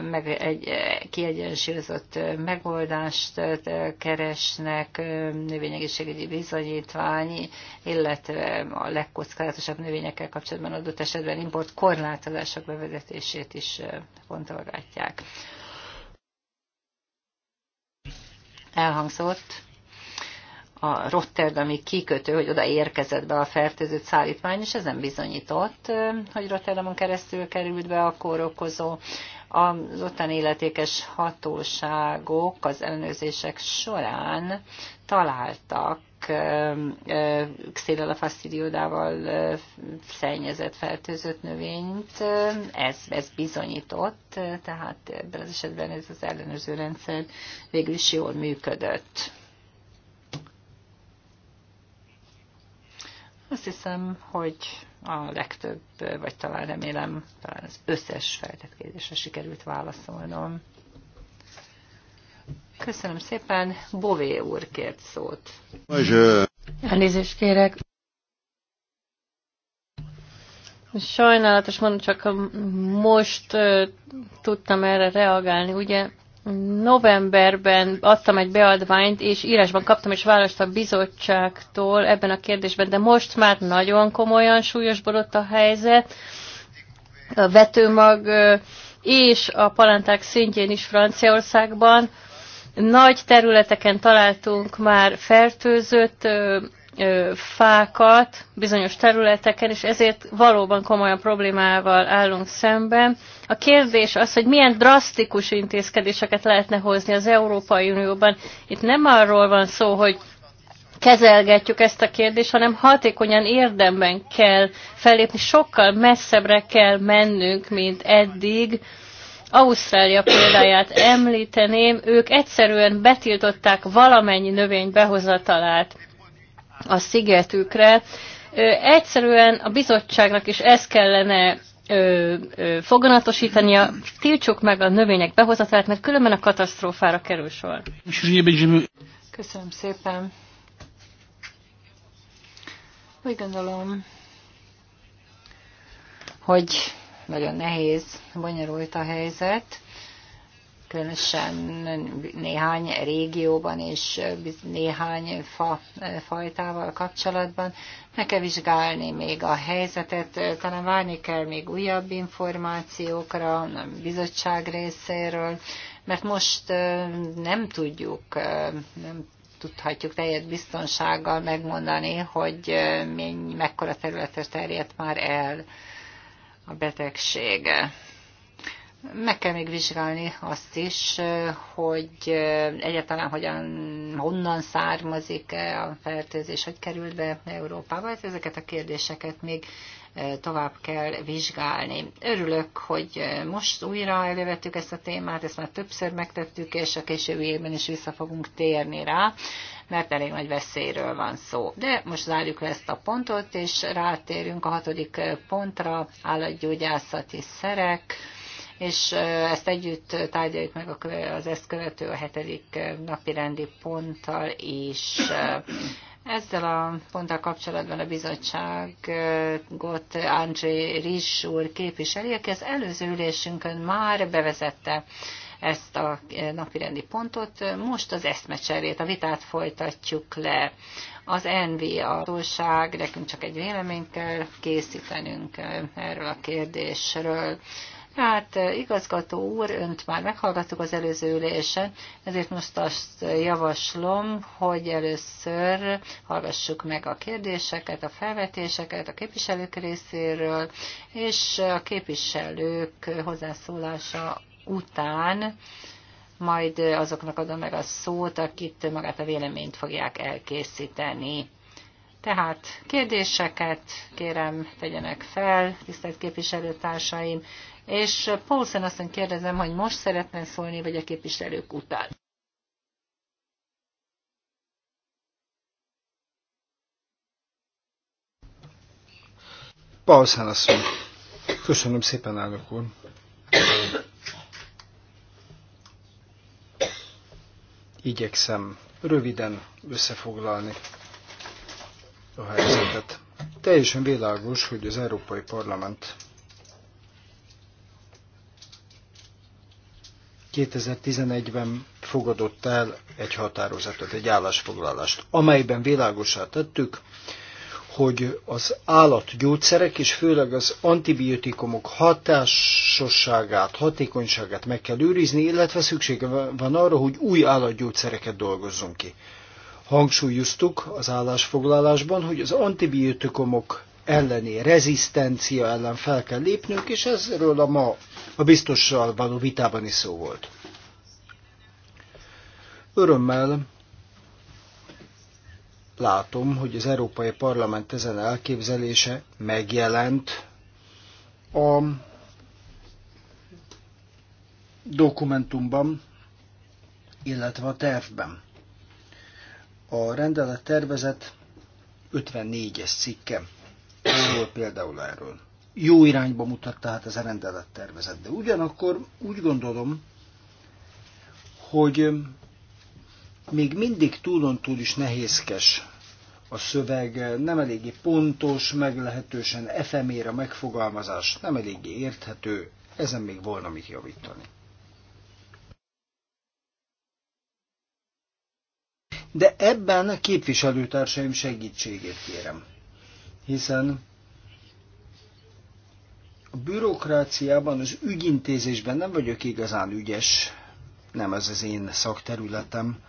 meg egy eh, kiegyensúlyozott megoldást eh, keresnek, eh, növényegészségügyi bizonyítvány, illetve a legkockázatosabb növényekkel kapcsolatban adott esetben import korlátozások bevezetését is fontolgatják. Elhangzott a Rotterdami kikötő, hogy oda érkezett be a fertőzött szállítmány, és ez nem bizonyított, hogy Rotterdamon keresztül került be a kórokozó az ottan életékes hatóságok az ellenőrzések során találtak Xylella fastidioidával szennyezett, fertőzött növényt. Ez, ez bizonyított, tehát ebben az esetben ez az ellenőrző rendszer végül is jól működött. Azt hiszem, hogy a legtöbb, vagy talán remélem, talán az összes feltett kérdésre sikerült válaszolnom. Köszönöm szépen. Bové úr kért szót. Elnézést kérek. Sajnálatos mondom, csak most uh, tudtam erre reagálni. Ugye novemberben adtam egy beadványt, és írásban kaptam is választ a bizottságtól ebben a kérdésben, de most már nagyon komolyan súlyosbodott a helyzet. A vetőmag és a palánták szintjén is Franciaországban nagy területeken találtunk már fertőzött fákat bizonyos területeken, és ezért valóban komolyan problémával állunk szemben. A kérdés az, hogy milyen drasztikus intézkedéseket lehetne hozni az Európai Unióban. Itt nem arról van szó, hogy kezelgetjük ezt a kérdést, hanem hatékonyan érdemben kell fellépni, sokkal messzebbre kell mennünk, mint eddig. Ausztrália példáját említeném, ők egyszerűen betiltották valamennyi növény behozatalát a szigetükre. Egyszerűen a bizottságnak is ezt kellene foganatosítania, tiltsuk meg a növények behozatát, mert különben a katasztrófára kerül sor. Köszönöm szépen. Úgy gondolom, hogy nagyon nehéz, bonyolult a helyzet, különösen néhány régióban és néhány fa, fajtával kapcsolatban. Meg kell vizsgálni még a helyzetet, talán várni kell még újabb információkra a bizottság részéről, mert most nem tudjuk, nem tudhatjuk teljes biztonsággal megmondani, hogy mennyi, mekkora területre terjedt már el a betegsége meg kell még vizsgálni azt is, hogy egyáltalán hogyan, honnan származik -e a fertőzés, hogy került be Európába. Hát ezeket a kérdéseket még e, tovább kell vizsgálni. Örülök, hogy most újra elővettük ezt a témát, ezt már többször megtettük, és a évben is vissza fogunk térni rá, mert elég nagy veszélyről van szó. De most zárjuk le ezt a pontot, és rátérünk a hatodik pontra, állatgyógyászati szerek és ezt együtt tárgyaljuk meg az ezt követő a hetedik napi rendi ponttal és Ezzel a ponttal kapcsolatban a bizottságot André Rizs úr képviseli, aki az előző ülésünkön már bevezette ezt a napirendi pontot. Most az eszmecserét, a vitát folytatjuk le. Az NV a túlság, nekünk csak egy véleményt kell készítenünk erről a kérdésről. Hát eh, igazgató úr, önt már meghallgattuk az előző ülésen, ezért most azt javaslom, hogy először hallgassuk meg a kérdéseket, a felvetéseket a képviselők részéről, és a képviselők hozzászólása után majd azoknak adom meg a szót, akit magát a véleményt fogják elkészíteni. Tehát kérdéseket kérem tegyenek fel, tisztelt képviselőtársaim, és Paulsen azt kérdezem, hogy most szeretne szólni, vagy a képviselők után. Paulsen asszony. Köszönöm szépen, elnök úr. Igyekszem röviden összefoglalni a helyzetet. Teljesen világos, hogy az Európai Parlament 2011-ben fogadott el egy határozatot, egy állásfoglalást, amelyben világosá tettük, hogy az állatgyógyszerek és főleg az antibiotikumok hatásosságát, hatékonyságát meg kell őrizni, illetve szüksége van arra, hogy új állatgyógyszereket dolgozzunk ki. Hangsúlyoztuk az állásfoglalásban, hogy az antibiotikumok elleni rezisztencia ellen fel kell lépnünk, és ezről a ma a biztossal való vitában is szó volt. Örömmel látom, hogy az Európai Parlament ezen elképzelése megjelent a dokumentumban, illetve a tervben. A rendelet tervezet 54-es cikke Erről például erről. Jó irányba mutat tehát ez a rendelettervezet, de ugyanakkor úgy gondolom, hogy um, még mindig túlon túl is nehézkes a szöveg, nem eléggé pontos, meglehetősen efemér a megfogalmazás, nem eléggé érthető, ezen még volna mit javítani. De ebben a képviselőtársaim segítségét kérem hiszen a bürokráciában, az ügyintézésben nem vagyok igazán ügyes, nem ez az én szakterületem.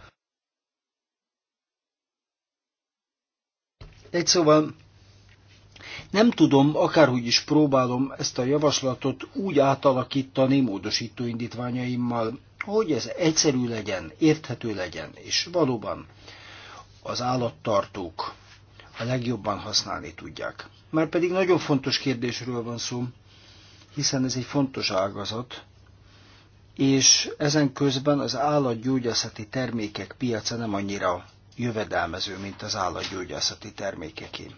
Egy szóval nem tudom, akárhogy is próbálom ezt a javaslatot úgy átalakítani módosító indítványaimmal, hogy ez egyszerű legyen, érthető legyen, és valóban az állattartók a legjobban használni tudják. Már pedig nagyon fontos kérdésről van szó, hiszen ez egy fontos ágazat, és ezen közben az állatgyógyászati termékek piaca nem annyira jövedelmező, mint az állatgyógyászati termékeké.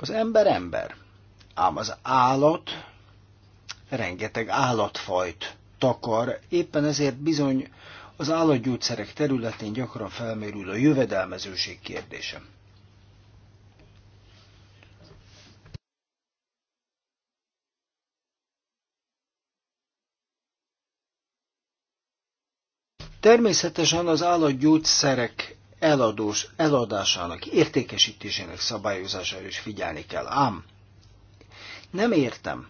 Az ember ember, ám az állat rengeteg állatfajt takar, éppen ezért bizony az állatgyógyszerek területén gyakran felmerül a jövedelmezőség kérdése. Természetesen az állatgyógyszerek eladós, eladásának, értékesítésének szabályozására is figyelni kell. Ám nem értem,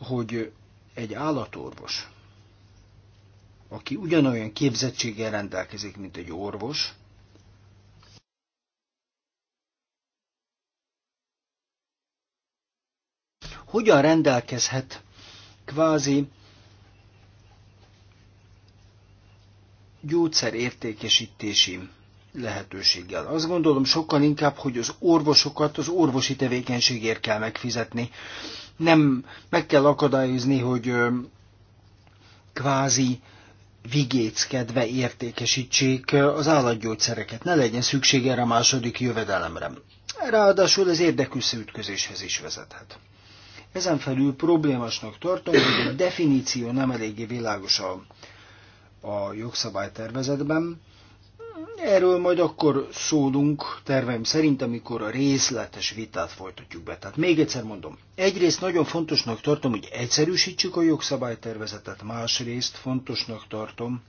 hogy egy állatorvos aki ugyanolyan képzettséggel rendelkezik, mint egy orvos, hogyan rendelkezhet kvázi gyógyszer értékesítési lehetőséggel. Azt gondolom sokkal inkább, hogy az orvosokat az orvosi tevékenységért kell megfizetni. Nem meg kell akadályozni, hogy kvázi vigéckedve értékesítsék az állatgyógyszereket. Ne legyen szükség erre a második jövedelemre. Ráadásul ez érdeküsszeütközéshez is vezethet. Ezen felül problémasnak tartom, hogy a definíció nem eléggé világos a, a jogszabálytervezetben, Erről majd akkor szólunk terveim szerint, amikor a részletes vitát folytatjuk be. Tehát még egyszer mondom, egyrészt nagyon fontosnak tartom, hogy egyszerűsítsük a jogszabálytervezetet, másrészt fontosnak tartom,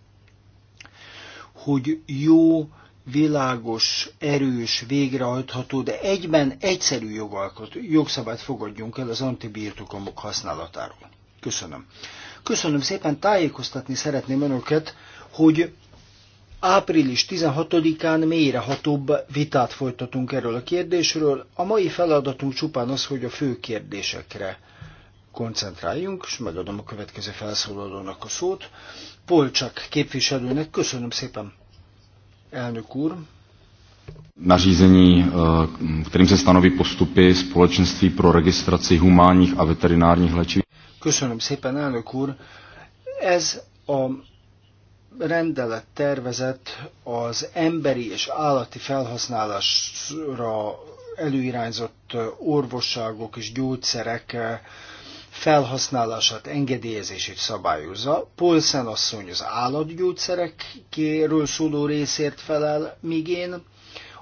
hogy jó, világos, erős, végrehajtható, de egyben egyszerű jogalkot, jogszabályt fogadjunk el az antibirtokomok használatáról. Köszönöm. Köszönöm szépen, tájékoztatni szeretném önöket, hogy április 16-án mélyrehatóbb vitát folytatunk erről a kérdésről. A mai feladatunk csupán az, hogy a fő kérdésekre koncentráljunk, és megadom a következő felszólalónak a szót. Polcsak képviselőnek köszönöm szépen, elnök úr. Nařízení, eh, kterým se stanoví postupy společenství pro registraci humánních a veterinárních léčiv. Köszönöm szépen, elnök úr. Ez a rendelet tervezet az emberi és állati felhasználásra előirányzott orvosságok és gyógyszerek felhasználását, engedélyezését szabályozza. Polszen asszony az állatgyógyszerekről szóló részért felel, míg én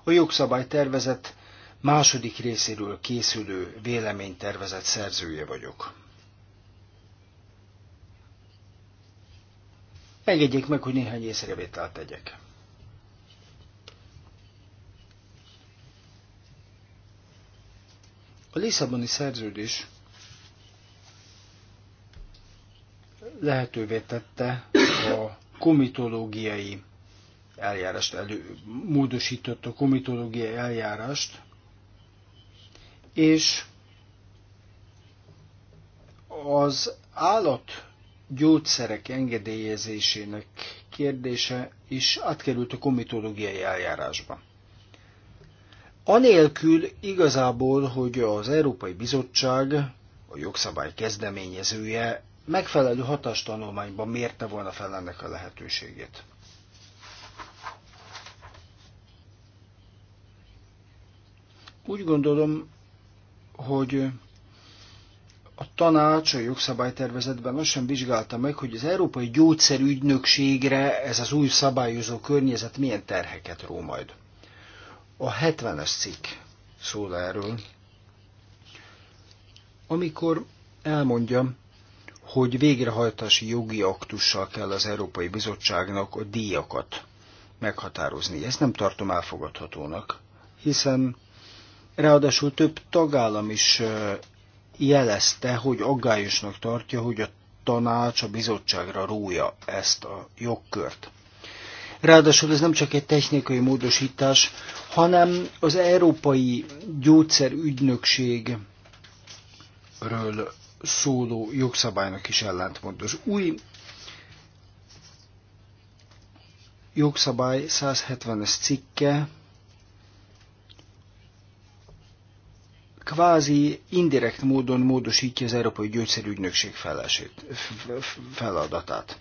a jogszabálytervezet második részéről készülő véleménytervezet szerzője vagyok. Engedjék meg, hogy néhány észrevételt tegyek. A Lisszaboni szerződés lehetővé tette a komitológiai eljárást, elő, módosított a komitológiai eljárást, és az állat gyógyszerek engedélyezésének kérdése is átkerült a komitológiai eljárásba. Anélkül igazából, hogy az Európai Bizottság, a jogszabály kezdeményezője, megfelelő hatástanulmányban mérte volna fel ennek a lehetőségét. Úgy gondolom, hogy a tanács a jogszabálytervezetben azt sem vizsgálta meg, hogy az Európai Gyógyszerügynökségre ez az új szabályozó környezet milyen terheket ró majd. A 70-es cikk szól erről. Amikor elmondja, hogy végrehajtási jogi aktussal kell az Európai Bizottságnak a díjakat meghatározni. Ezt nem tartom elfogadhatónak, hiszen ráadásul több tagállam is jelezte, hogy aggályosnak tartja, hogy a tanács a bizottságra rója ezt a jogkört. Ráadásul ez nem csak egy technikai módosítás, hanem az Európai Gyógyszerügynökségről szóló jogszabálynak is ellentmondos. Új jogszabály 170-es cikke kvázi indirekt módon módosítja az Európai Gyógyszerügynökség feladatát.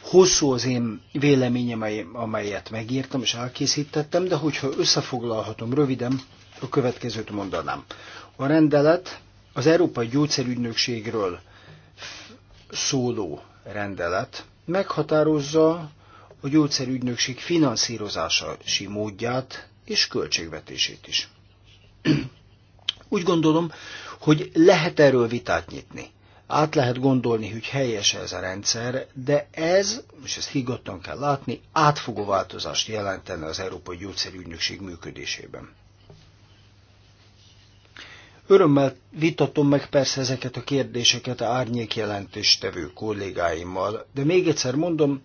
Hosszú az én véleményem, amelyet megírtam és elkészítettem, de hogyha összefoglalhatom röviden, a következőt mondanám. A rendelet az Európai Gyógyszerügynökségről szóló rendelet meghatározza a gyógyszerügynökség finanszírozási módját és költségvetését is. Úgy gondolom, hogy lehet erről vitát nyitni. Át lehet gondolni, hogy helyes ez a rendszer, de ez, és ezt higgadtan kell látni, átfogó változást jelentene az Európai Gyógyszerügynökség működésében. Örömmel vitatom meg persze ezeket a kérdéseket a árnyék jelentéstevő kollégáimmal, de még egyszer mondom,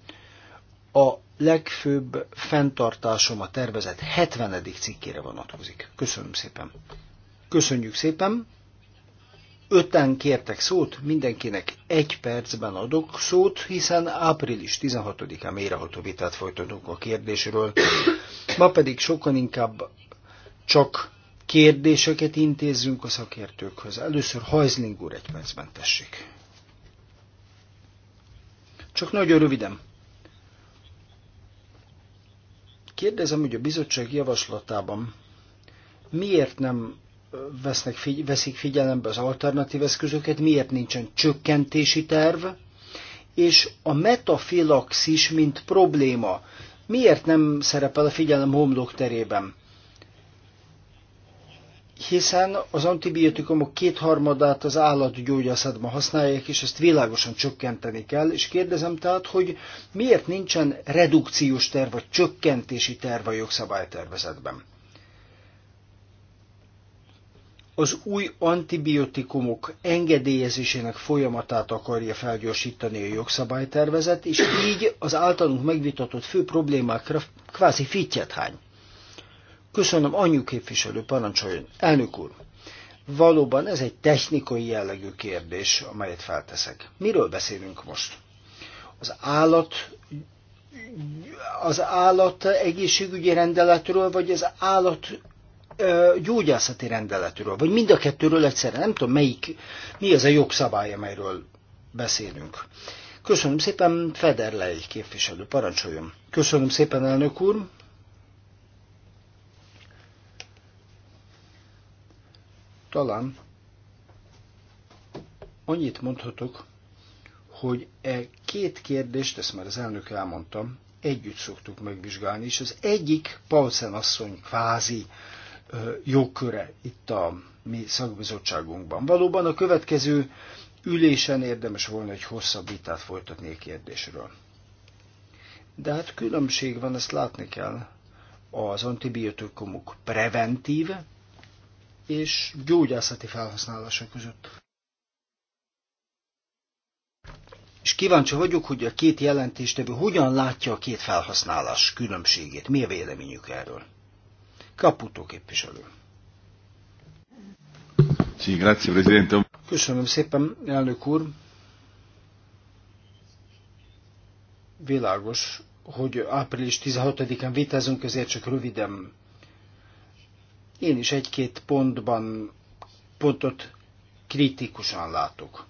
a legfőbb fenntartásom a tervezet 70. cikkére vonatkozik. Köszönöm szépen! Köszönjük szépen! Öten kértek szót, mindenkinek egy percben adok szót, hiszen április 16-án mélyreható vitát folytatunk a kérdésről. Ma pedig sokan inkább csak kérdéseket intézzünk a szakértőkhöz. Először Hajzling úr egy percben tessék. Csak nagyon röviden. Kérdezem, hogy a bizottság javaslatában miért nem vesznek, figy- veszik figyelembe az alternatív eszközöket, miért nincsen csökkentési terv, és a metafilaxis, mint probléma, miért nem szerepel a figyelem homlok terében? Hiszen az antibiotikumok kétharmadát az állatgyógyászatban használják, és ezt világosan csökkenteni kell, és kérdezem tehát, hogy miért nincsen redukciós terv, vagy csökkentési terv a jogszabálytervezetben? az új antibiotikumok engedélyezésének folyamatát akarja felgyorsítani a jogszabálytervezet, és így az általunk megvitatott fő problémákra kvázi fittyet hány. Köszönöm, anyu képviselő, parancsoljon. Elnök úr, valóban ez egy technikai jellegű kérdés, amelyet felteszek. Miről beszélünk most? Az állat az állat egészségügyi rendeletről, vagy az állat gyógyászati rendeletről, vagy mind a kettőről egyszerre, nem tudom melyik, mi az a jogszabály, amelyről beszélünk. Köszönöm szépen, Federle egy képviselő, parancsoljon. Köszönöm szépen, elnök úr. Talán annyit mondhatok, hogy e két kérdést, ezt már az elnök elmondtam, együtt szoktuk megvizsgálni, és az egyik Paulsen asszony kvázi jogköre itt a mi szakbizottságunkban. Valóban a következő ülésen érdemes volna egy hosszabb vitát folytatni a kérdésről. De hát különbség van, ezt látni kell. Az antibiotikumok preventív és gyógyászati felhasználása között. És kíváncsi vagyok, hogy a két jelentéstevő hogyan látja a két felhasználás különbségét. Mi a véleményük erről? Caputo képviselő. Köszönöm szépen, elnök úr. Világos, hogy április 16-án vitázunk, ezért csak röviden. Én is egy-két pontban pontot kritikusan látok.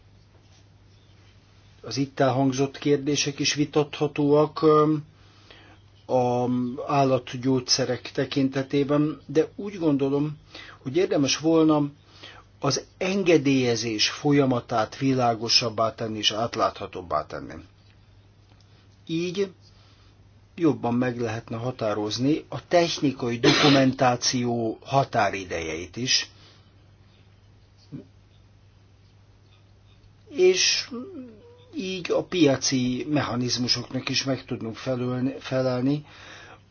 Az itt elhangzott kérdések is vitathatóak, a állatgyógyszerek tekintetében, de úgy gondolom, hogy érdemes volna az engedélyezés folyamatát világosabbá tenni és átláthatóbbá tenni. Így jobban meg lehetne határozni a technikai dokumentáció határidejeit is, és így a piaci mechanizmusoknak is meg tudnunk felelni.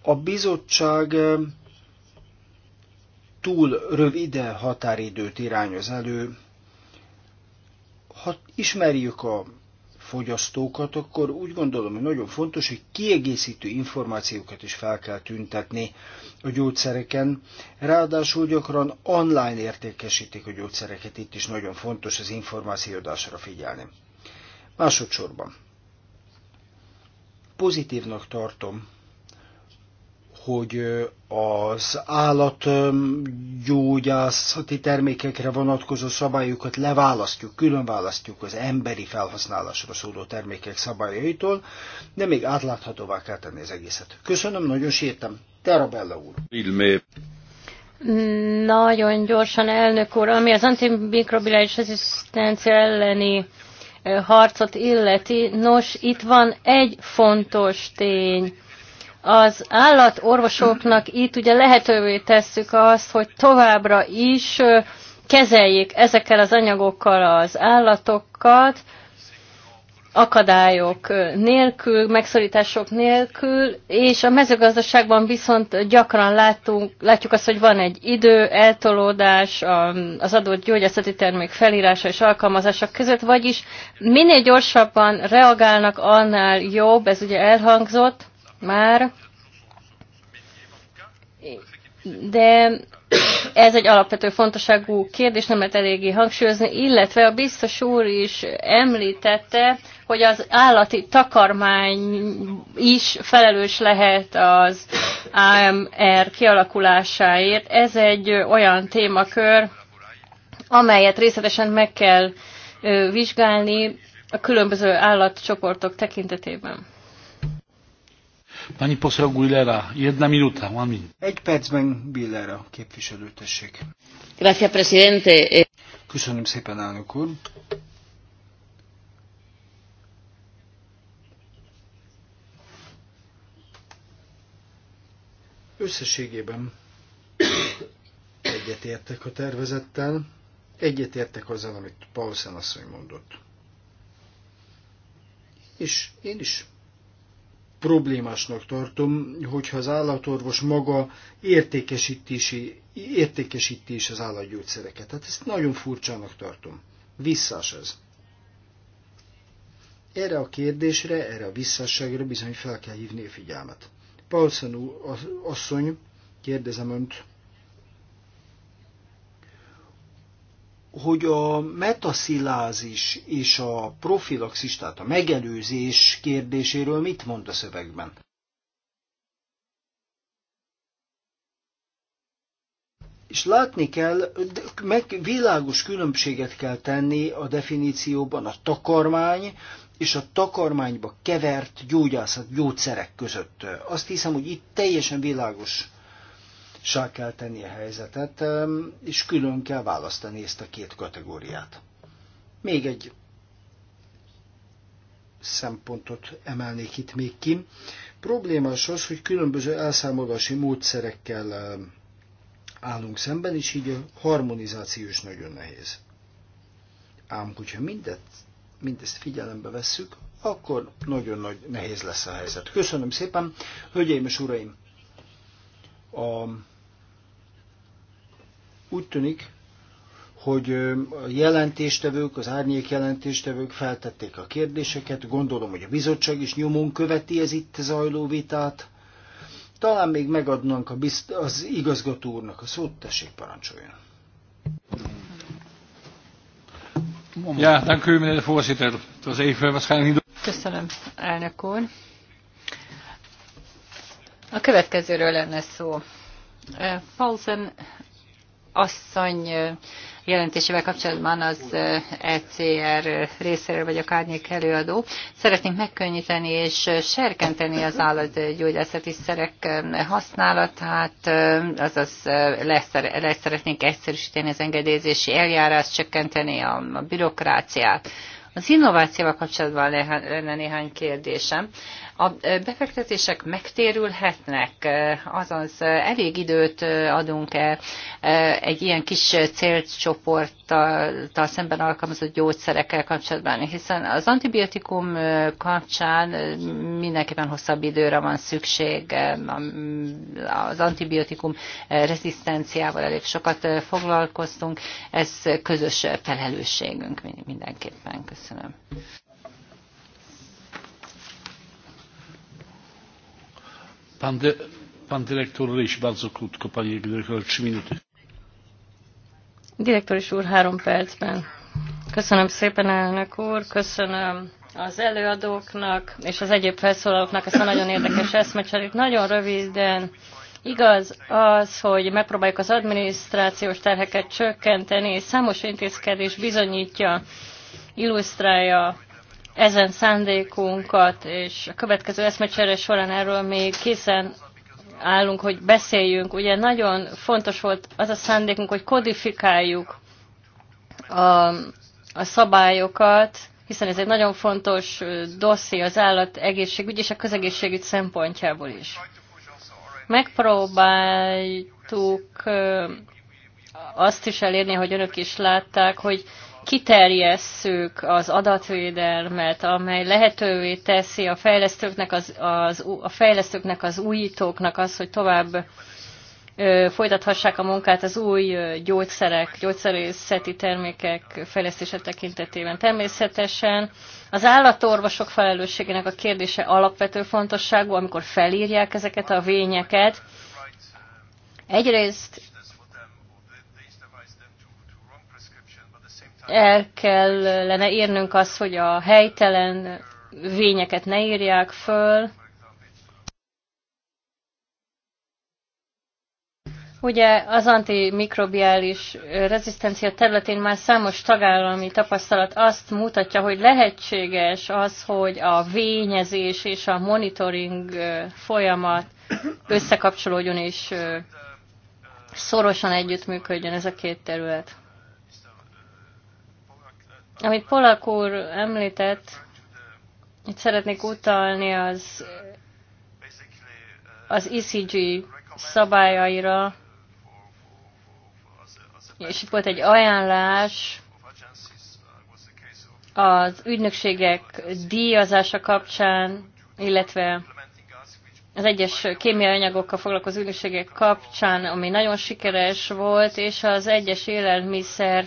A bizottság túl rövid határidőt irányoz elő. Ha ismerjük a fogyasztókat, akkor úgy gondolom, hogy nagyon fontos, hogy kiegészítő információkat is fel kell tüntetni a gyógyszereken. Ráadásul gyakran online értékesítik a gyógyszereket, itt is nagyon fontos az információdásra figyelni. Másodszorban pozitívnak tartom, hogy az állatgyógyászati termékekre vonatkozó szabályokat leválasztjuk, különválasztjuk az emberi felhasználásra szóló termékek szabályaitól, de még átláthatóvá kell tenni az egészet. Köszönöm, nagyon sértem. Terabella úr. Ilmé. Nagyon gyorsan, elnök úr, ami az antimikrobilális rezisztencia elleni harcot illeti, nos, itt van egy fontos tény. Az állatorvosoknak itt ugye lehetővé tesszük azt, hogy továbbra is kezeljék ezekkel az anyagokkal az állatokat, akadályok nélkül, megszorítások nélkül, és a mezőgazdaságban viszont gyakran látunk, látjuk azt, hogy van egy idő, eltolódás az adott gyógyászati termék felírása és alkalmazása között, vagyis minél gyorsabban reagálnak, annál jobb, ez ugye elhangzott már, de ez egy alapvető fontosságú kérdés, nem lehet eléggé hangsúlyozni, illetve a biztos úr is említette, hogy az állati takarmány is felelős lehet az AMR kialakulásáért. Ez egy olyan témakör, amelyet részletesen meg kell vizsgálni a különböző állatcsoportok tekintetében. Pani poseł Guilera, jedna minuta, one minute. Egy percben Guilera képviselő, Gracias, presidente. Eh, Köszönöm szépen, elnök úr. Összességében egyetértek a tervezettel, egyetértek azzal, amit Paulsen asszony mondott. És én is problémásnak tartom, hogyha az állatorvos maga értékesítési, is az állatgyógyszereket. Tehát ezt nagyon furcsának tartom. Visszás ez. Erre a kérdésre, erre a visszásságra bizony fel kell hívni a figyelmet. Paulson asszony, kérdezem önt, hogy a metaszilázis és a profilaxis, tehát a megelőzés kérdéséről mit mond a szövegben? És látni kell, meg világos különbséget kell tenni a definícióban a takarmány és a takarmányba kevert gyógyászat gyógyszerek között. Azt hiszem, hogy itt teljesen világos sá kell tenni a helyzetet, és külön kell választani ezt a két kategóriát. Még egy szempontot emelnék itt még ki. Problémás az, hogy különböző elszámolási módszerekkel állunk szemben, és így a harmonizáció is nagyon nehéz. Ám hogyha mindet, mindezt figyelembe vesszük, akkor nagyon nagy nehéz lesz a helyzet. Köszönöm szépen, hölgyeim és uraim! A úgy tűnik, hogy a jelentéstevők, az árnyék jelentéstevők feltették a kérdéseket, gondolom, hogy a bizottság is nyomon követi ez itt zajló vitát. Talán még megadnánk a bizt- az igazgató úrnak a szót, tessék parancsoljon. Ja, dank u meneer de Köszönöm, elnök úr. A következőről lenne szó. Eh, Paulsen asszony jelentésével kapcsolatban az ECR részéről vagyok árnyék előadó. Szeretnénk megkönnyíteni és serkenteni az állatgyógyászati szerek használatát, azaz leszer, leszeretnénk egyszerűsíteni az engedélyezési eljárást, csökkenteni a, a bürokráciát. Az innovációval kapcsolatban lenne néhány kérdésem. A befektetések megtérülhetnek, azaz elég időt adunk -e, -e egy ilyen kis célcsoporttal szemben alkalmazott gyógyszerekkel kapcsolatban, hiszen az antibiotikum kapcsán mindenképpen hosszabb időre van szükség. Az antibiotikum rezisztenciával elég sokat foglalkoztunk, ez közös felelősségünk mindenképpen. Köszönöm. Pan, de, pan dyrektor Ryś, bardzo krótko, panie dyrektor, minuty. is úr, három percben. Köszönöm szépen, elnök úr, köszönöm az előadóknak és az egyéb felszólalóknak ezt a nagyon érdekes eszmecserét. Nagyon röviden igaz az, hogy megpróbáljuk az adminisztrációs terheket csökkenteni, és számos intézkedés bizonyítja, illusztrálja ezen szándékunkat, és a következő eszmecsere során erről még készen állunk, hogy beszéljünk. Ugye nagyon fontos volt az a szándékunk, hogy kodifikáljuk a, a szabályokat, hiszen ez egy nagyon fontos dosszi az állat egészségügy és a közegészségügy szempontjából is. Megpróbáltuk azt is elérni, hogy önök is látták, hogy kiterjesszük az adatvédelmet, amely lehetővé teszi a fejlesztőknek az, az, a fejlesztőknek, az újítóknak az, hogy tovább folytathassák a munkát az új gyógyszerek, gyógyszerészeti termékek fejlesztése tekintetében. Természetesen az állatorvosok felelősségének a kérdése alapvető fontosságú, amikor felírják ezeket a vényeket. Egyrészt el kellene írnünk azt, hogy a helytelen vényeket ne írják föl. Ugye az antimikrobiális rezisztencia területén már számos tagállami tapasztalat azt mutatja, hogy lehetséges az, hogy a vényezés és a monitoring folyamat összekapcsolódjon és szorosan együttműködjön ez a két terület. Amit Polak úr említett, itt szeretnék utalni az, az ECG szabályaira, és itt volt egy ajánlás az ügynökségek díjazása kapcsán, illetve az egyes kémiai anyagokkal foglalkozó ügynökségek kapcsán, ami nagyon sikeres volt, és az egyes élelmiszer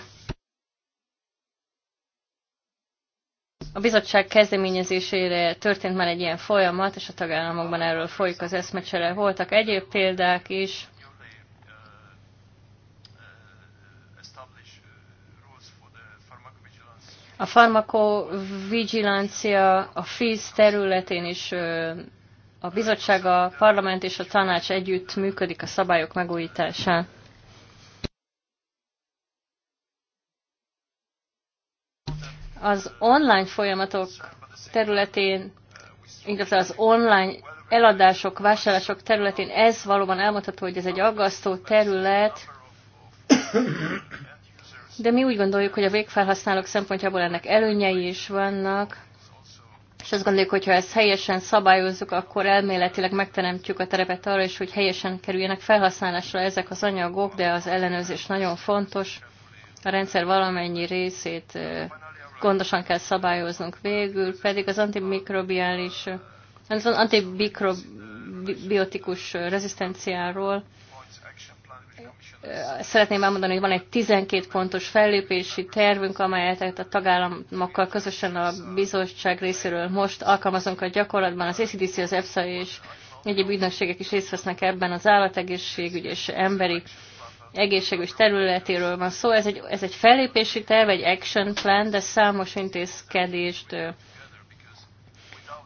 A bizottság kezdeményezésére történt már egy ilyen folyamat, és a tagállamokban erről folyik az eszmecsere. Voltak egyéb példák is. A farmakovigilancia a FIS területén is a bizottság, a parlament és a tanács együtt működik a szabályok megújításán. az online folyamatok területén, inkább az online eladások, vásárlások területén ez valóban elmondható, hogy ez egy aggasztó terület, de mi úgy gondoljuk, hogy a végfelhasználók szempontjából ennek előnyei is vannak, és azt gondoljuk, hogy ha ezt helyesen szabályozzuk, akkor elméletileg megteremtjük a terepet arra is, hogy helyesen kerüljenek felhasználásra ezek az anyagok, de az ellenőrzés nagyon fontos. A rendszer valamennyi részét gondosan kell szabályoznunk végül, pedig az antimikrobiális, az antibiotikus rezisztenciáról eh, szeretném elmondani, hogy van egy 12 pontos fellépési tervünk, amelyet a tagállamokkal közösen a bizottság részéről most alkalmazunk a gyakorlatban. Az ACDC, az EFSA és egyéb ügynökségek is részt vesznek ebben az állategészségügy és emberi egészségügy területéről van szó. Ez egy, ez egy fellépési terv, egy action plan, de számos intézkedést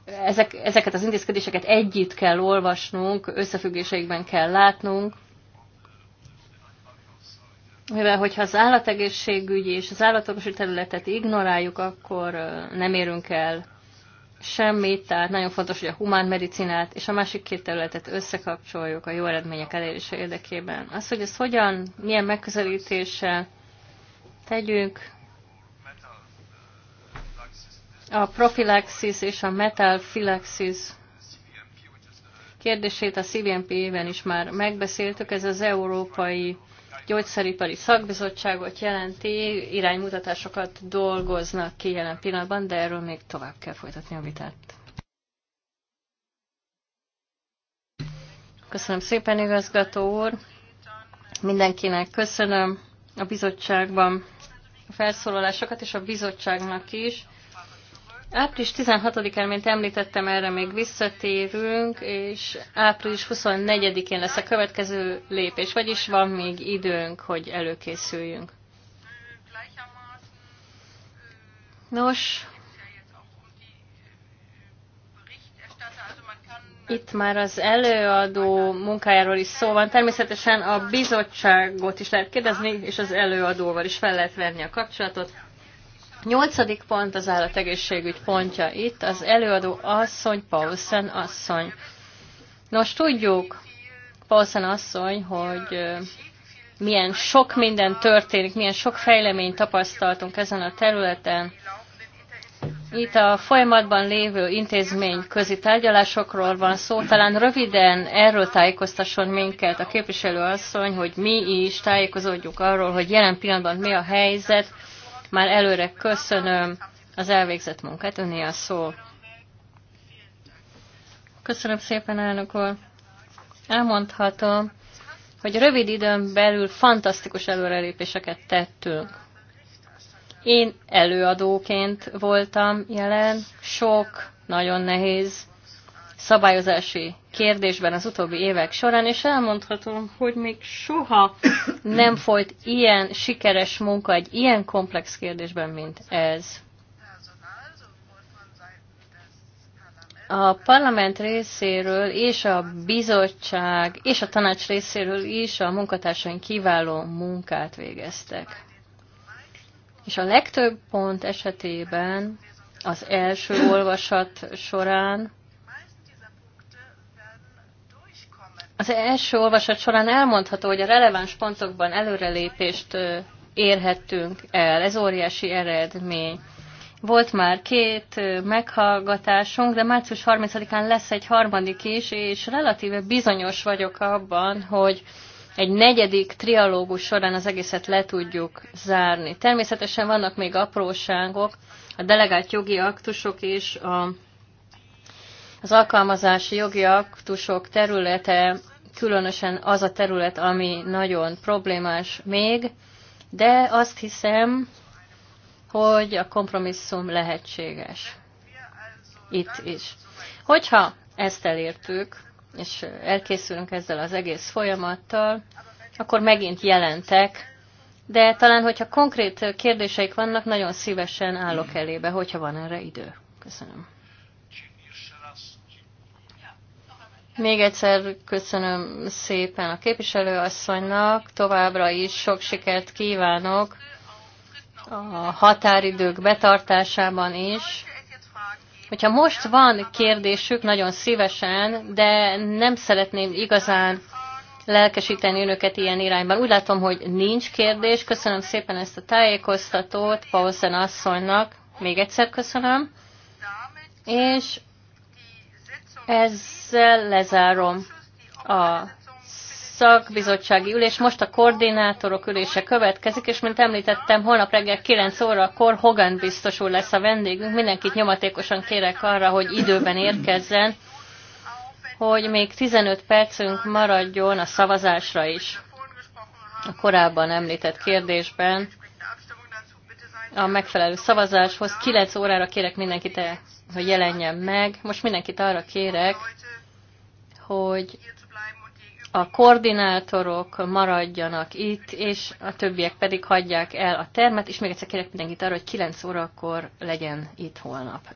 ezek, ezeket az intézkedéseket együtt kell olvasnunk, összefüggéseikben kell látnunk, mivel hogyha az állategészségügyi és az állatorvosi területet ignoráljuk, akkor nem érünk el semmit, tehát nagyon fontos, hogy a humán medicinát és a másik két területet összekapcsoljuk a jó eredmények elérése érdekében. Az, hogy ezt hogyan, milyen megközelítéssel tegyünk, a profilaxis és a metalfilaxis kérdését a cvmp ben is már megbeszéltük. Ez az európai gyógyszeripari szakbizottságot jelenti, iránymutatásokat dolgoznak ki jelen pillanatban, de erről még tovább kell folytatni a vitát. Köszönöm szépen, igazgató úr! Mindenkinek köszönöm a bizottságban a felszólalásokat, és a bizottságnak is Április 16-án, mint említettem, erre még visszatérünk, és április 24-én lesz a következő lépés, vagyis van még időnk, hogy előkészüljünk. Nos, Itt már az előadó munkájáról is szó van. Természetesen a bizottságot is lehet kérdezni, és az előadóval is fel lehet venni a kapcsolatot. Nyolcadik pont az állategészségügy pontja itt, az előadó asszony, Paulsen asszony. Nos, tudjuk, Paulsen asszony, hogy milyen sok minden történik, milyen sok fejleményt tapasztaltunk ezen a területen. Itt a folyamatban lévő intézmény közi tárgyalásokról van szó. Talán röviden erről tájékoztasson minket a képviselő asszony, hogy mi is tájékozódjuk arról, hogy jelen pillanatban mi a helyzet, már előre köszönöm az elvégzett munkát, önné a szó. Köszönöm szépen, elnök úr. Elmondhatom, hogy rövid időn belül fantasztikus előrelépéseket tettünk. Én előadóként voltam jelen, sok nagyon nehéz szabályozási kérdésben az utóbbi évek során, és elmondhatom, hogy még soha nem folyt ilyen sikeres munka egy ilyen komplex kérdésben, mint ez. A parlament részéről és a bizottság és a tanács részéről is a munkatársaink kiváló munkát végeztek. És a legtöbb pont esetében az első olvasat során az első olvasat során elmondható, hogy a releváns pontokban előrelépést érhettünk el. Ez óriási eredmény. Volt már két meghallgatásunk, de március 30-án lesz egy harmadik is, és relatíve bizonyos vagyok abban, hogy egy negyedik trialógus során az egészet le tudjuk zárni. Természetesen vannak még apróságok, a delegált jogi aktusok és a az alkalmazási jogi aktusok területe különösen az a terület, ami nagyon problémás még, de azt hiszem, hogy a kompromisszum lehetséges. Itt is. Hogyha ezt elértük, és elkészülünk ezzel az egész folyamattal, akkor megint jelentek, de talán, hogyha konkrét kérdéseik vannak, nagyon szívesen állok elébe, hogyha van erre idő. Köszönöm. Még egyszer köszönöm szépen a képviselőasszonynak, továbbra is sok sikert kívánok a határidők betartásában is. Hogyha most van kérdésük, nagyon szívesen, de nem szeretném igazán lelkesíteni önöket ilyen irányban. Úgy látom, hogy nincs kérdés. Köszönöm szépen ezt a tájékoztatót Paulsen asszonynak. Még egyszer köszönöm. És ezzel lezárom a szakbizottsági ülés. Most a koordinátorok ülése következik, és mint említettem, holnap reggel 9 órakor Hogan biztos úr lesz a vendégünk. Mindenkit nyomatékosan kérek arra, hogy időben érkezzen, hogy még 15 percünk maradjon a szavazásra is. A korábban említett kérdésben a megfelelő szavazáshoz 9 órára kérek mindenkit el hogy jelenjen meg. Most mindenkit arra kérek, hogy a koordinátorok maradjanak itt, és a többiek pedig hagyják el a termet, és még egyszer kérek mindenkit arra, hogy 9 órakor legyen itt holnap.